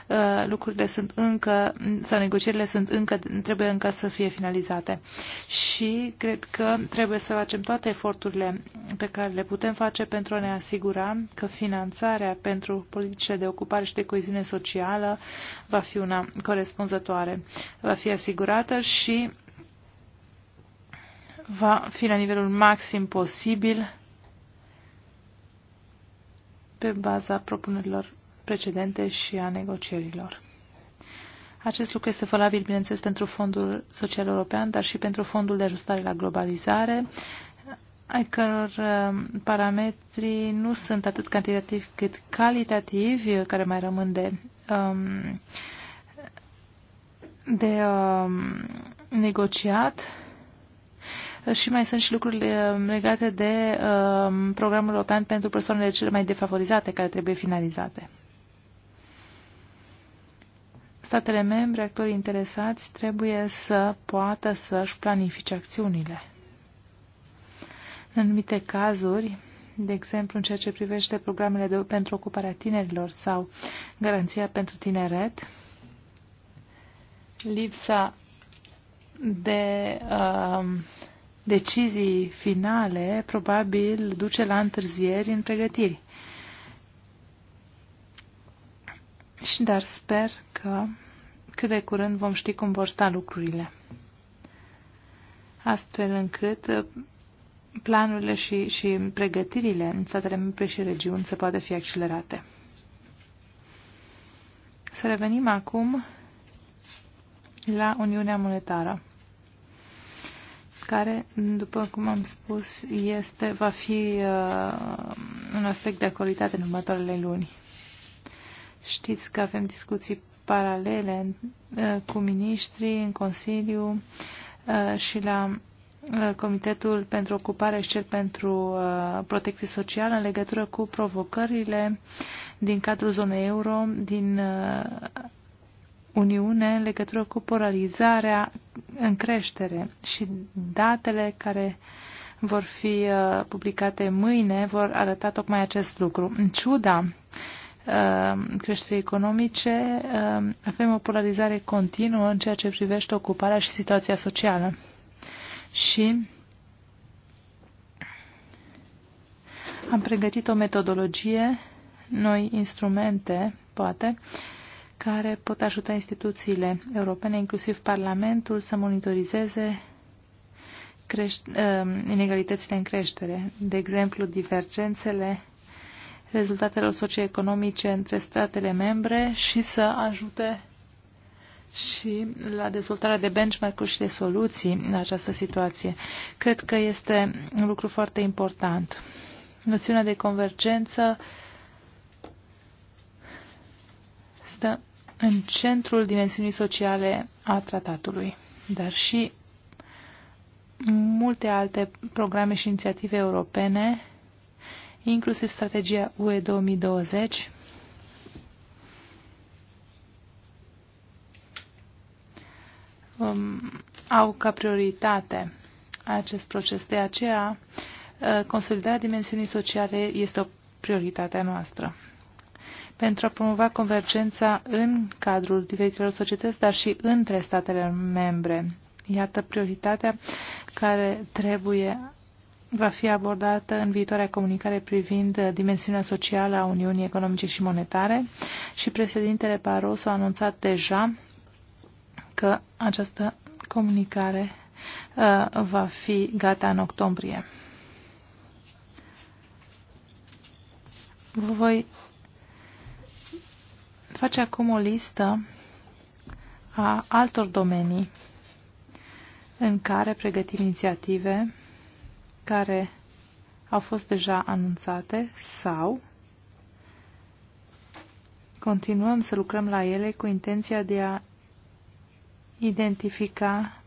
Uh, lucrurile sunt încă, sau negocierile sunt încă, trebuie încă să fie finalizate. Și cred că trebuie să facem toate eforturile pe care le putem face pentru a ne asigura că finanțarea pentru politicile de ocupare și de coeziune socială va fi una corespunzătoare, va fi asigurată și va fi la nivelul maxim posibil pe baza propunerilor precedente și a negocierilor. Acest lucru este valabil, bineînțeles, pentru Fondul Social European, dar și pentru Fondul de Ajustare la Globalizare, ai căror um, parametrii nu sunt atât cantitativi cât calitativi, care mai rămân de, um, de um, negociat. Și mai sunt și lucrurile legate de programul european pentru persoanele cele mai defavorizate care trebuie finalizate statele membre, actorii interesați, trebuie să poată să-și planifice acțiunile. În anumite cazuri, de exemplu în ceea ce privește programele de, pentru ocuparea tinerilor sau garanția pentru tineret, lipsa de uh, decizii finale probabil duce la întârzieri în pregătiri. Și dar sper că cât de curând vom ști cum vor sta lucrurile. Astfel încât uh, planurile și, și pregătirile în statele membre și regiuni să poată fi accelerate. Să revenim acum la Uniunea Monetară, care, după cum am spus, este, va fi uh, un aspect de actualitate în următoarele luni. Știți că avem discuții paralele uh, cu miniștrii în Consiliu uh, și la uh, Comitetul pentru Ocupare și cel pentru Protecție Socială în legătură cu provocările din cadrul zonei euro, din Uniune, în legătură cu polarizarea în creștere și datele care vor fi publicate mâine vor arăta tocmai acest lucru. În ciuda Uh, creșterii economice, uh, avem o polarizare continuă în ceea ce privește ocuparea și situația socială. Și am pregătit o metodologie, noi instrumente, poate, care pot ajuta instituțiile europene, inclusiv Parlamentul, să monitorizeze uh, inegalitățile în creștere. De exemplu, divergențele rezultatelor socioeconomice între statele membre și să ajute și la dezvoltarea de benchmark-uri și de soluții în această situație. Cred că este un lucru foarte important. Noțiunea de convergență stă în centrul dimensiunii sociale a tratatului, dar și multe alte programe și inițiative europene inclusiv strategia UE 2020, um, au ca prioritate acest proces. De aceea, uh, consolidarea dimensiunii sociale este o prioritate a noastră. Pentru a promova convergența în cadrul diferitelor societăți, dar și între statele membre. Iată prioritatea care trebuie va fi abordată în viitoarea comunicare privind uh, dimensiunea socială a Uniunii Economice și Monetare și președintele Barroso a anunțat deja că această comunicare uh, va fi gata în octombrie. Vă voi face acum o listă a altor domenii în care pregătim inițiative care au fost deja anunțate sau continuăm să lucrăm la ele cu intenția de a identifica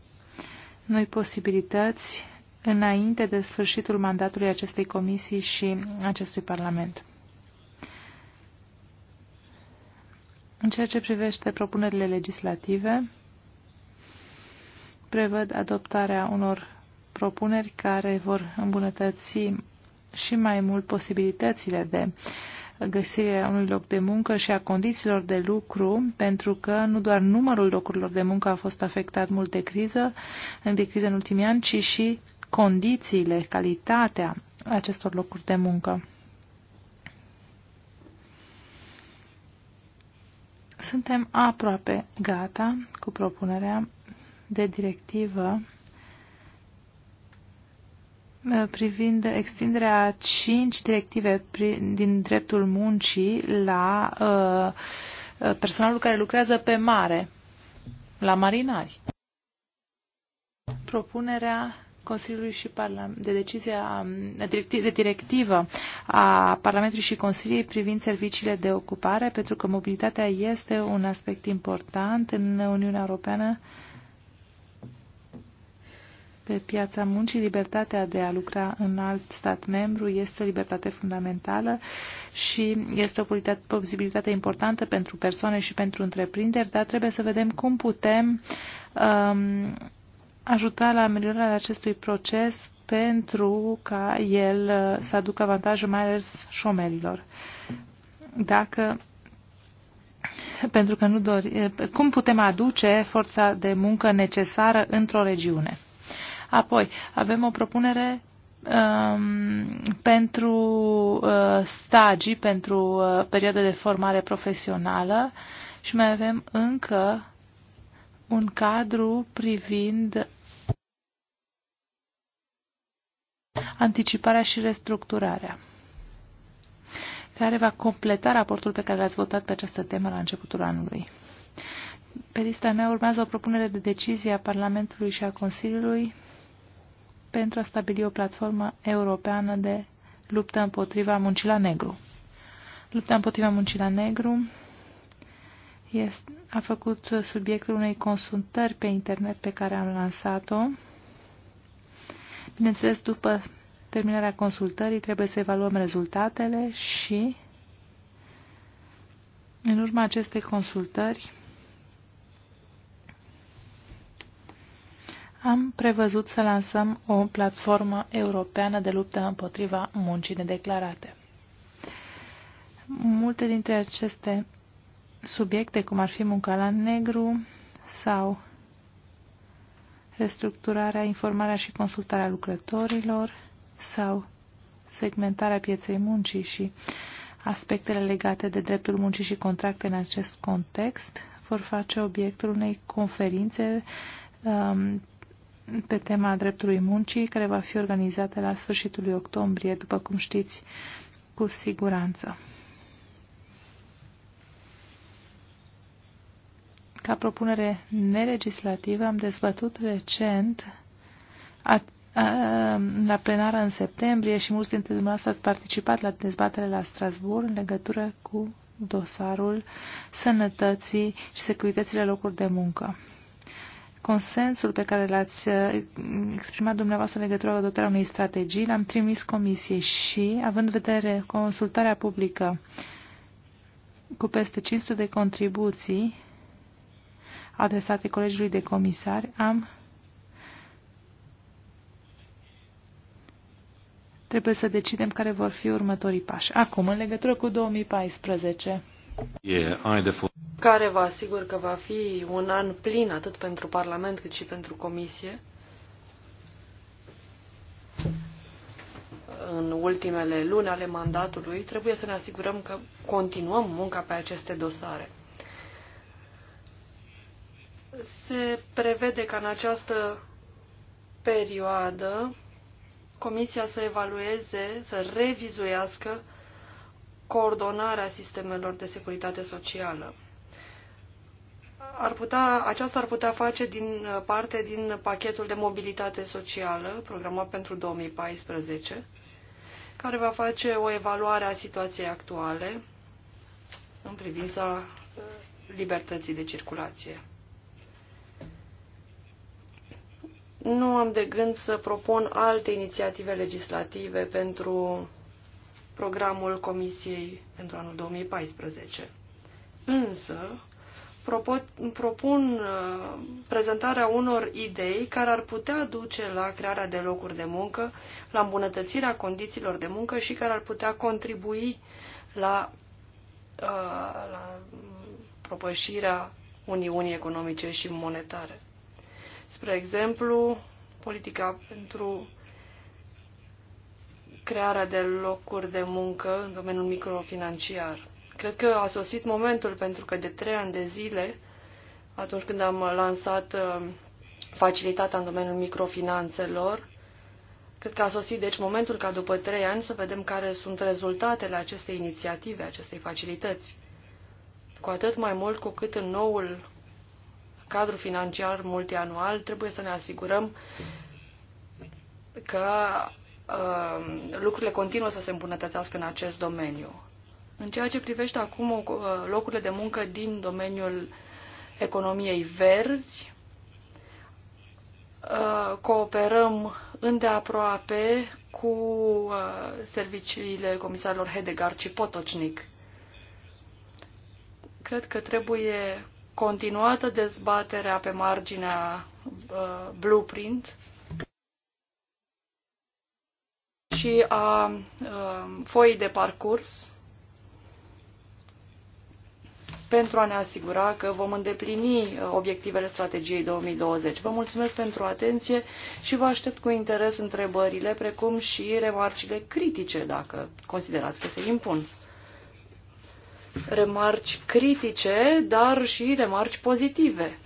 noi posibilități înainte de sfârșitul mandatului acestei comisii și acestui Parlament. În ceea ce privește propunerile legislative, prevăd adoptarea unor propuneri care vor îmbunătăți și mai mult posibilitățile de găsirea unui loc de muncă și a condițiilor de lucru, pentru că nu doar numărul locurilor de muncă a fost afectat mult de criză, de criză în ultimii ani, ci și condițiile, calitatea acestor locuri de muncă. Suntem aproape gata cu propunerea de directivă Uh, privind extinderea a cinci directive din dreptul muncii la uh, personalul care lucrează pe mare, la marinari. Propunerea Consiliului și de decizia um, de directivă a Parlamentului și Consiliului privind serviciile de ocupare, pentru că mobilitatea este un aspect important în Uniunea Europeană pe piața muncii, libertatea de a lucra în alt stat membru este o libertate fundamentală și este o posibilitate importantă pentru persoane și pentru întreprinderi, dar trebuie să vedem cum putem um, ajuta la ameliorarea acestui proces pentru ca el uh, să aducă avantaje mai ales șomerilor. Dacă pentru că nu dori, uh, cum putem aduce forța de muncă necesară într-o regiune. Apoi, avem o propunere um, pentru uh, stagii, pentru uh, perioade de formare profesională și mai avem încă un cadru privind anticiparea și restructurarea, care va completa raportul pe care l-ați votat pe această temă la începutul anului. Pe lista mea urmează o propunere de decizie a Parlamentului și a Consiliului pentru a stabili o platformă europeană de luptă împotriva muncii la negru. Lupta împotriva muncii la negru este, a făcut subiectul unei consultări pe internet pe care am lansat-o. Bineînțeles, după terminarea consultării trebuie să evaluăm rezultatele și în urma acestei consultări am prevăzut să lansăm o platformă europeană de luptă împotriva muncii nedeclarate. Multe dintre aceste subiecte, cum ar fi munca la negru sau restructurarea, informarea și consultarea lucrătorilor sau segmentarea pieței muncii și aspectele legate de dreptul muncii și contracte în acest context vor face obiectul unei conferințe um, pe tema dreptului muncii, care va fi organizată la sfârșitul lui octombrie, după cum știți, cu siguranță. Ca propunere nelegislativă am dezbătut recent a, a, la plenară în septembrie și mulți dintre dumneavoastră ați participat la dezbatere la Strasbourg în legătură cu dosarul sănătății și securității locurilor de muncă consensul pe care l-ați uh, exprimat dumneavoastră legătură cu dotarea unei strategii, l-am trimis comisiei și, având în vedere consultarea publică cu peste 500 de contribuții adresate colegiului de comisari, am trebuie să decidem care vor fi următorii pași. Acum, în legătură cu 2014, care vă asigur că va fi un an plin atât pentru Parlament cât și pentru Comisie. În ultimele luni ale mandatului trebuie să ne asigurăm că continuăm munca pe aceste dosare. Se prevede ca în această perioadă Comisia să evalueze, să revizuiască coordonarea sistemelor de securitate socială. Ar putea, aceasta ar putea face din uh, parte din pachetul de mobilitate socială programat pentru 2014, care va face o evaluare a situației actuale în privința uh, libertății de circulație. Nu am de gând să propun alte inițiative legislative pentru programul Comisiei pentru anul 2014. Însă, propun uh, prezentarea unor idei care ar putea duce la crearea de locuri de muncă, la îmbunătățirea condițiilor de muncă și care ar putea contribui la, uh, la propășirea Uniunii Economice și Monetare. Spre exemplu, politica pentru crearea de locuri de muncă în domeniul microfinanciar. Cred că a sosit momentul pentru că de trei ani de zile, atunci când am lansat uh, facilitatea în domeniul microfinanțelor, cred că a sosit deci momentul ca după trei ani să vedem care sunt rezultatele acestei inițiative, acestei facilități. Cu atât mai mult cu cât în noul cadru financiar multianual trebuie să ne asigurăm că Um, lucrurile continuă să se îmbunătățească în acest domeniu. În ceea ce privește acum uh, locurile de muncă din domeniul economiei verzi, uh, cooperăm îndeaproape cu uh, serviciile comisarilor Hedegar și Potocnic. Cred că trebuie continuată dezbaterea pe marginea blueprint și a um, foii de parcurs pentru a ne asigura că vom îndeplini uh, obiectivele strategiei 2020. Vă mulțumesc pentru atenție și vă aștept cu interes întrebările, precum și remarcile critice, dacă considerați că se impun. Remarci critice, dar și remarci pozitive.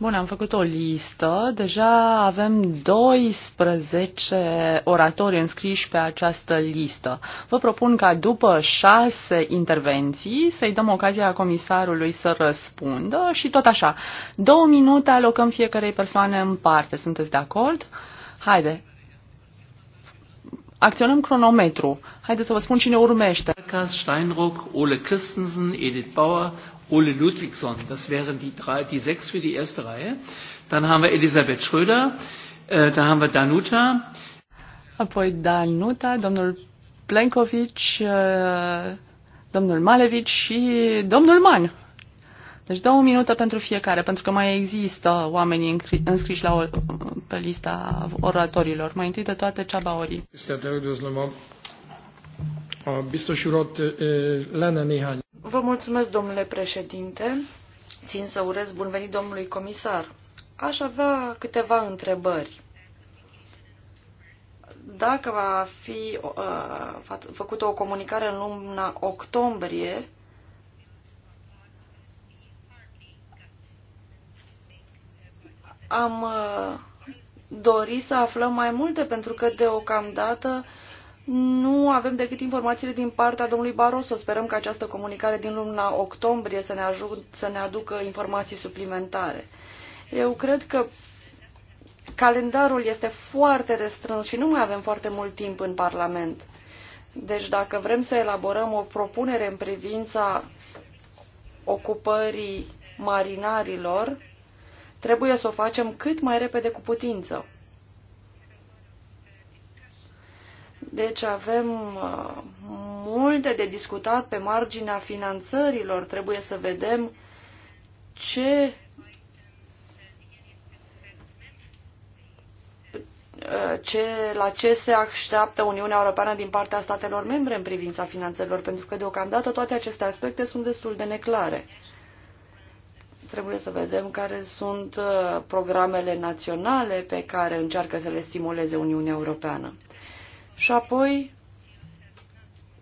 Bun, am făcut o listă. Deja avem 12 oratori înscriși pe această listă. Vă propun ca după șase intervenții să-i dăm ocazia comisarului să răspundă și tot așa. Două minute alocăm fiecarei persoane în parte. Sunteți de acord? Haide. Acționăm cronometru. Haideți să vă spun cine urmește. Steinruck, Ole Christensen, Edith Bauer, Ole Ludwigsson. Das wären die, drei, die sechs für die erste Reihe. Dann haben wir Elisabeth Schröder, da haben wir Danuta. Apoi Danuta, domnul Plenković, äh, domnul Malević și domnul Man. Deci două minute pentru fiecare, pentru că mai există oameni înscriși la o, pe lista oratorilor. Mai întâi de toate, Ceaba Ori. Este biztos urat lenne néhány. Vă mulțumesc, domnule președinte. Țin să urez bun venit domnului comisar. Aș avea câteva întrebări. Dacă va fi uh, făcută o comunicare în luna octombrie, am uh, dori să aflăm mai multe, pentru că deocamdată nu avem decât informațiile din partea domnului Barroso. Sperăm că această comunicare din luna octombrie să ne, să ne aducă informații suplimentare. Eu cred că calendarul este foarte restrâns și nu mai avem foarte mult timp în Parlament. Deci dacă vrem să elaborăm o propunere în privința ocupării marinarilor, trebuie să o facem cât mai repede cu putință. Deci avem uh, multe de discutat pe marginea finanțărilor. Trebuie să vedem ce uh, ce, la ce se așteaptă Uniunea Europeană din partea statelor membre în privința finanțelor, pentru că deocamdată toate aceste aspecte sunt destul de neclare. Trebuie să vedem care sunt uh, programele naționale pe care încearcă să le stimuleze Uniunea Europeană. Și apoi,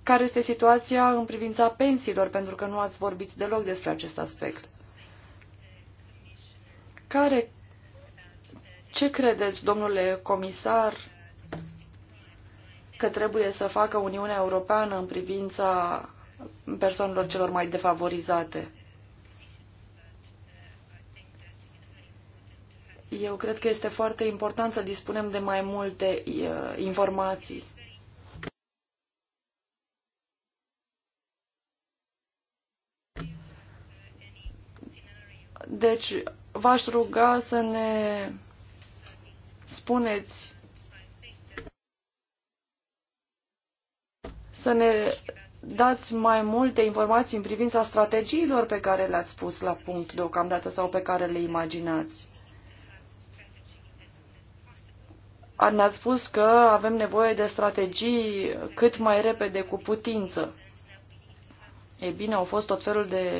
care este situația în privința pensiilor, pentru că nu ați vorbit deloc despre acest aspect. Care, ce credeți, domnule comisar, că trebuie să facă Uniunea Europeană în privința persoanelor celor mai defavorizate? Eu cred că este foarte important să dispunem de mai multe uh, informații. Deci, v-aș ruga să ne spuneți, să ne dați mai multe informații în privința strategiilor pe care le-ați pus la punct deocamdată sau pe care le imaginați. ne a spus că avem nevoie de strategii cât mai repede, cu putință. E bine, au fost tot felul de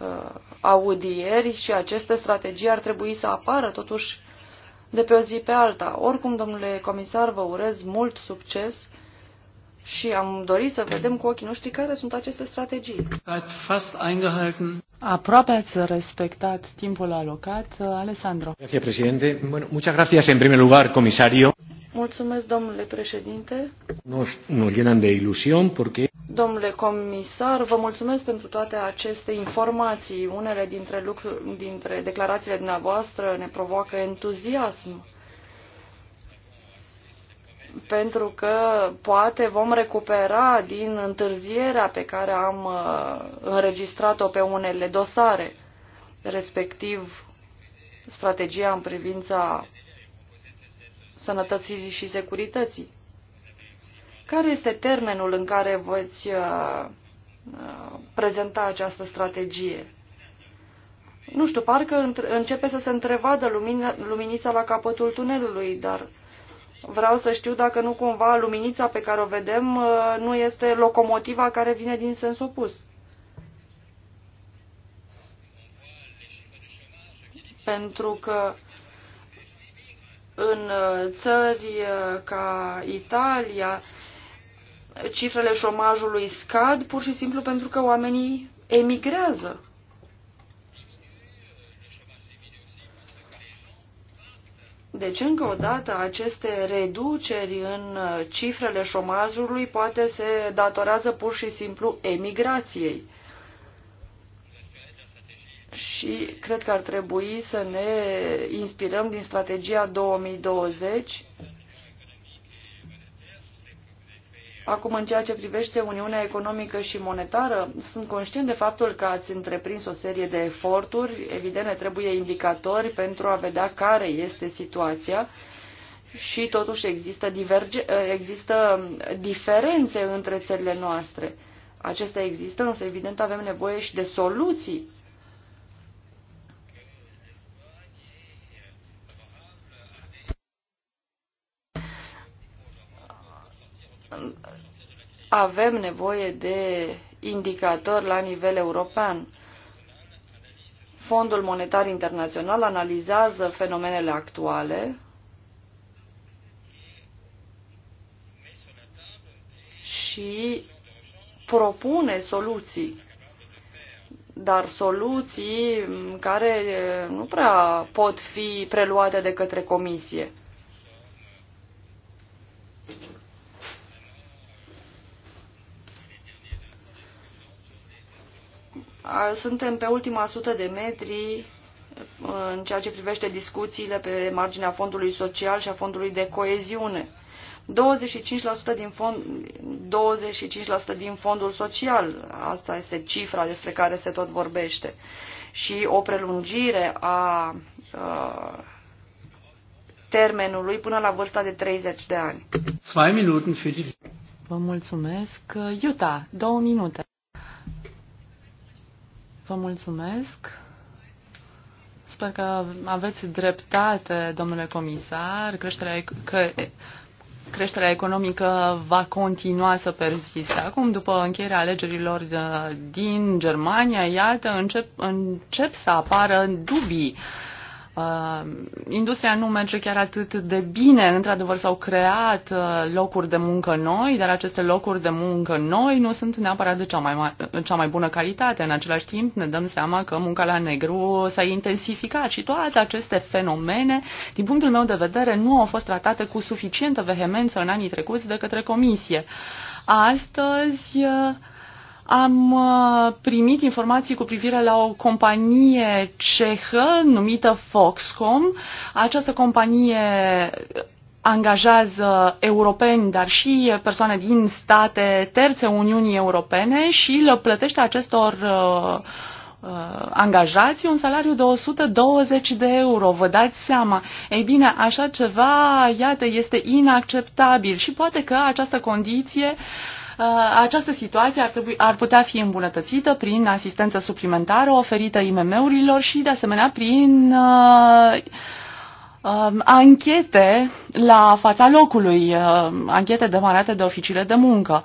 uh, audieri și aceste strategii ar trebui să apară totuși de pe o zi pe alta. Oricum, domnule comisar, vă urez mult succes și am dorit să vedem cu ochii noștri care sunt aceste strategii. Aproape ați respectat timpul alocat. Alessandro. Gracias, presidente. Bueno, muchas gracias en primer lugar, comisario. Mulțumesc, domnule președinte. Nos, ne llenan de ilusión porque... Domnule comisar, vă mulțumesc pentru toate aceste informații. Unele dintre, lucru, dintre declarațiile dumneavoastră ne provoacă entuziasm pentru că poate vom recupera din întârzierea pe care am uh, înregistrat-o pe unele dosare, respectiv strategia în privința sănătății și securității. Care este termenul în care voi uh, uh, prezenta această strategie? Nu știu, parcă începe să se întrevadă lumina, luminița la capătul tunelului, dar uh, Vreau să știu dacă nu cumva luminița pe care o vedem uh, nu este locomotiva care vine din sens opus. Pentru că în uh, țări uh, ca Italia, cifrele șomajului scad pur și simplu pentru că oamenii emigrează. Deci, încă o dată, aceste reduceri în uh, cifrele șomajului poate se datorează pur și simplu emigrației. Și cred că ar trebui să ne inspirăm din strategia 2020 Acum, în ceea ce privește Uniunea Economică și Monetară, sunt conștient de faptul că ați întreprins o serie de eforturi. Evident, ne trebuie indicatori pentru a vedea care este situația și totuși există, diverge, există diferențe între țările noastre. Acestea există, însă evident avem nevoie și de soluții avem nevoie de indicatori la nivel european. Fondul Monetar Internațional analizează fenomenele actuale și propune soluții, dar soluții care nu prea pot fi preluate de către comisie. suntem pe ultima sută de metri uh, în ceea ce privește discuțiile pe marginea fondului social și a fondului de coeziune. 25% din, fond, 25% din fondul social, asta este cifra despre care se tot vorbește, și o prelungire a, a uh, termenului până la vârsta de 30 de ani. Vă mulțumesc. Iuta, două minute. Vă mulțumesc. Sper că aveți dreptate, domnule comisar. Creșterea, că creșterea economică va continua să persiste. Acum, după încheierea alegerilor uh, din Germania, iată, încep, încep să apară dubii Uh, industria nu merge chiar atât de bine. Într-adevăr, s-au creat uh, locuri de muncă noi, dar aceste locuri de muncă noi nu sunt neapărat de cea mai, ma- uh, cea mai bună calitate. În același timp, ne dăm seama că munca la negru s-a intensificat și toate aceste fenomene, din punctul meu de vedere, nu au fost tratate cu suficientă vehemență în anii trecuți de către comisie. Astăzi, uh, am uh, primit informații cu privire la o companie cehă numită Foxcom. Această companie angajează europeni, dar și persoane din state terțe Uniunii Europene și le plătește acestor uh, uh, angajați un salariu de 120 de euro, vă dați seama. Ei bine, așa ceva, iată, este inacceptabil și poate că această condiție uh, Uh, această situație ar, trebui, ar putea fi îmbunătățită prin asistență suplimentară oferită IMM-urilor și, de asemenea, prin uh, um, anchete la fața locului, uh, anchete demarate de oficiile de muncă.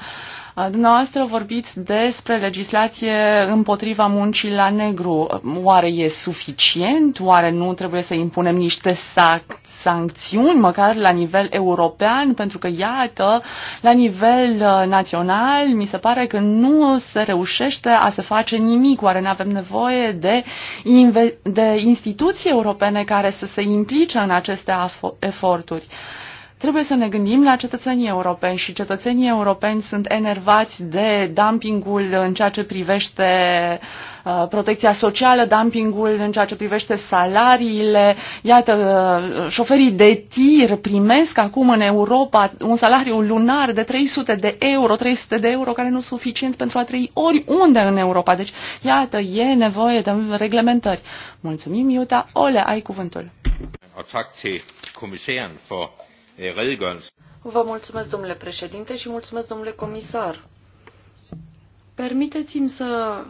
Dumneavoastră vorbiți despre legislație împotriva muncii la negru. Oare e suficient? Oare nu trebuie să impunem niște sac sancțiuni, măcar la nivel european, pentru că, iată, la nivel uh, național, mi se pare că nu se reușește a se face nimic. Oare nu avem nevoie de, de instituții europene care să se implice în aceste eforturi? Uh, Trebuie să ne gândim la cetățenii europeni și cetățenii europeni sunt enervați de dumpingul în ceea ce privește uh, protecția socială, dumpingul în ceea ce privește salariile. Iată, uh, șoferii de tir primesc acum în Europa un salariu lunar de 300 de euro, 300 de euro care nu sunt suficienți pentru a trăi oriunde în Europa. Deci, iată, e nevoie de reglementări. Mulțumim, Iuta. Ole, ai cuvântul. Og tak til kommissæren Vă mulțumesc, domnule președinte, și mulțumesc, domnule comisar. Permiteți-mi să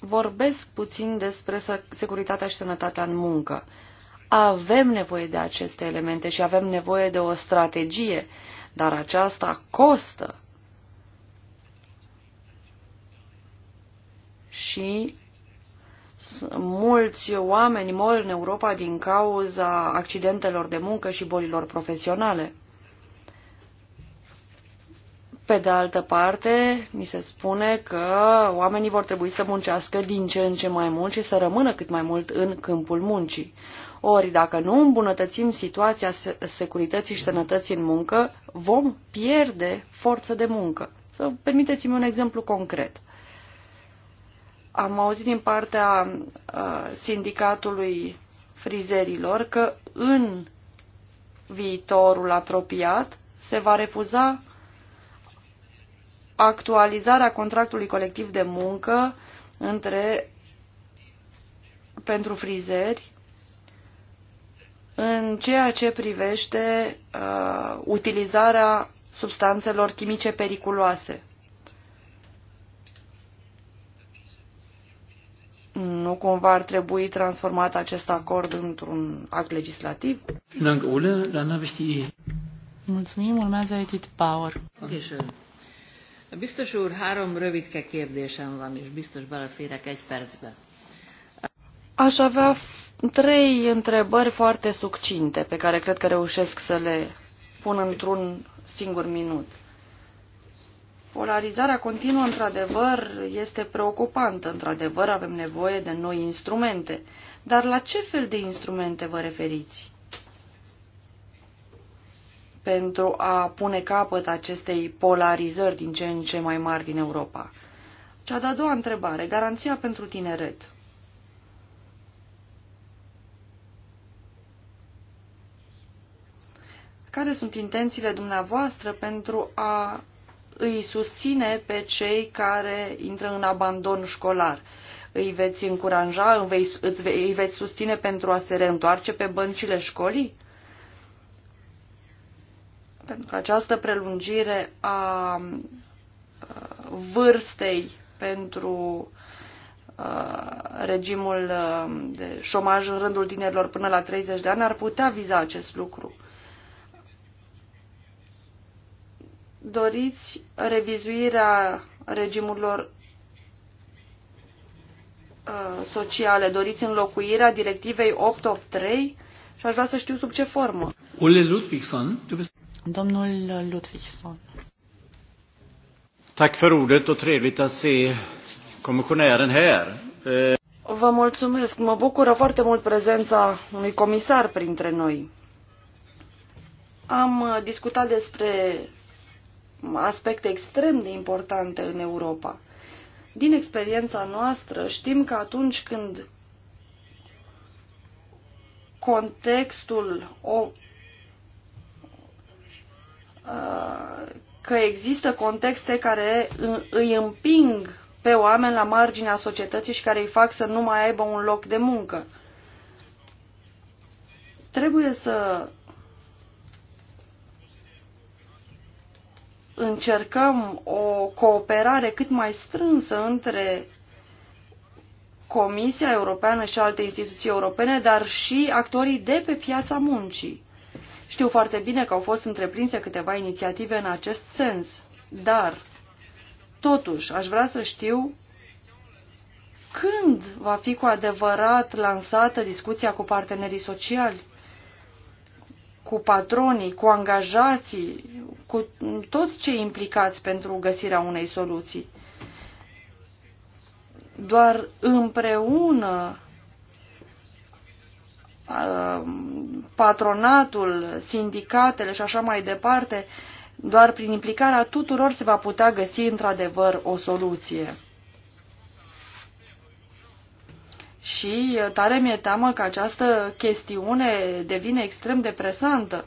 vorbesc puțin despre securitatea și sănătatea în muncă. Avem nevoie de aceste elemente și avem nevoie de o strategie, dar aceasta costă. Și mulți oameni mor în Europa din cauza accidentelor de muncă și bolilor profesionale. Pe de altă parte, ni se spune că oamenii vor trebui să muncească din ce în ce mai mult și să rămână cât mai mult în câmpul muncii. Ori, dacă nu îmbunătățim situația securității și sănătății în muncă, vom pierde forță de muncă. Să permiteți-mi un exemplu concret am auzit din partea uh, sindicatului frizerilor că în viitorul apropiat se va refuza actualizarea contractului colectiv de muncă între, pentru frizeri în ceea ce privește uh, utilizarea substanțelor chimice periculoase. Nu cumva ar trebui transformat acest acord într-un act legislativ? Mulțumim, urmează Edith Power. Köszönöm. Biztos úr, három rövidke kérdésem van, és biztos beleférek egy percbe. Aș avea trei întrebări foarte succinte, pe care cred că reușesc să le pun într-un singur minut. Polarizarea continuă, într-adevăr, este preocupantă. Într-adevăr, avem nevoie de noi instrumente. Dar la ce fel de instrumente vă referiți? Pentru a pune capăt acestei polarizări din ce în ce mai mari din Europa. Cea de-a doua întrebare, garanția pentru tineret. Care sunt intențiile dumneavoastră pentru a îi susține pe cei care intră în abandon școlar. Îi veți încuraja, îi veți, susține pentru a se reîntoarce pe băncile școlii? Pentru că această prelungire a uh, vârstei pentru uh, regimul uh, de șomaj în rândul tinerilor până la 30 de ani ar putea viza acest lucru. doriți revizuirea regimurilor uh, sociale, doriți înlocuirea directivei 883 și aș vrea să știu sub ce formă. Ole Ludvigson, tu Domnul Ludvigson. Tack för ordet och trevligt att se kommissionären här. Eh. Vă mulțumesc. Mă bucură foarte mult prezența unui comisar printre noi. Am uh, discutat despre aspecte extrem de importante în Europa. Din experiența noastră știm că atunci când contextul o, uh, că există contexte care îi împing pe oameni la marginea societății și care îi fac să nu mai aibă un loc de muncă. Trebuie să încercăm o cooperare cât mai strânsă între Comisia Europeană și alte instituții europene, dar și actorii de pe piața muncii. Știu foarte bine că au fost întreprinse câteva inițiative în acest sens, dar, totuși, aș vrea să știu când va fi cu adevărat lansată discuția cu partenerii sociali cu patronii, cu angajații, cu toți cei implicați pentru găsirea unei soluții. Doar împreună uh, patronatul, sindicatele și așa mai departe, doar prin implicarea tuturor se va putea găsi într-adevăr o soluție. Și uh, tare mi-e teamă că această chestiune devine extrem de presantă.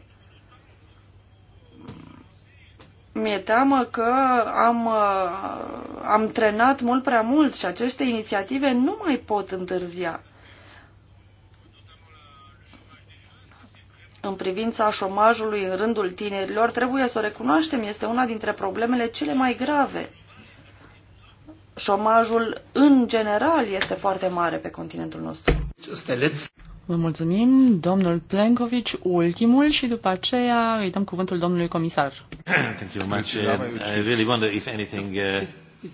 Mi-e teamă că am, uh, am trenat mult prea mult și aceste inițiative nu mai pot întârzia. În privința șomajului în rândul tinerilor, trebuie să o recunoaștem, este una dintre problemele cele mai grave șomajul în general este foarte mare pe continentul nostru. Vă mulțumim, domnul Plenković ultimul și după aceea îi dăm cuvântul domnului comisar. Thank you much. I really wonder if anything... Uh...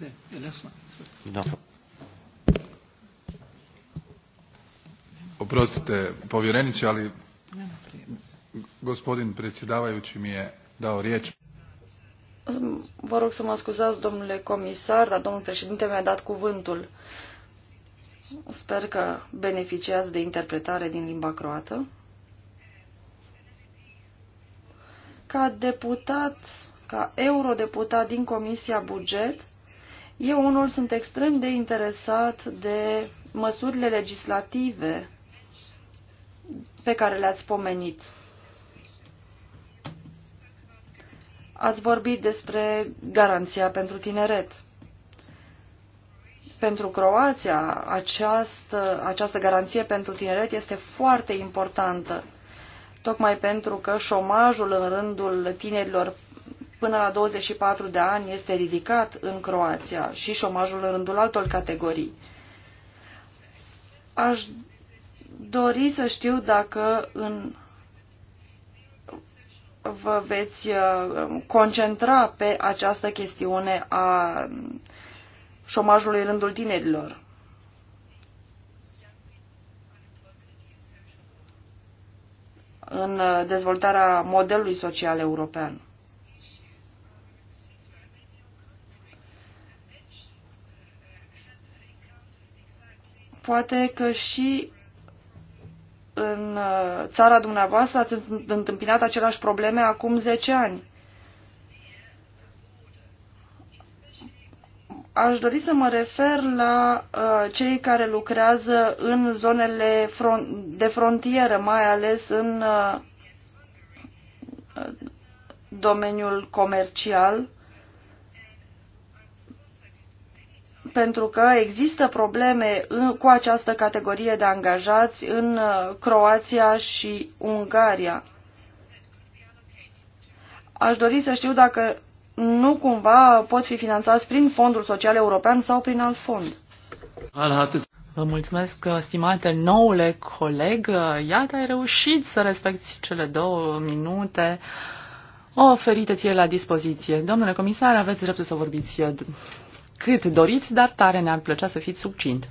No. Oprostite, povjerenici, ali gospodin predsjedavajući mi je dao riječ. Vă rog să mă scuzați, domnule comisar, dar domnul președinte mi-a dat cuvântul. Sper că beneficiați de interpretare din limba croată. Ca deputat, ca eurodeputat din Comisia Buget, eu unul sunt extrem de interesat de măsurile legislative pe care le-ați pomenit. Ați vorbit despre garanția pentru tineret. Pentru Croația, această, această garanție pentru tineret este foarte importantă, tocmai pentru că șomajul în rândul tinerilor până la 24 de ani este ridicat în Croația și șomajul în rândul altor categorii. Aș dori să știu dacă în vă veți uh, concentra pe această chestiune a șomajului în rândul tinerilor. în uh, dezvoltarea modelului social european. Poate că și în uh, țara dumneavoastră ați întâmpinat aceleași probleme acum 10 ani. Aș dori să mă refer la uh, cei care lucrează în zonele front, de frontieră, mai ales în uh, uh domeniul comercial. pentru că există probleme în, cu această categorie de angajați în uh, Croația și Ungaria. Aș dori să știu dacă nu cumva pot fi finanțați prin Fondul Social European sau prin alt fond. Vă mulțumesc, stimate noule coleg. Iată, ai reușit să respecti cele două minute oferite ție la dispoziție. Domnule comisar, aveți dreptul să vorbiți cât doriți, dar tare ne-ar plăcea să fiți subcint.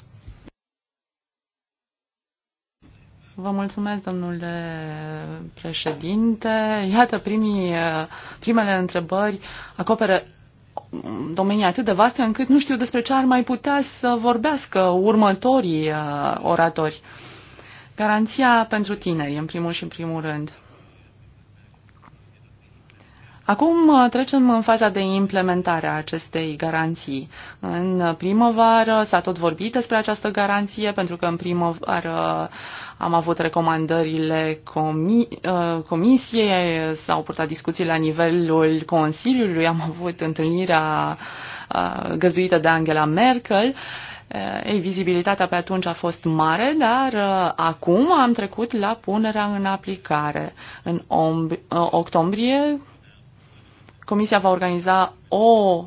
Vă mulțumesc, domnule președinte. Iată, primii, primele întrebări acoperă domenii atât de vaste încât nu știu despre ce ar mai putea să vorbească următorii uh, oratori. Garanția pentru tineri, în primul și în primul rând. Acum uh, trecem în faza de implementare a acestei garanții. În primăvară s-a tot vorbit despre această garanție, pentru că în primăvară am avut recomandările comi uh, comisiei, s-au purtat discuții la nivelul Consiliului, am avut întâlnirea uh, găzduită de Angela Merkel. Ei, vizibilitatea pe atunci a fost mare, dar acum am trecut la punerea în aplicare. În octombrie Comisia va organiza o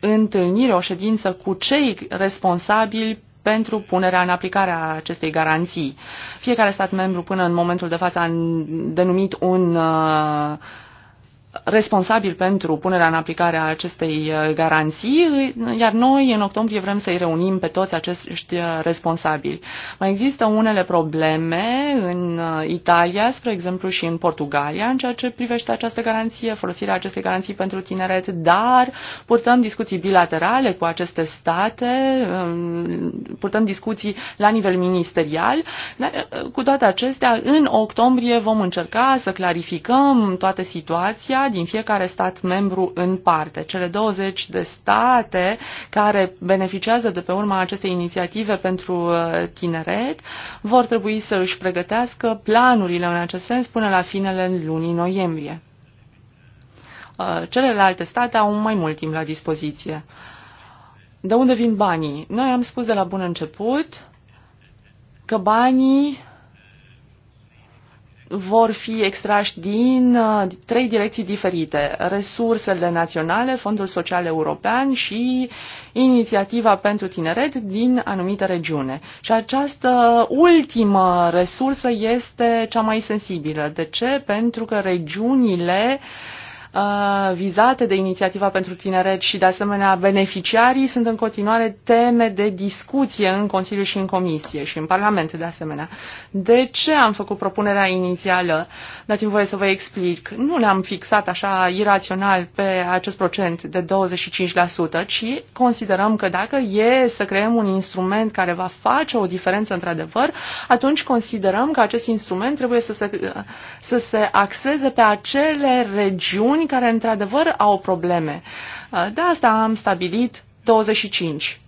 întâlnire, o ședință cu cei responsabili pentru punerea în aplicare a acestei garanții. Fiecare stat membru până în momentul de față a denumit un uh, responsabil pentru punerea în aplicare a acestei uh, garanții, iar noi în octombrie vrem să-i reunim pe toți acești uh, responsabili. Mai există unele probleme în uh, Italia, spre exemplu, și în Portugalia în ceea ce privește această garanție, folosirea acestei garanții pentru tineret, dar purtăm discuții bilaterale cu aceste state, um, purtăm discuții la nivel ministerial. Cu toate acestea, în octombrie vom încerca să clarificăm toată situația din fiecare stat membru în parte. Cele 20 de state care beneficiază de pe urma acestei inițiative pentru uh, tineret vor trebui să își pregătească planurile în acest sens până la finele lunii noiembrie. Uh, celelalte state au mai mult timp la dispoziție. De unde vin banii? Noi am spus de la bun început că banii vor fi extrași din uh, trei direcții diferite. Resursele naționale, Fondul Social European și inițiativa pentru tineret din anumite regiune. Și această ultimă resursă este cea mai sensibilă. De ce? Pentru că regiunile uh, Uh, vizate de inițiativa pentru tineret și, de asemenea, beneficiarii sunt în continuare teme de discuție în Consiliu și în Comisie și în Parlament, de asemenea. De ce am făcut propunerea inițială? Dați-mi voie să vă explic. Nu ne-am fixat așa irațional pe acest procent de 25%, ci considerăm că dacă e să creăm un instrument care va face o diferență într-adevăr, atunci considerăm că acest instrument trebuie să se, să se axeze pe acele regiuni care într-adevăr au probleme. Uh, de asta am stabilit 25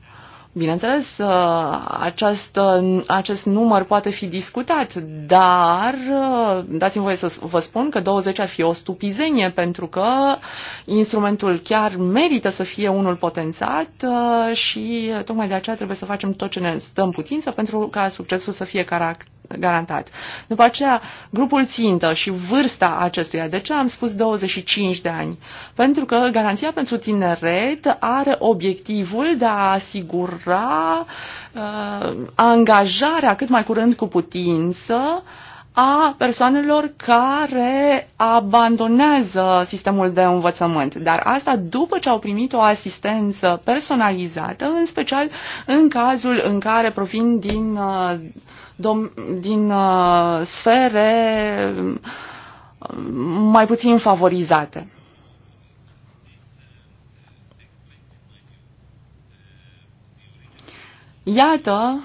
Bineînțeles, uh, acest, acest număr poate fi discutat, dar uh, dați-mi voie să vă spun că 20 ar fi o stupizenie, pentru că instrumentul chiar merită să fie unul potențat uh, și tocmai de aceea trebuie să facem tot ce ne stă în putință pentru ca succesul să fie garantat. După aceea, grupul țintă și vârsta acestuia. De ce am spus 25 de ani? Pentru că garanția pentru tineret are obiectivul de a asigura asigura uh, angajarea cât mai curând cu putință a persoanelor care abandonează sistemul de învățământ, dar asta după ce au primit o asistență personalizată, în special în cazul în care provin din, uh, din uh, sfere um, mai puțin favorizate. Iată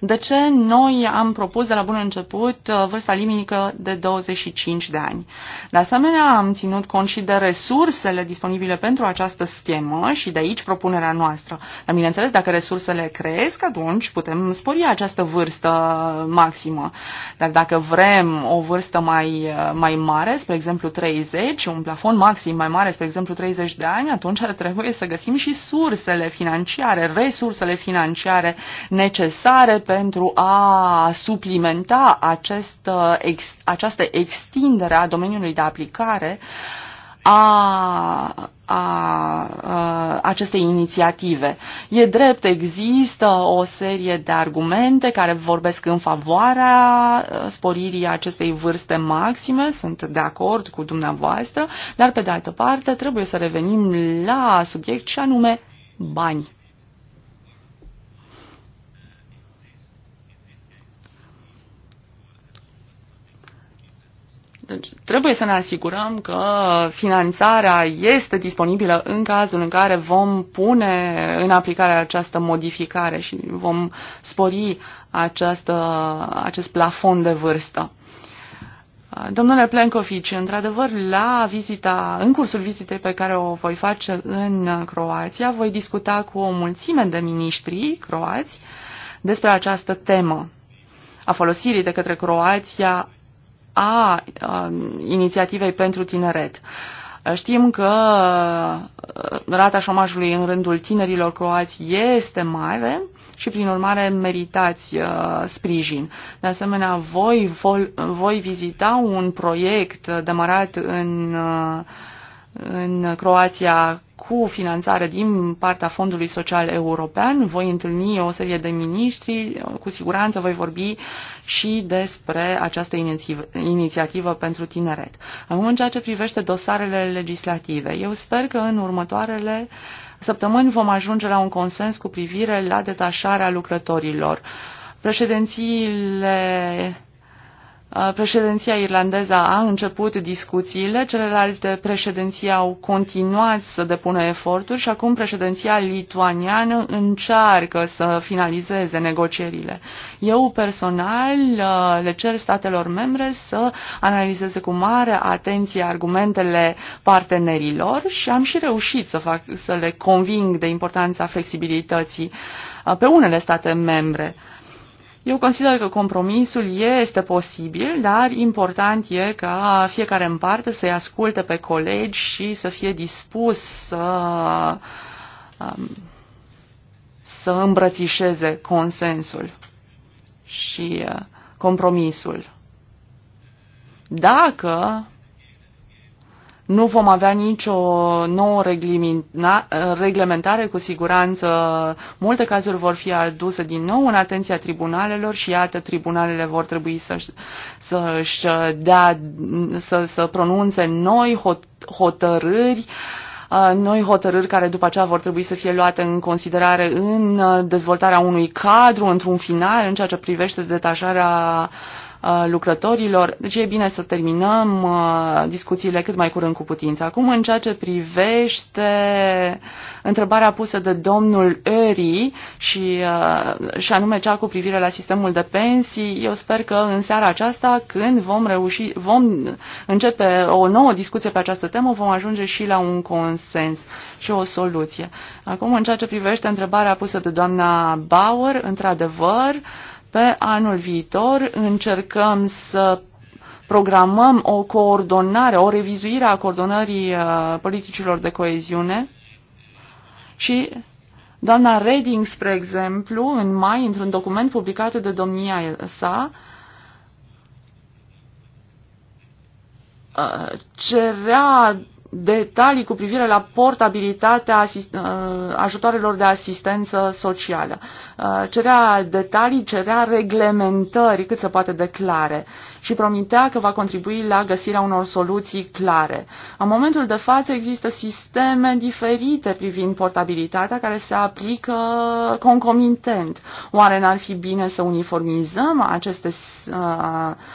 de ce noi am propus de la bun început uh, vârsta limită de 25 de ani? De asemenea, am ținut cont și de resursele disponibile pentru această schemă și de aici propunerea noastră. Dar bineînțeles, dacă resursele cresc, atunci putem spori această vârstă maximă. Dar dacă vrem o vârstă mai, uh, mai mare, spre exemplu 30, un plafon maxim mai mare, spre exemplu 30 de ani, atunci ar trebui să găsim și sursele financiare, resursele financiare necesare pentru a suplimenta acest, uh, ex, această extindere a domeniului de aplicare a, a, a acestei inițiative. E drept, există o serie de argumente care vorbesc în favoarea uh, sporirii acestei vârste maxime, sunt de acord cu dumneavoastră, dar pe de altă parte trebuie să revenim la subiect și anume bani. Deci trebuie să ne asigurăm că finanțarea este disponibilă în cazul în care vom pune în aplicare această modificare și vom spori această, acest plafon de vârstă. Domnule Plenkovici, într-adevăr, la vizita, în cursul vizitei pe care o voi face în Croația, voi discuta cu o mulțime de miniștri croați despre această temă a folosirii de către Croația a um, inițiativei pentru tineret. Știm că uh, rata șomajului în rândul tinerilor croați este mare și, prin urmare, meritați uh, sprijin. De asemenea, voi, vol, voi vizita un proiect demarat în, uh, în Croația cu finanțare din partea Fondului Social European. Voi întâlni o serie de miniștri, cu siguranță voi vorbi și despre această inițiativă, inițiativă pentru tineret. Acum, în ceea ce privește dosarele legislative, eu sper că în următoarele săptămâni vom ajunge la un consens cu privire la detașarea lucrătorilor. Președințiile Președinția irlandeză a început discuțiile, celelalte președinții au continuat să depună eforturi și acum președinția lituaniană încearcă să finalizeze negocierile. Eu personal le cer statelor membre să analizeze cu mare atenție argumentele partenerilor și am și reușit să, fac, să le conving de importanța flexibilității pe unele state membre. Eu consider că compromisul este posibil, dar important e ca fiecare în parte să-i asculte pe colegi și să fie dispus să, um, să îmbrățișeze consensul și uh, compromisul. Dacă nu vom avea nicio nouă reglementare, cu siguranță multe cazuri vor fi aduse din nou în atenția tribunalelor și iată, tribunalele vor trebui să-și, să dea, să, să pronunțe noi hotărâri uh, noi hotărâri care după aceea vor trebui să fie luate în considerare în dezvoltarea unui cadru, într-un final, în ceea ce privește detașarea uh, Uh, lucrătorilor. Deci e bine să terminăm uh, discuțiile cât mai curând cu putință. Acum, în ceea ce privește întrebarea pusă de domnul Eri și, uh, și anume cea cu privire la sistemul de pensii, eu sper că în seara aceasta, când vom reuși, vom începe o nouă discuție pe această temă, vom ajunge și la un consens și o soluție. Acum, în ceea ce privește întrebarea pusă de doamna Bauer, într-adevăr, uh, pe anul viitor încercăm să programăm o coordonare, o revizuire a coordonării uh, politicilor de coeziune și doamna Reding, spre exemplu, în mai, într-un document publicat de domnia sa, uh, cerea detalii cu privire la portabilitatea uh, ajutoarelor de asistență socială. Uh, cerea detalii, cerea reglementări cât se poate declare și promitea că va contribui la găsirea unor soluții clare. În momentul de față există sisteme diferite privind portabilitatea care se aplică concomitent. Oare n-ar fi bine să uniformizăm aceste uh,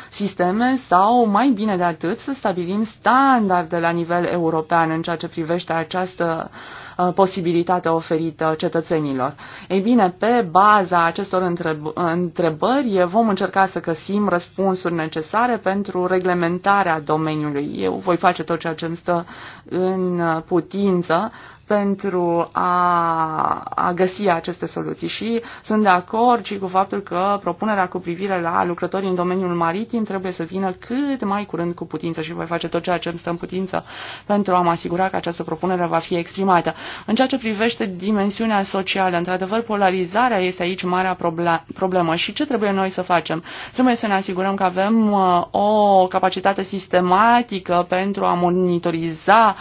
sisteme sau mai bine de atât să stabilim standarde la nivel european în ceea ce privește această Uh, posibilitate oferită cetățenilor. Ei bine, pe baza acestor întreb- întrebări vom încerca să găsim răspunsuri necesare pentru reglementarea domeniului. Eu voi face tot ceea ce îmi stă în uh, putință pentru a, a găsi aceste soluții și sunt de acord și cu faptul că propunerea cu privire la lucrătorii în domeniul maritim trebuie să vină cât mai curând cu putință și voi face tot ceea ce îmi stă în putință pentru a mă asigura că această propunere va fi exprimată. În ceea ce privește dimensiunea socială, într-adevăr, polarizarea este aici marea problemă și ce trebuie noi să facem? Trebuie să ne asigurăm că avem uh, o capacitate sistematică pentru a monitoriza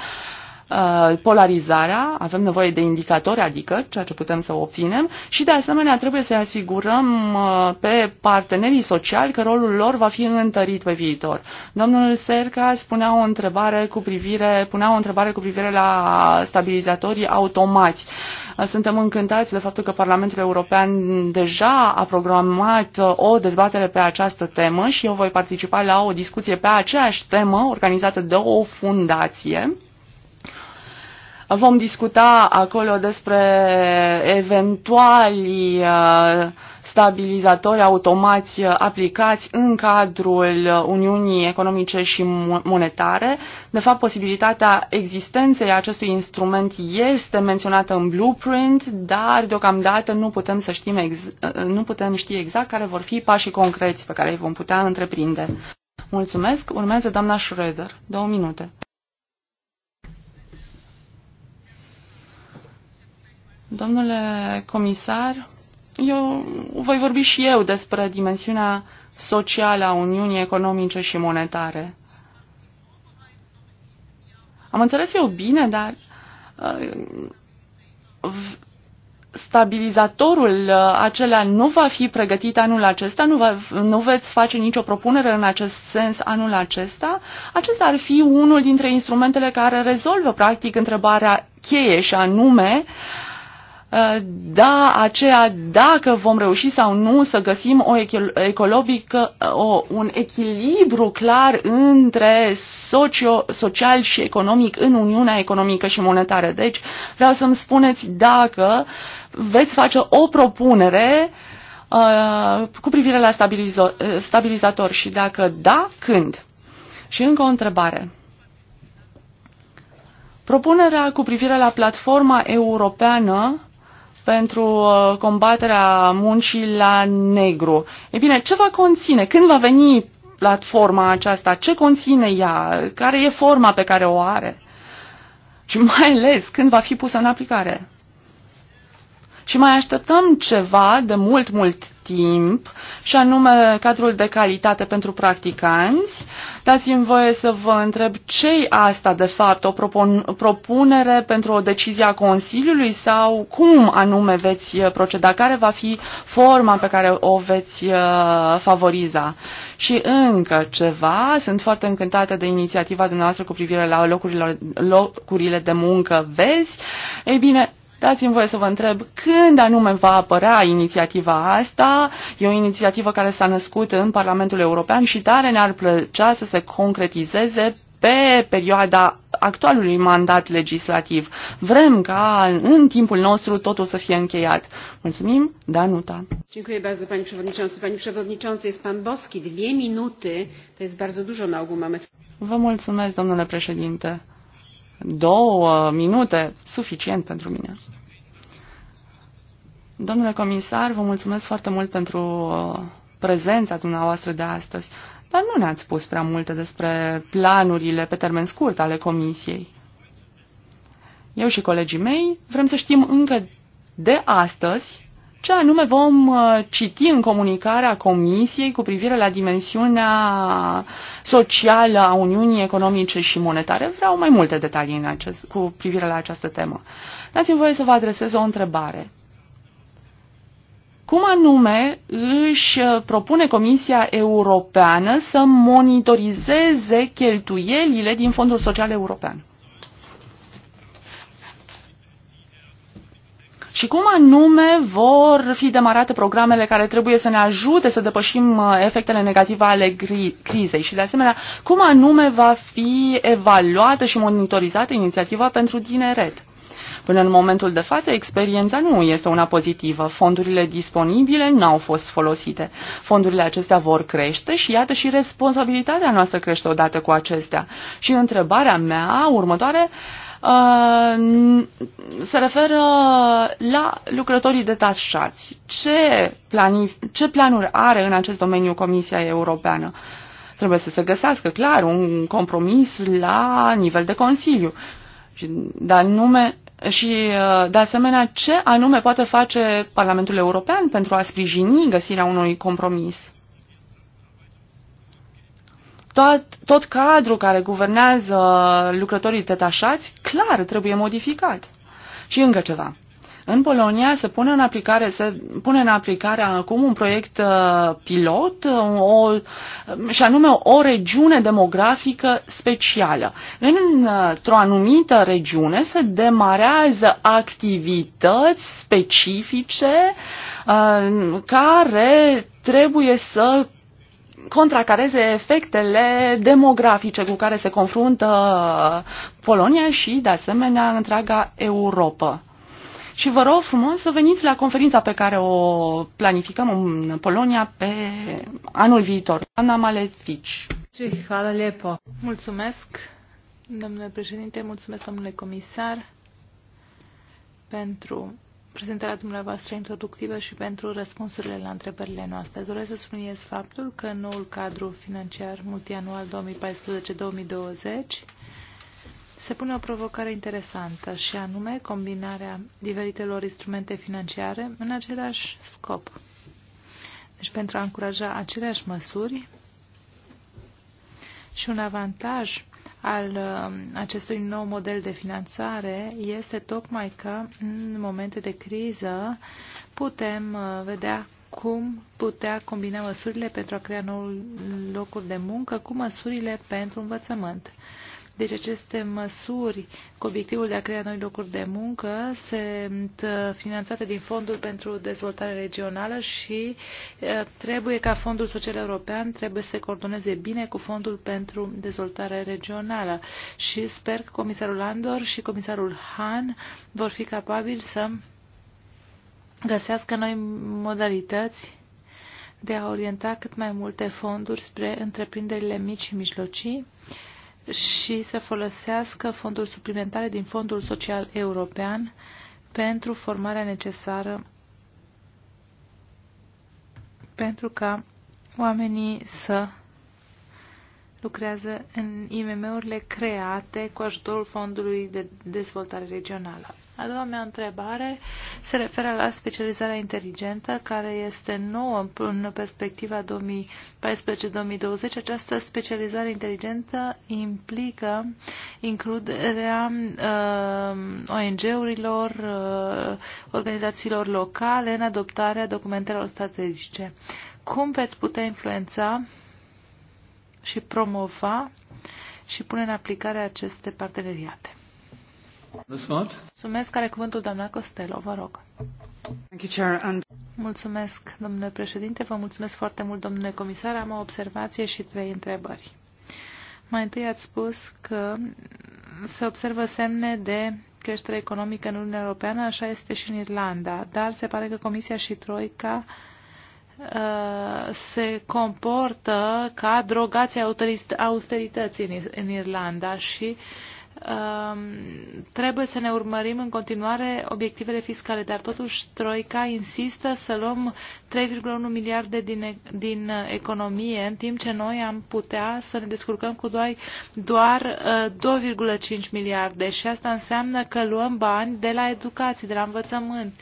Uh, polarizarea, avem nevoie de indicatori, adică ceea ce putem să obținem și de asemenea trebuie să asigurăm uh, pe partenerii sociali că rolul lor va fi întărit pe viitor. Domnul Serca spunea o întrebare cu privire, punea o întrebare cu privire la stabilizatorii automați. Uh, suntem încântați de faptul că Parlamentul European deja a programat o dezbatere pe această temă și eu voi participa la o discuție pe aceeași temă organizată de o fundație Vom discuta acolo despre eventuali uh, stabilizatori automați uh, aplicați în cadrul Uniunii Economice și Monetare. De fapt, posibilitatea existenței acestui instrument este menționată în blueprint, dar deocamdată nu putem, să știm ex- uh, nu putem ști exact care vor fi pașii concreți pe care îi vom putea întreprinde. Mulțumesc. Urmează doamna Schroeder. Două minute. Domnule comisar, eu voi vorbi și eu despre dimensiunea socială a Uniunii Economice și Monetare. Am înțeles eu bine, dar uh, stabilizatorul uh, acela nu va fi pregătit anul acesta, nu, va, nu veți face nicio propunere în acest sens anul acesta. Acesta ar fi unul dintre instrumentele care rezolvă practic întrebarea cheie și anume uh, Uh, da aceea dacă vom reuși sau nu să găsim o ecologică, uh, o, un echilibru clar între socio, social și economic în Uniunea Economică și Monetară. Deci vreau să-mi spuneți dacă veți face o propunere uh, cu privire la uh, stabilizator și dacă da, când? Și încă o întrebare. Propunerea cu privire la platforma europeană pentru uh, combaterea muncii la negru. E bine, ce va conține? Când va veni platforma aceasta? Ce conține ea? Care e forma pe care o are? Și mai ales când va fi pusă în aplicare? Și mai așteptăm ceva de mult, mult timp, și anume cadrul de calitate pentru practicanți. Dați-mi voie să vă întreb ce asta de fapt, o propunere pentru o decizie a Consiliului sau cum anume veți uh, proceda, care va fi forma pe care o veți uh, favoriza. Și încă ceva, sunt foarte încântată de inițiativa dumneavoastră cu privire la locurile, locurile de muncă vezi. Ei bine, Dați-mi voie să vă întreb când anume va apărea inițiativa asta. E o inițiativă care s-a născut în Parlamentul European și tare ne-ar plăcea să se concretizeze pe perioada actualului mandat legislativ. Vrem ca în timpul nostru totul să fie încheiat. Mulțumim, Danuta. Dziękuję bardzo Pani Przewodniczący. Pani Przewodniczący, jest Pan Boski. Dwie minuty to jest bardzo dużo na ogół mamy. Vă mulțumesc, domnule președinte două minute, suficient pentru mine. Domnule comisar, vă mulțumesc foarte mult pentru uh, prezența dumneavoastră de astăzi, dar nu ne-ați spus prea multe despre planurile pe termen scurt ale comisiei. Eu și colegii mei vrem să știm încă de astăzi ce anume vom uh, citi în comunicarea Comisiei cu privire la dimensiunea socială a Uniunii Economice și Monetare. Vreau mai multe detalii în acest, cu privire la această temă. Dați-mi voie să vă adresez o întrebare. Cum anume își uh, propune Comisia Europeană să monitorizeze cheltuielile din Fondul Social European? și cum anume vor fi demarate programele care trebuie să ne ajute să depășim uh, efectele negative ale crizei și, de asemenea, cum anume va fi evaluată și monitorizată inițiativa pentru dineret? Până în momentul de față, experiența nu este una pozitivă. Fondurile disponibile n-au fost folosite. Fondurile acestea vor crește și iată și responsabilitatea noastră crește odată cu acestea. Și întrebarea mea următoare uh, se referă la lucrătorii detașați. Ce, ce planuri are în acest domeniu Comisia Europeană? Trebuie să se găsească, clar, un compromis la nivel de Consiliu. Dar nume și, uh, de asemenea, ce anume poate face Parlamentul European pentru a sprijini găsirea unui compromis? Tot, tot cadrul care guvernează lucrătorii detașați, clar, trebuie modificat. Și încă ceva. În Polonia se pune în aplicare, se pune în aplicare acum un proiect uh, pilot uh, o, și anume o regiune demografică specială. Într-o uh, anumită regiune se demarează activități specifice care trebuie să contracareze efectele demografice cu care se confruntă Polonia și, de asemenea, întreaga Europa și vă rog frumos să veniți la conferința pe care o planificăm în Polonia pe anul viitor. Ana Malevici. Mulțumesc, domnule președinte, mulțumesc, domnule comisar, pentru prezentarea dumneavoastră introductivă și pentru răspunsurile la întrebările noastre. Doresc să subliniez faptul că noul cadru financiar multianual 2014-2020 se pune o provocare interesantă și anume combinarea diferitelor instrumente financiare în același scop. Deci pentru a încuraja aceleași măsuri și un avantaj al um, acestui nou model de finanțare este tocmai că în momente de criză putem uh, vedea cum putea combina măsurile pentru a crea noi locuri de muncă cu măsurile pentru învățământ. Deci aceste măsuri cu obiectivul de a crea noi locuri de muncă sunt uh, finanțate din Fondul pentru Dezvoltare Regională și uh, trebuie ca Fondul Social European trebuie să se coordoneze bine cu Fondul pentru Dezvoltare Regională și sper că comisarul Andor și comisarul Han vor fi capabili să găsească noi modalități de a orienta cât mai multe fonduri spre întreprinderile mici și mijlocii și să folosească fonduri suplimentare din Fondul Social European pentru formarea necesară pentru ca oamenii să lucrează în IMM-urile create cu ajutorul Fondului de Dezvoltare Regională. A doua mea întrebare se referă la specializarea inteligentă, care este nouă în perspectiva 2014-2020. Această specializare inteligentă implică includerea uh, ONG-urilor, uh, organizațiilor locale în adoptarea documentelor strategice. Cum veți putea influența și promova și pune în aplicare aceste parteneriate? Mulțumesc. Care cuvântul doamna Costello, vă rog. Mulțumesc, domnule președinte. Vă mulțumesc foarte mult, domnule comisar. Am o observație și trei întrebări. Mai întâi ați spus că se observă semne de creștere economică în Uniunea Europeană, așa este și în Irlanda, dar se pare că Comisia și Troica uh, se comportă ca drogații austerității în Irlanda și uh, Um, trebuie să ne urmărim în continuare obiectivele fiscale, dar totuși Troica insistă să luăm 3,1 miliarde din, din uh, economie, în timp ce noi am putea să ne descurcăm cu doar, uh, doar 2,5 miliarde și asta înseamnă că luăm bani de la educație, de la învățământ,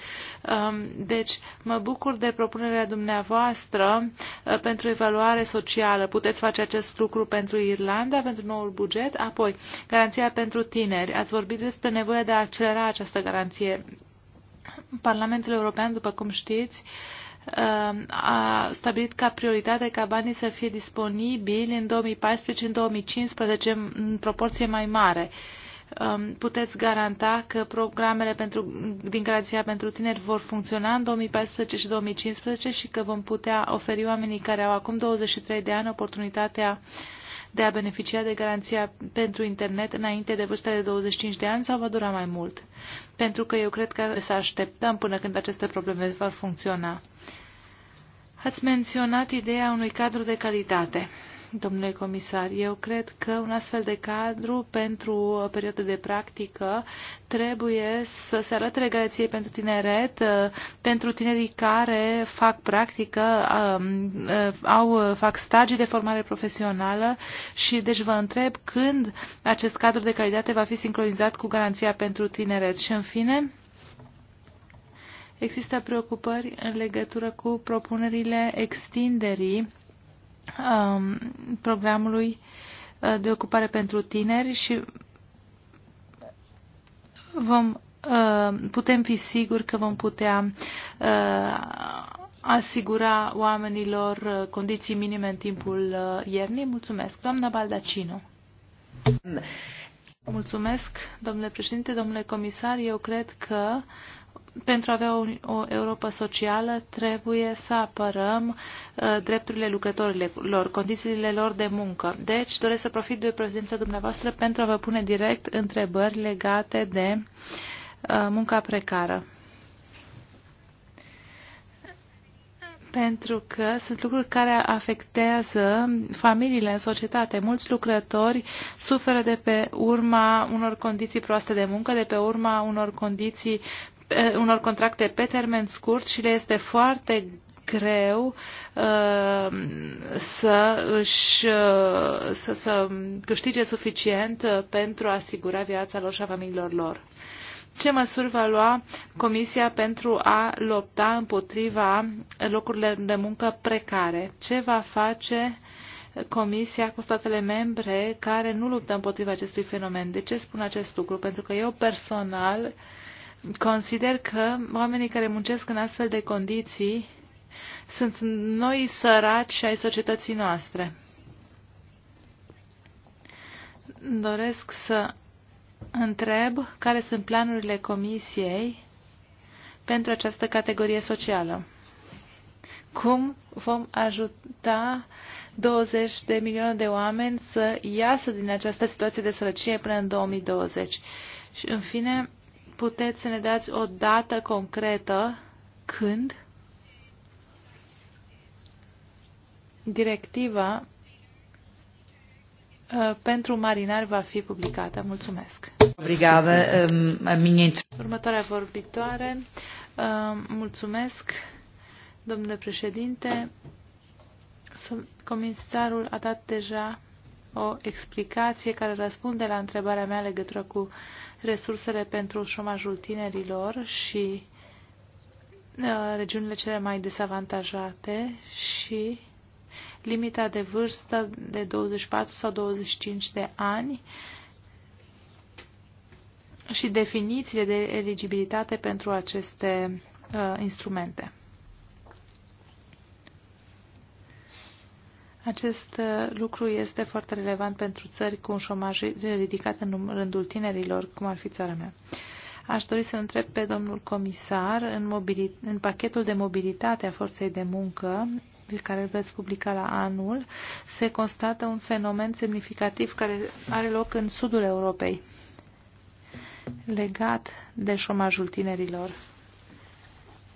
Um, deci, mă bucur de propunerea dumneavoastră uh, pentru evaluare socială. Puteți face acest lucru pentru Irlanda, pentru noul buget. Apoi, garanția pentru tineri. Ați vorbit despre nevoia de a accelera această garanție. Parlamentul European, după cum știți, um, a stabilit ca prioritate ca banii să fie disponibili în 2014-2015 în proporție mai mare. Um, puteți garanta că programele pentru, din garanția pentru tineri vor funcționa în 2014 și 2015 și că vom putea oferi oamenii care au acum 23 de ani oportunitatea de a beneficia de garanția pentru internet înainte de vârsta de 25 de ani sau va dura mai mult? Pentru că eu cred că să așteptăm până când aceste probleme vor funcționa. Ați menționat ideea unui cadru de calitate domnule comisar. Eu cred că un astfel de cadru pentru o perioadă de practică trebuie să se arate regreției pentru tineret, uh, pentru tinerii care fac practică, um, uh, au, uh, fac stagii de formare profesională și deci vă întreb când acest cadru de calitate va fi sincronizat cu garanția pentru tineret. Și în fine, Există preocupări în legătură cu propunerile extinderii Um, programului uh, de ocupare pentru tineri și vom, uh, putem fi siguri că vom putea uh, asigura oamenilor condiții minime în timpul iernii. Mulțumesc. Doamna Baldacino. Mulțumesc, domnule președinte, domnule comisar. Eu cred că pentru a avea o, o Europa socială, trebuie să apărăm uh, drepturile lucrătorilor, condițiile lor de muncă. Deci, doresc să profit de prezența dumneavoastră pentru a vă pune direct întrebări legate de uh, munca precară. Pentru că sunt lucruri care afectează familiile în societate. Mulți lucrători suferă de pe urma unor condiții proaste de muncă, de pe urma unor condiții unor contracte pe termen scurt și le este foarte greu uh, să își uh, să, să câștige suficient uh, pentru a asigura viața lor și a familiilor lor. Ce măsuri va lua Comisia pentru a lupta împotriva locurilor de muncă precare? Ce va face Comisia cu statele membre care nu luptă împotriva acestui fenomen? De ce spun acest lucru? Pentru că eu personal uh, Consider că oamenii care muncesc în astfel de condiții sunt noi săraci ai societății noastre. Doresc să întreb care sunt planurile Comisiei pentru această categorie socială. Cum vom ajuta 20 de milioane de oameni să iasă din această situație de sărăcie până în 2020? Și, în fine, puteți să ne dați o dată concretă când directiva uh, pentru marinari va fi publicată. Mulțumesc. Obrigada, um, a Următoarea vorbitoare. Uh, mulțumesc, domnule președinte. Comisarul a dat deja o explicație care răspunde la întrebarea mea legătură cu resursele pentru șomajul tinerilor și uh, regiunile cele mai desavantajate și limita de vârstă de 24 sau 25 de ani și definițiile de eligibilitate pentru aceste uh, instrumente. Acest uh, lucru este foarte relevant pentru țări cu un șomaj ridicat în rândul tinerilor, cum ar fi țara mea. Aș dori să întreb pe domnul comisar, în, în pachetul de mobilitate a forței de muncă, pe care îl veți publica la anul, se constată un fenomen semnificativ care are loc în sudul Europei, legat de șomajul tinerilor.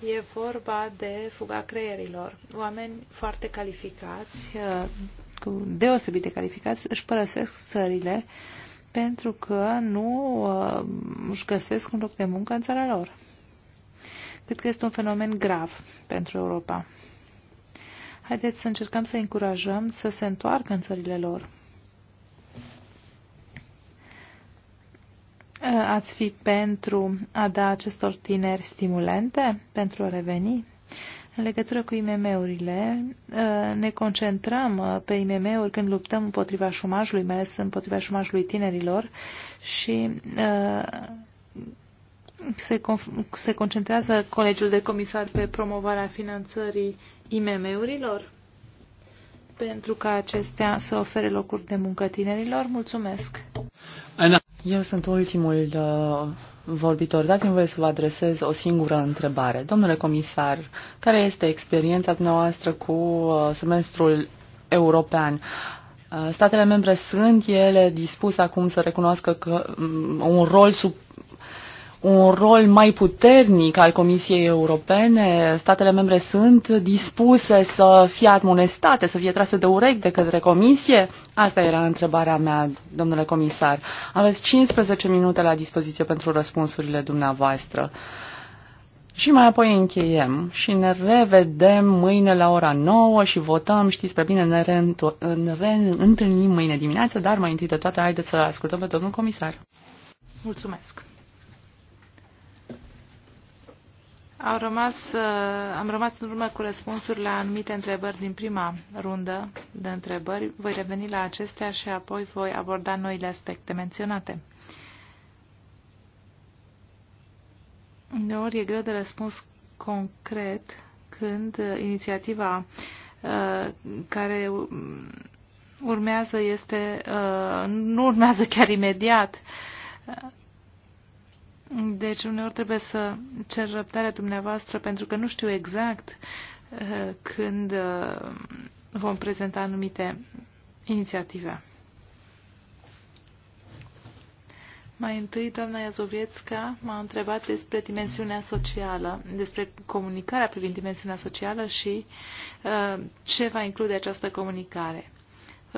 E vorba de fuga creierilor. Oameni foarte calificați, uh, cu deosebite calificați, își părăsesc țările pentru că nu uh, își găsesc un loc de muncă în țara lor. Cred că este un fenomen grav pentru Europa. Haideți să încercăm să încurajăm să se întoarcă în țările lor. ați fi pentru a da acestor tineri stimulente pentru a reveni? În legătură cu IMM-urile, uh, ne concentrăm uh, pe IMM-uri când luptăm împotriva șomajului, mai ales împotriva șomajului tinerilor și uh, se, se concentrează Colegiul de Comisar pe promovarea finanțării IMM-urilor pentru ca acestea să ofere locuri de muncă tinerilor. Mulțumesc! Ana. Eu sunt ultimul uh, vorbitor. Dați-mi voie să vă adresez o singură întrebare. Domnule comisar, care este experiența dumneavoastră cu uh, semestrul european? Uh, statele membre sunt ele dispuse acum să recunoască că mm, un rol sub un rol mai puternic al Comisiei Europene. Statele membre sunt dispuse să fie admonestate, să fie trase de urechi de către Comisie? Asta era întrebarea mea, domnule comisar. Aveți 15 minute la dispoziție pentru răspunsurile dumneavoastră. Și mai apoi încheiem și ne revedem mâine la ora 9 și votăm, știți prea bine, ne, ne reîntâlnim mâine dimineață, dar mai întâi de toate haideți să ascultăm pe domnul comisar. Mulțumesc! Au rămas, uh, am rămas în urmă cu răspunsuri la anumite întrebări din prima rundă de întrebări. Voi reveni la acestea și apoi voi aborda noile aspecte menționate. Uneori e greu de răspuns concret când inițiativa uh, care urmează este, uh, nu urmează chiar imediat deci uneori trebuie să cer răbdarea dumneavoastră pentru că nu știu exact uh, când uh, vom prezenta anumite inițiative. Mai întâi, doamna Iazovietska m-a întrebat despre dimensiunea socială, despre comunicarea privind dimensiunea socială și uh, ce va include această comunicare.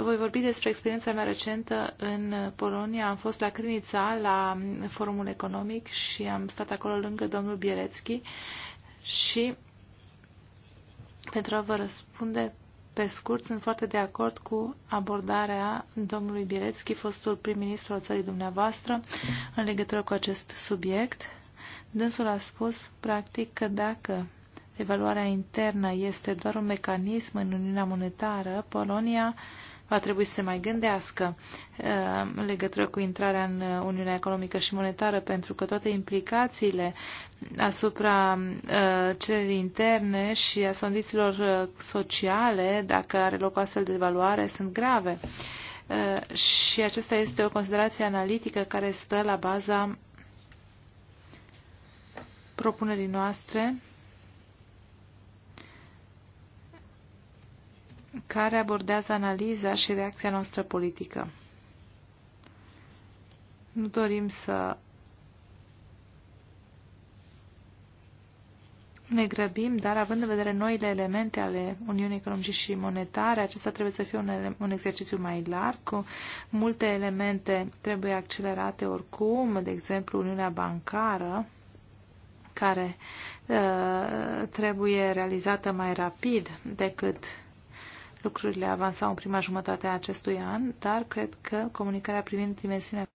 Voi vorbi despre experiența mea recentă în Polonia. Am fost la Crinița, la forumul economic și am stat acolo lângă domnul Bielecki și pentru a vă răspunde pe scurt, sunt foarte de acord cu abordarea domnului Bielecki, fostul prim-ministru al țării dumneavoastră, în legătură cu acest subiect. Dânsul a spus, practic, că dacă evaluarea internă este doar un mecanism în Uniunea Monetară, Polonia va trebui să se mai gândească uh, în legătură cu intrarea în Uniunea Economică și Monetară, pentru că toate implicațiile asupra uh, cererii interne și a sondiților uh, sociale, dacă are loc o astfel de evaluare, sunt grave. Și acesta este o considerație analitică care stă la baza propunerii noastre care abordează analiza și reacția noastră politică. Nu dorim să ne grăbim, dar având în vedere noile elemente ale Uniunii Economice și Monetare, acesta trebuie să fie un, un exercițiu mai larg, cu multe elemente trebuie accelerate oricum, de exemplu Uniunea Bancară, care uh, trebuie realizată mai rapid decât Lucrurile avansau în prima jumătate a acestui an, dar cred că comunicarea privind dimensiunea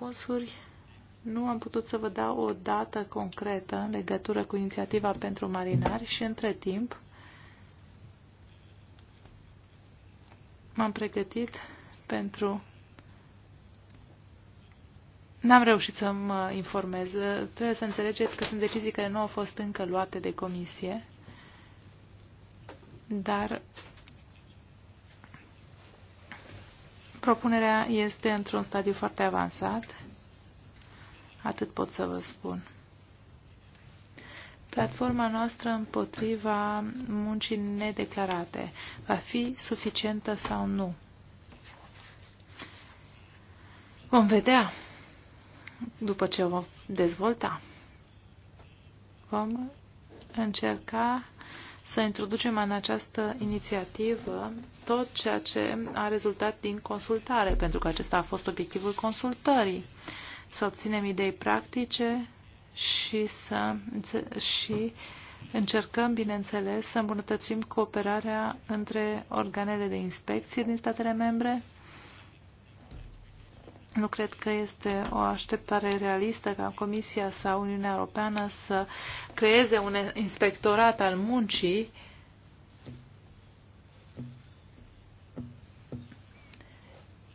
răspunsuri. Nu am putut să vă dau o dată concretă în legătură cu inițiativa pentru marinari și între timp m-am pregătit pentru... N-am reușit să mă uh, informez. Trebuie să înțelegeți că sunt decizii care nu au fost încă luate de comisie, dar Propunerea este într-un stadiu foarte avansat. Atât pot să vă spun. Platforma noastră împotriva muncii nedeclarate va fi suficientă sau nu? Vom vedea după ce o vom dezvolta. Vom încerca să introducem în această inițiativă tot ceea ce a rezultat din consultare, pentru că acesta a fost obiectivul consultării, să obținem idei practice și să și încercăm, bineînțeles, să îmbunătățim cooperarea între organele de inspecție din statele membre, nu cred că este o așteptare realistă ca Comisia sau Uniunea Europeană să creeze un inspectorat al muncii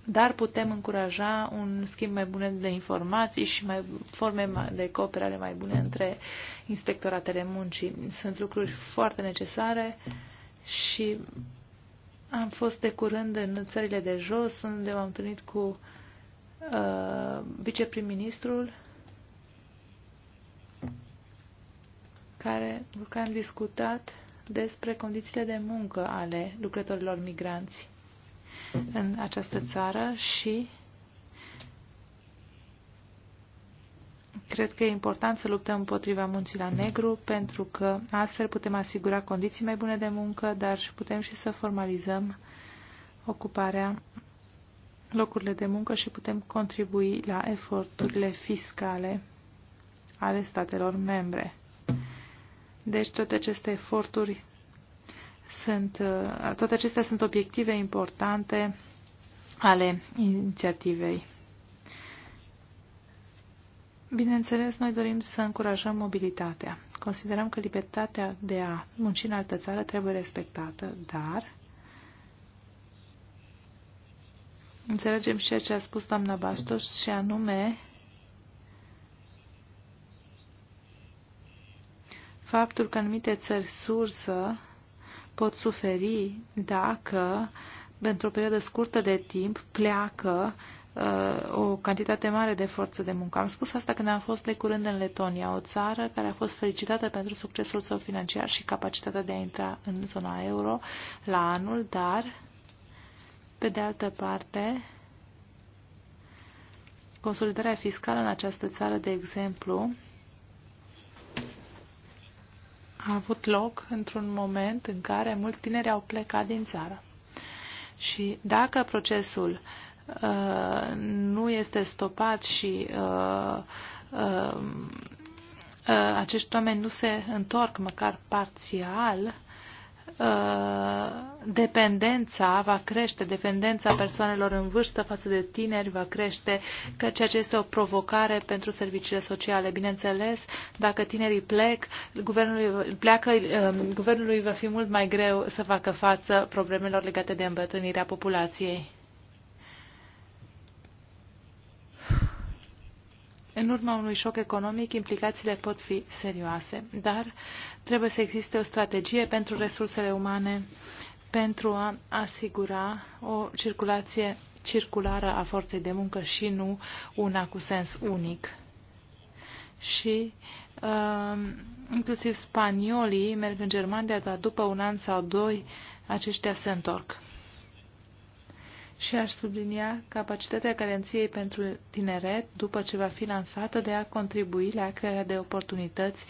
dar putem încuraja un schimb mai bun de informații și mai, forme de cooperare mai bune între inspectoratele muncii. Sunt lucruri foarte necesare și am fost de curând în țările de jos, unde m-am întâlnit cu uh, Uh, viceprim-ministrul care, cu care am discutat despre condițiile de muncă ale lucrătorilor migranți în această țară și cred că e important să luptăm împotriva muncii la negru, pentru că astfel putem asigura condiții mai bune de muncă, dar și putem și să formalizăm ocuparea locurile de muncă și putem contribui la eforturile fiscale ale statelor membre. Deci toate aceste eforturi sunt, uh, toate acestea sunt obiective importante ale inițiativei. Bineînțeles, noi dorim să încurajăm mobilitatea. Considerăm că libertatea de a munci în altă țară trebuie respectată, dar înțelegem și ceea ce a spus doamna Bastos și anume faptul că anumite țări sursă pot suferi dacă pentru o perioadă scurtă de timp pleacă uh, o cantitate mare de forță de muncă. Am spus asta când am fost de curând în Letonia, o țară care a fost felicitată pentru succesul său financiar și capacitatea de a intra în zona euro la anul, dar uh, pe de altă parte, consolidarea fiscală în această țară, de exemplu, a avut loc într-un moment în care mulți tineri au plecat din țară. Și dacă procesul uh, nu este stopat și uh, uh, uh acești oameni nu se întorc măcar parțial, Uh, dependența va crește, dependența persoanelor în vârstă față de tineri va crește, că ceea ce este o provocare pentru serviciile sociale. Bineînțeles, dacă tinerii plec, guvernului, pleacă, um, guvernului va fi mult mai greu să facă față problemelor legate de îmbătrânirea populației. În urma unui șoc economic, implicațiile pot fi serioase, dar trebuie să existe o strategie pentru resursele umane pentru a asigura o circulație circulară a forței de muncă și nu una cu sens unic. Și uh, inclusiv spaniolii merg în Germania, dar după un an sau doi aceștia se întorc și aș sublinia capacitatea garanției pentru tineret, după ce va fi lansată, de a contribui la crearea de oportunități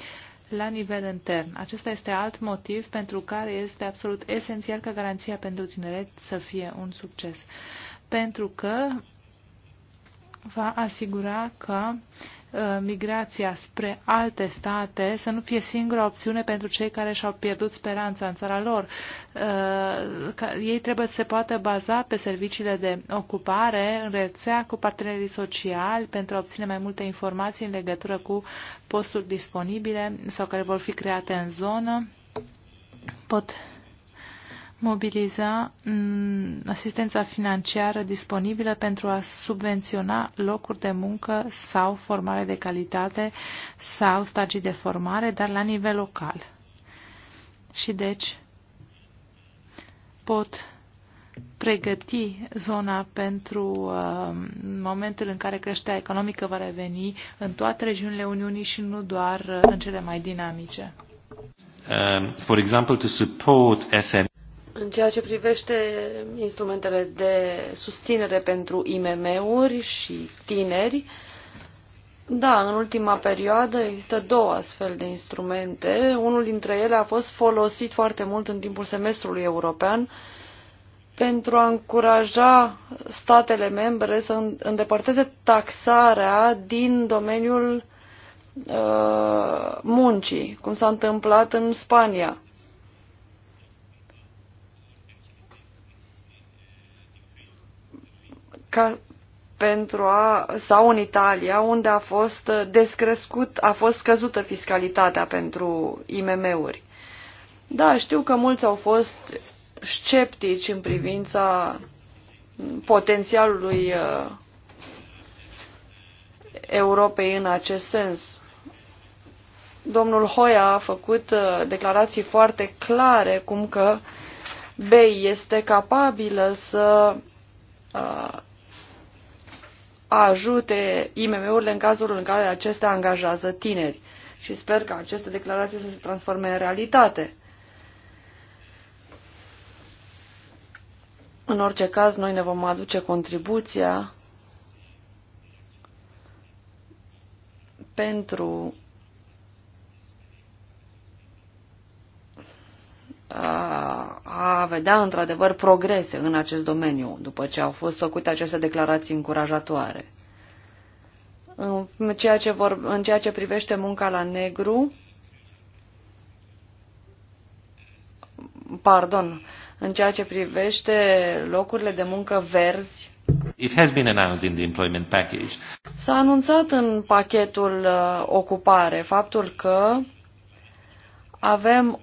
la nivel intern. Acesta este alt motiv pentru care este absolut esențial ca garanția pentru tineret să fie un succes. Pentru că va asigura că Uh, migrația spre alte state să nu fie singura opțiune pentru cei care și-au pierdut speranța în țara lor. Uh, ei trebuie să se poată baza pe serviciile de ocupare în rețea cu partenerii sociali pentru a obține mai multe informații în legătură cu posturi disponibile sau care vor fi create în zonă. Pot mobiliza mm, asistența financiară disponibilă pentru a subvenționa locuri de muncă sau formare de calitate sau stagii de formare, dar la nivel local. Și deci pot pregăti zona pentru uh, momentul în care creșterea economică va reveni în toate regiunile Uniunii și nu doar uh, în cele mai dinamice. Um, for example, to support SM în ceea ce privește instrumentele de susținere pentru IMM-uri și tineri, da, în ultima perioadă există două astfel de instrumente. Unul dintre ele a fost folosit foarte mult în timpul semestrului european pentru a încuraja statele membre să îndepărteze taxarea din domeniul uh, muncii, cum s-a întâmplat în Spania ca pentru a, sau în Italia, unde a fost descrescut, a fost scăzută fiscalitatea pentru IMM-uri. Da, știu că mulți au fost sceptici în privința potențialului uh, Europei în acest sens. Domnul Hoia a făcut uh, declarații foarte clare cum că BEI este capabilă să uh, ajute IMM-urile în cazul în care acestea angajează tineri. Și sper că aceste declarații să se transforme în realitate. În orice caz, noi ne vom aduce contribuția pentru a vedea într-adevăr progrese în acest domeniu după ce au fost făcute aceste declarații încurajatoare. În ceea ce, vor, în ceea ce privește munca la negru, pardon, în ceea ce privește locurile de muncă verzi, It has been announced in the employment package. S-a anunțat în pachetul uh, ocupare faptul că avem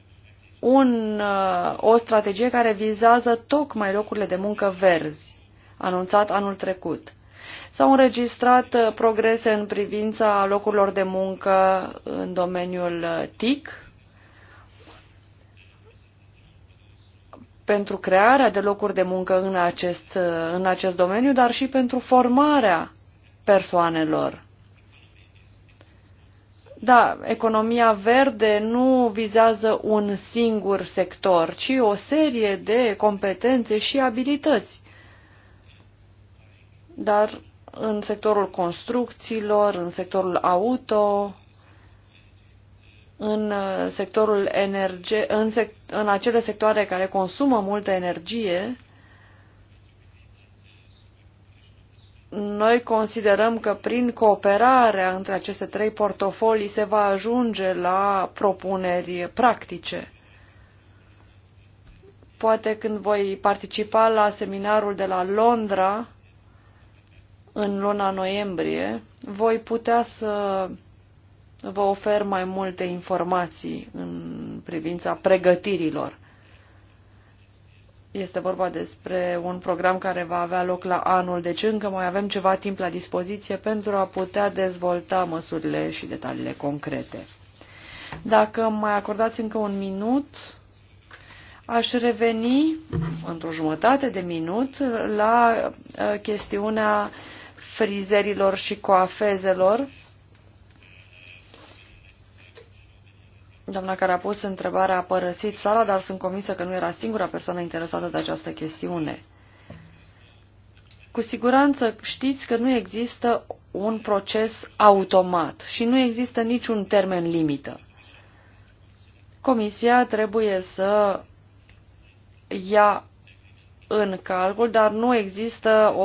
un, uh, o strategie care vizează tocmai locurile de muncă verzi, anunțat anul trecut. S-au înregistrat uh, progrese în privința locurilor de muncă în domeniul uh, TIC, pentru crearea de locuri de muncă în acest, în acest domeniu, dar și pentru formarea persoanelor. Da, economia verde nu vizează un singur sector, ci o serie de competențe și abilități. Dar în sectorul construcțiilor, în sectorul auto, în sectorul energie, în, sec, în acele sectoare care consumă multă energie, Noi considerăm că prin cooperarea între aceste trei portofolii se va ajunge la propuneri practice. Poate când voi participa la seminarul de la Londra în luna noiembrie, voi putea să vă ofer mai multe informații în privința pregătirilor. Este vorba despre un program care va avea loc la anul, deci încă mai avem ceva timp la dispoziție pentru a putea dezvolta măsurile și detaliile concrete. Dacă mai acordați încă un minut, aș reveni într-o jumătate de minut la uh, chestiunea frizerilor și coafezelor Doamna care a pus întrebarea a părăsit sala, dar sunt convinsă că nu era singura persoană interesată de această chestiune. Cu siguranță știți că nu există un proces automat și nu există niciun termen limită. Comisia trebuie să ia în calcul, dar nu există o,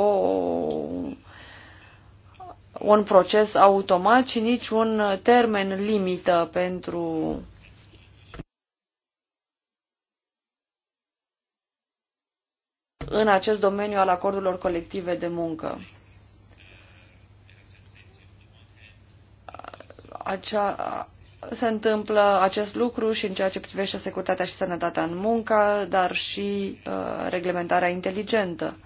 un proces automat și niciun termen limită pentru în acest domeniu al acordurilor colective de muncă. Acea, se întâmplă acest lucru și în ceea ce privește securitatea și sănătatea în muncă, dar și uh, reglementarea inteligentă.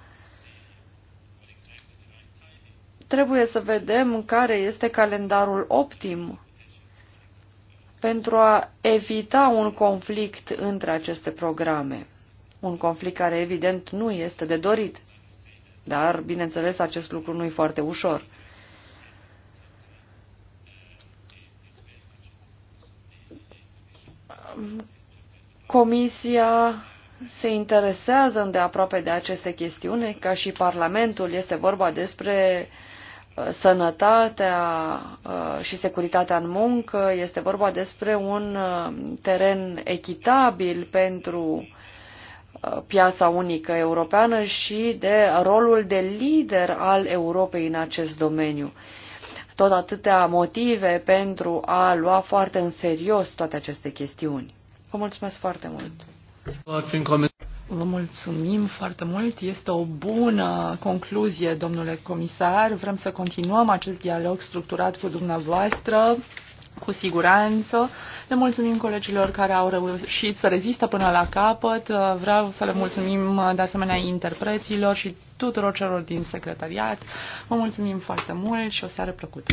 Trebuie să vedem care este calendarul optim pentru a evita un conflict între aceste programe un conflict care evident nu este de dorit. Dar, bineînțeles, acest lucru nu e foarte ușor. Comisia se interesează îndeaproape de aceste chestiuni, ca și Parlamentul. Este vorba despre uh, sănătatea uh, și securitatea în muncă, este vorba despre un uh, teren echitabil pentru piața unică europeană și de rolul de lider al Europei în acest domeniu. Tot atâtea motive pentru a lua foarte în serios toate aceste chestiuni. Vă mulțumesc foarte mult! Vă mulțumim foarte mult. Este o bună concluzie, domnule comisar. Vrem să continuăm acest dialog structurat cu dumneavoastră cu siguranță. Le mulțumim colegilor care au reușit să rezistă până la capăt. Vreau să le mulțumim de asemenea interpreților și tuturor celor din secretariat. Vă mulțumim foarte mult și o seară plăcută!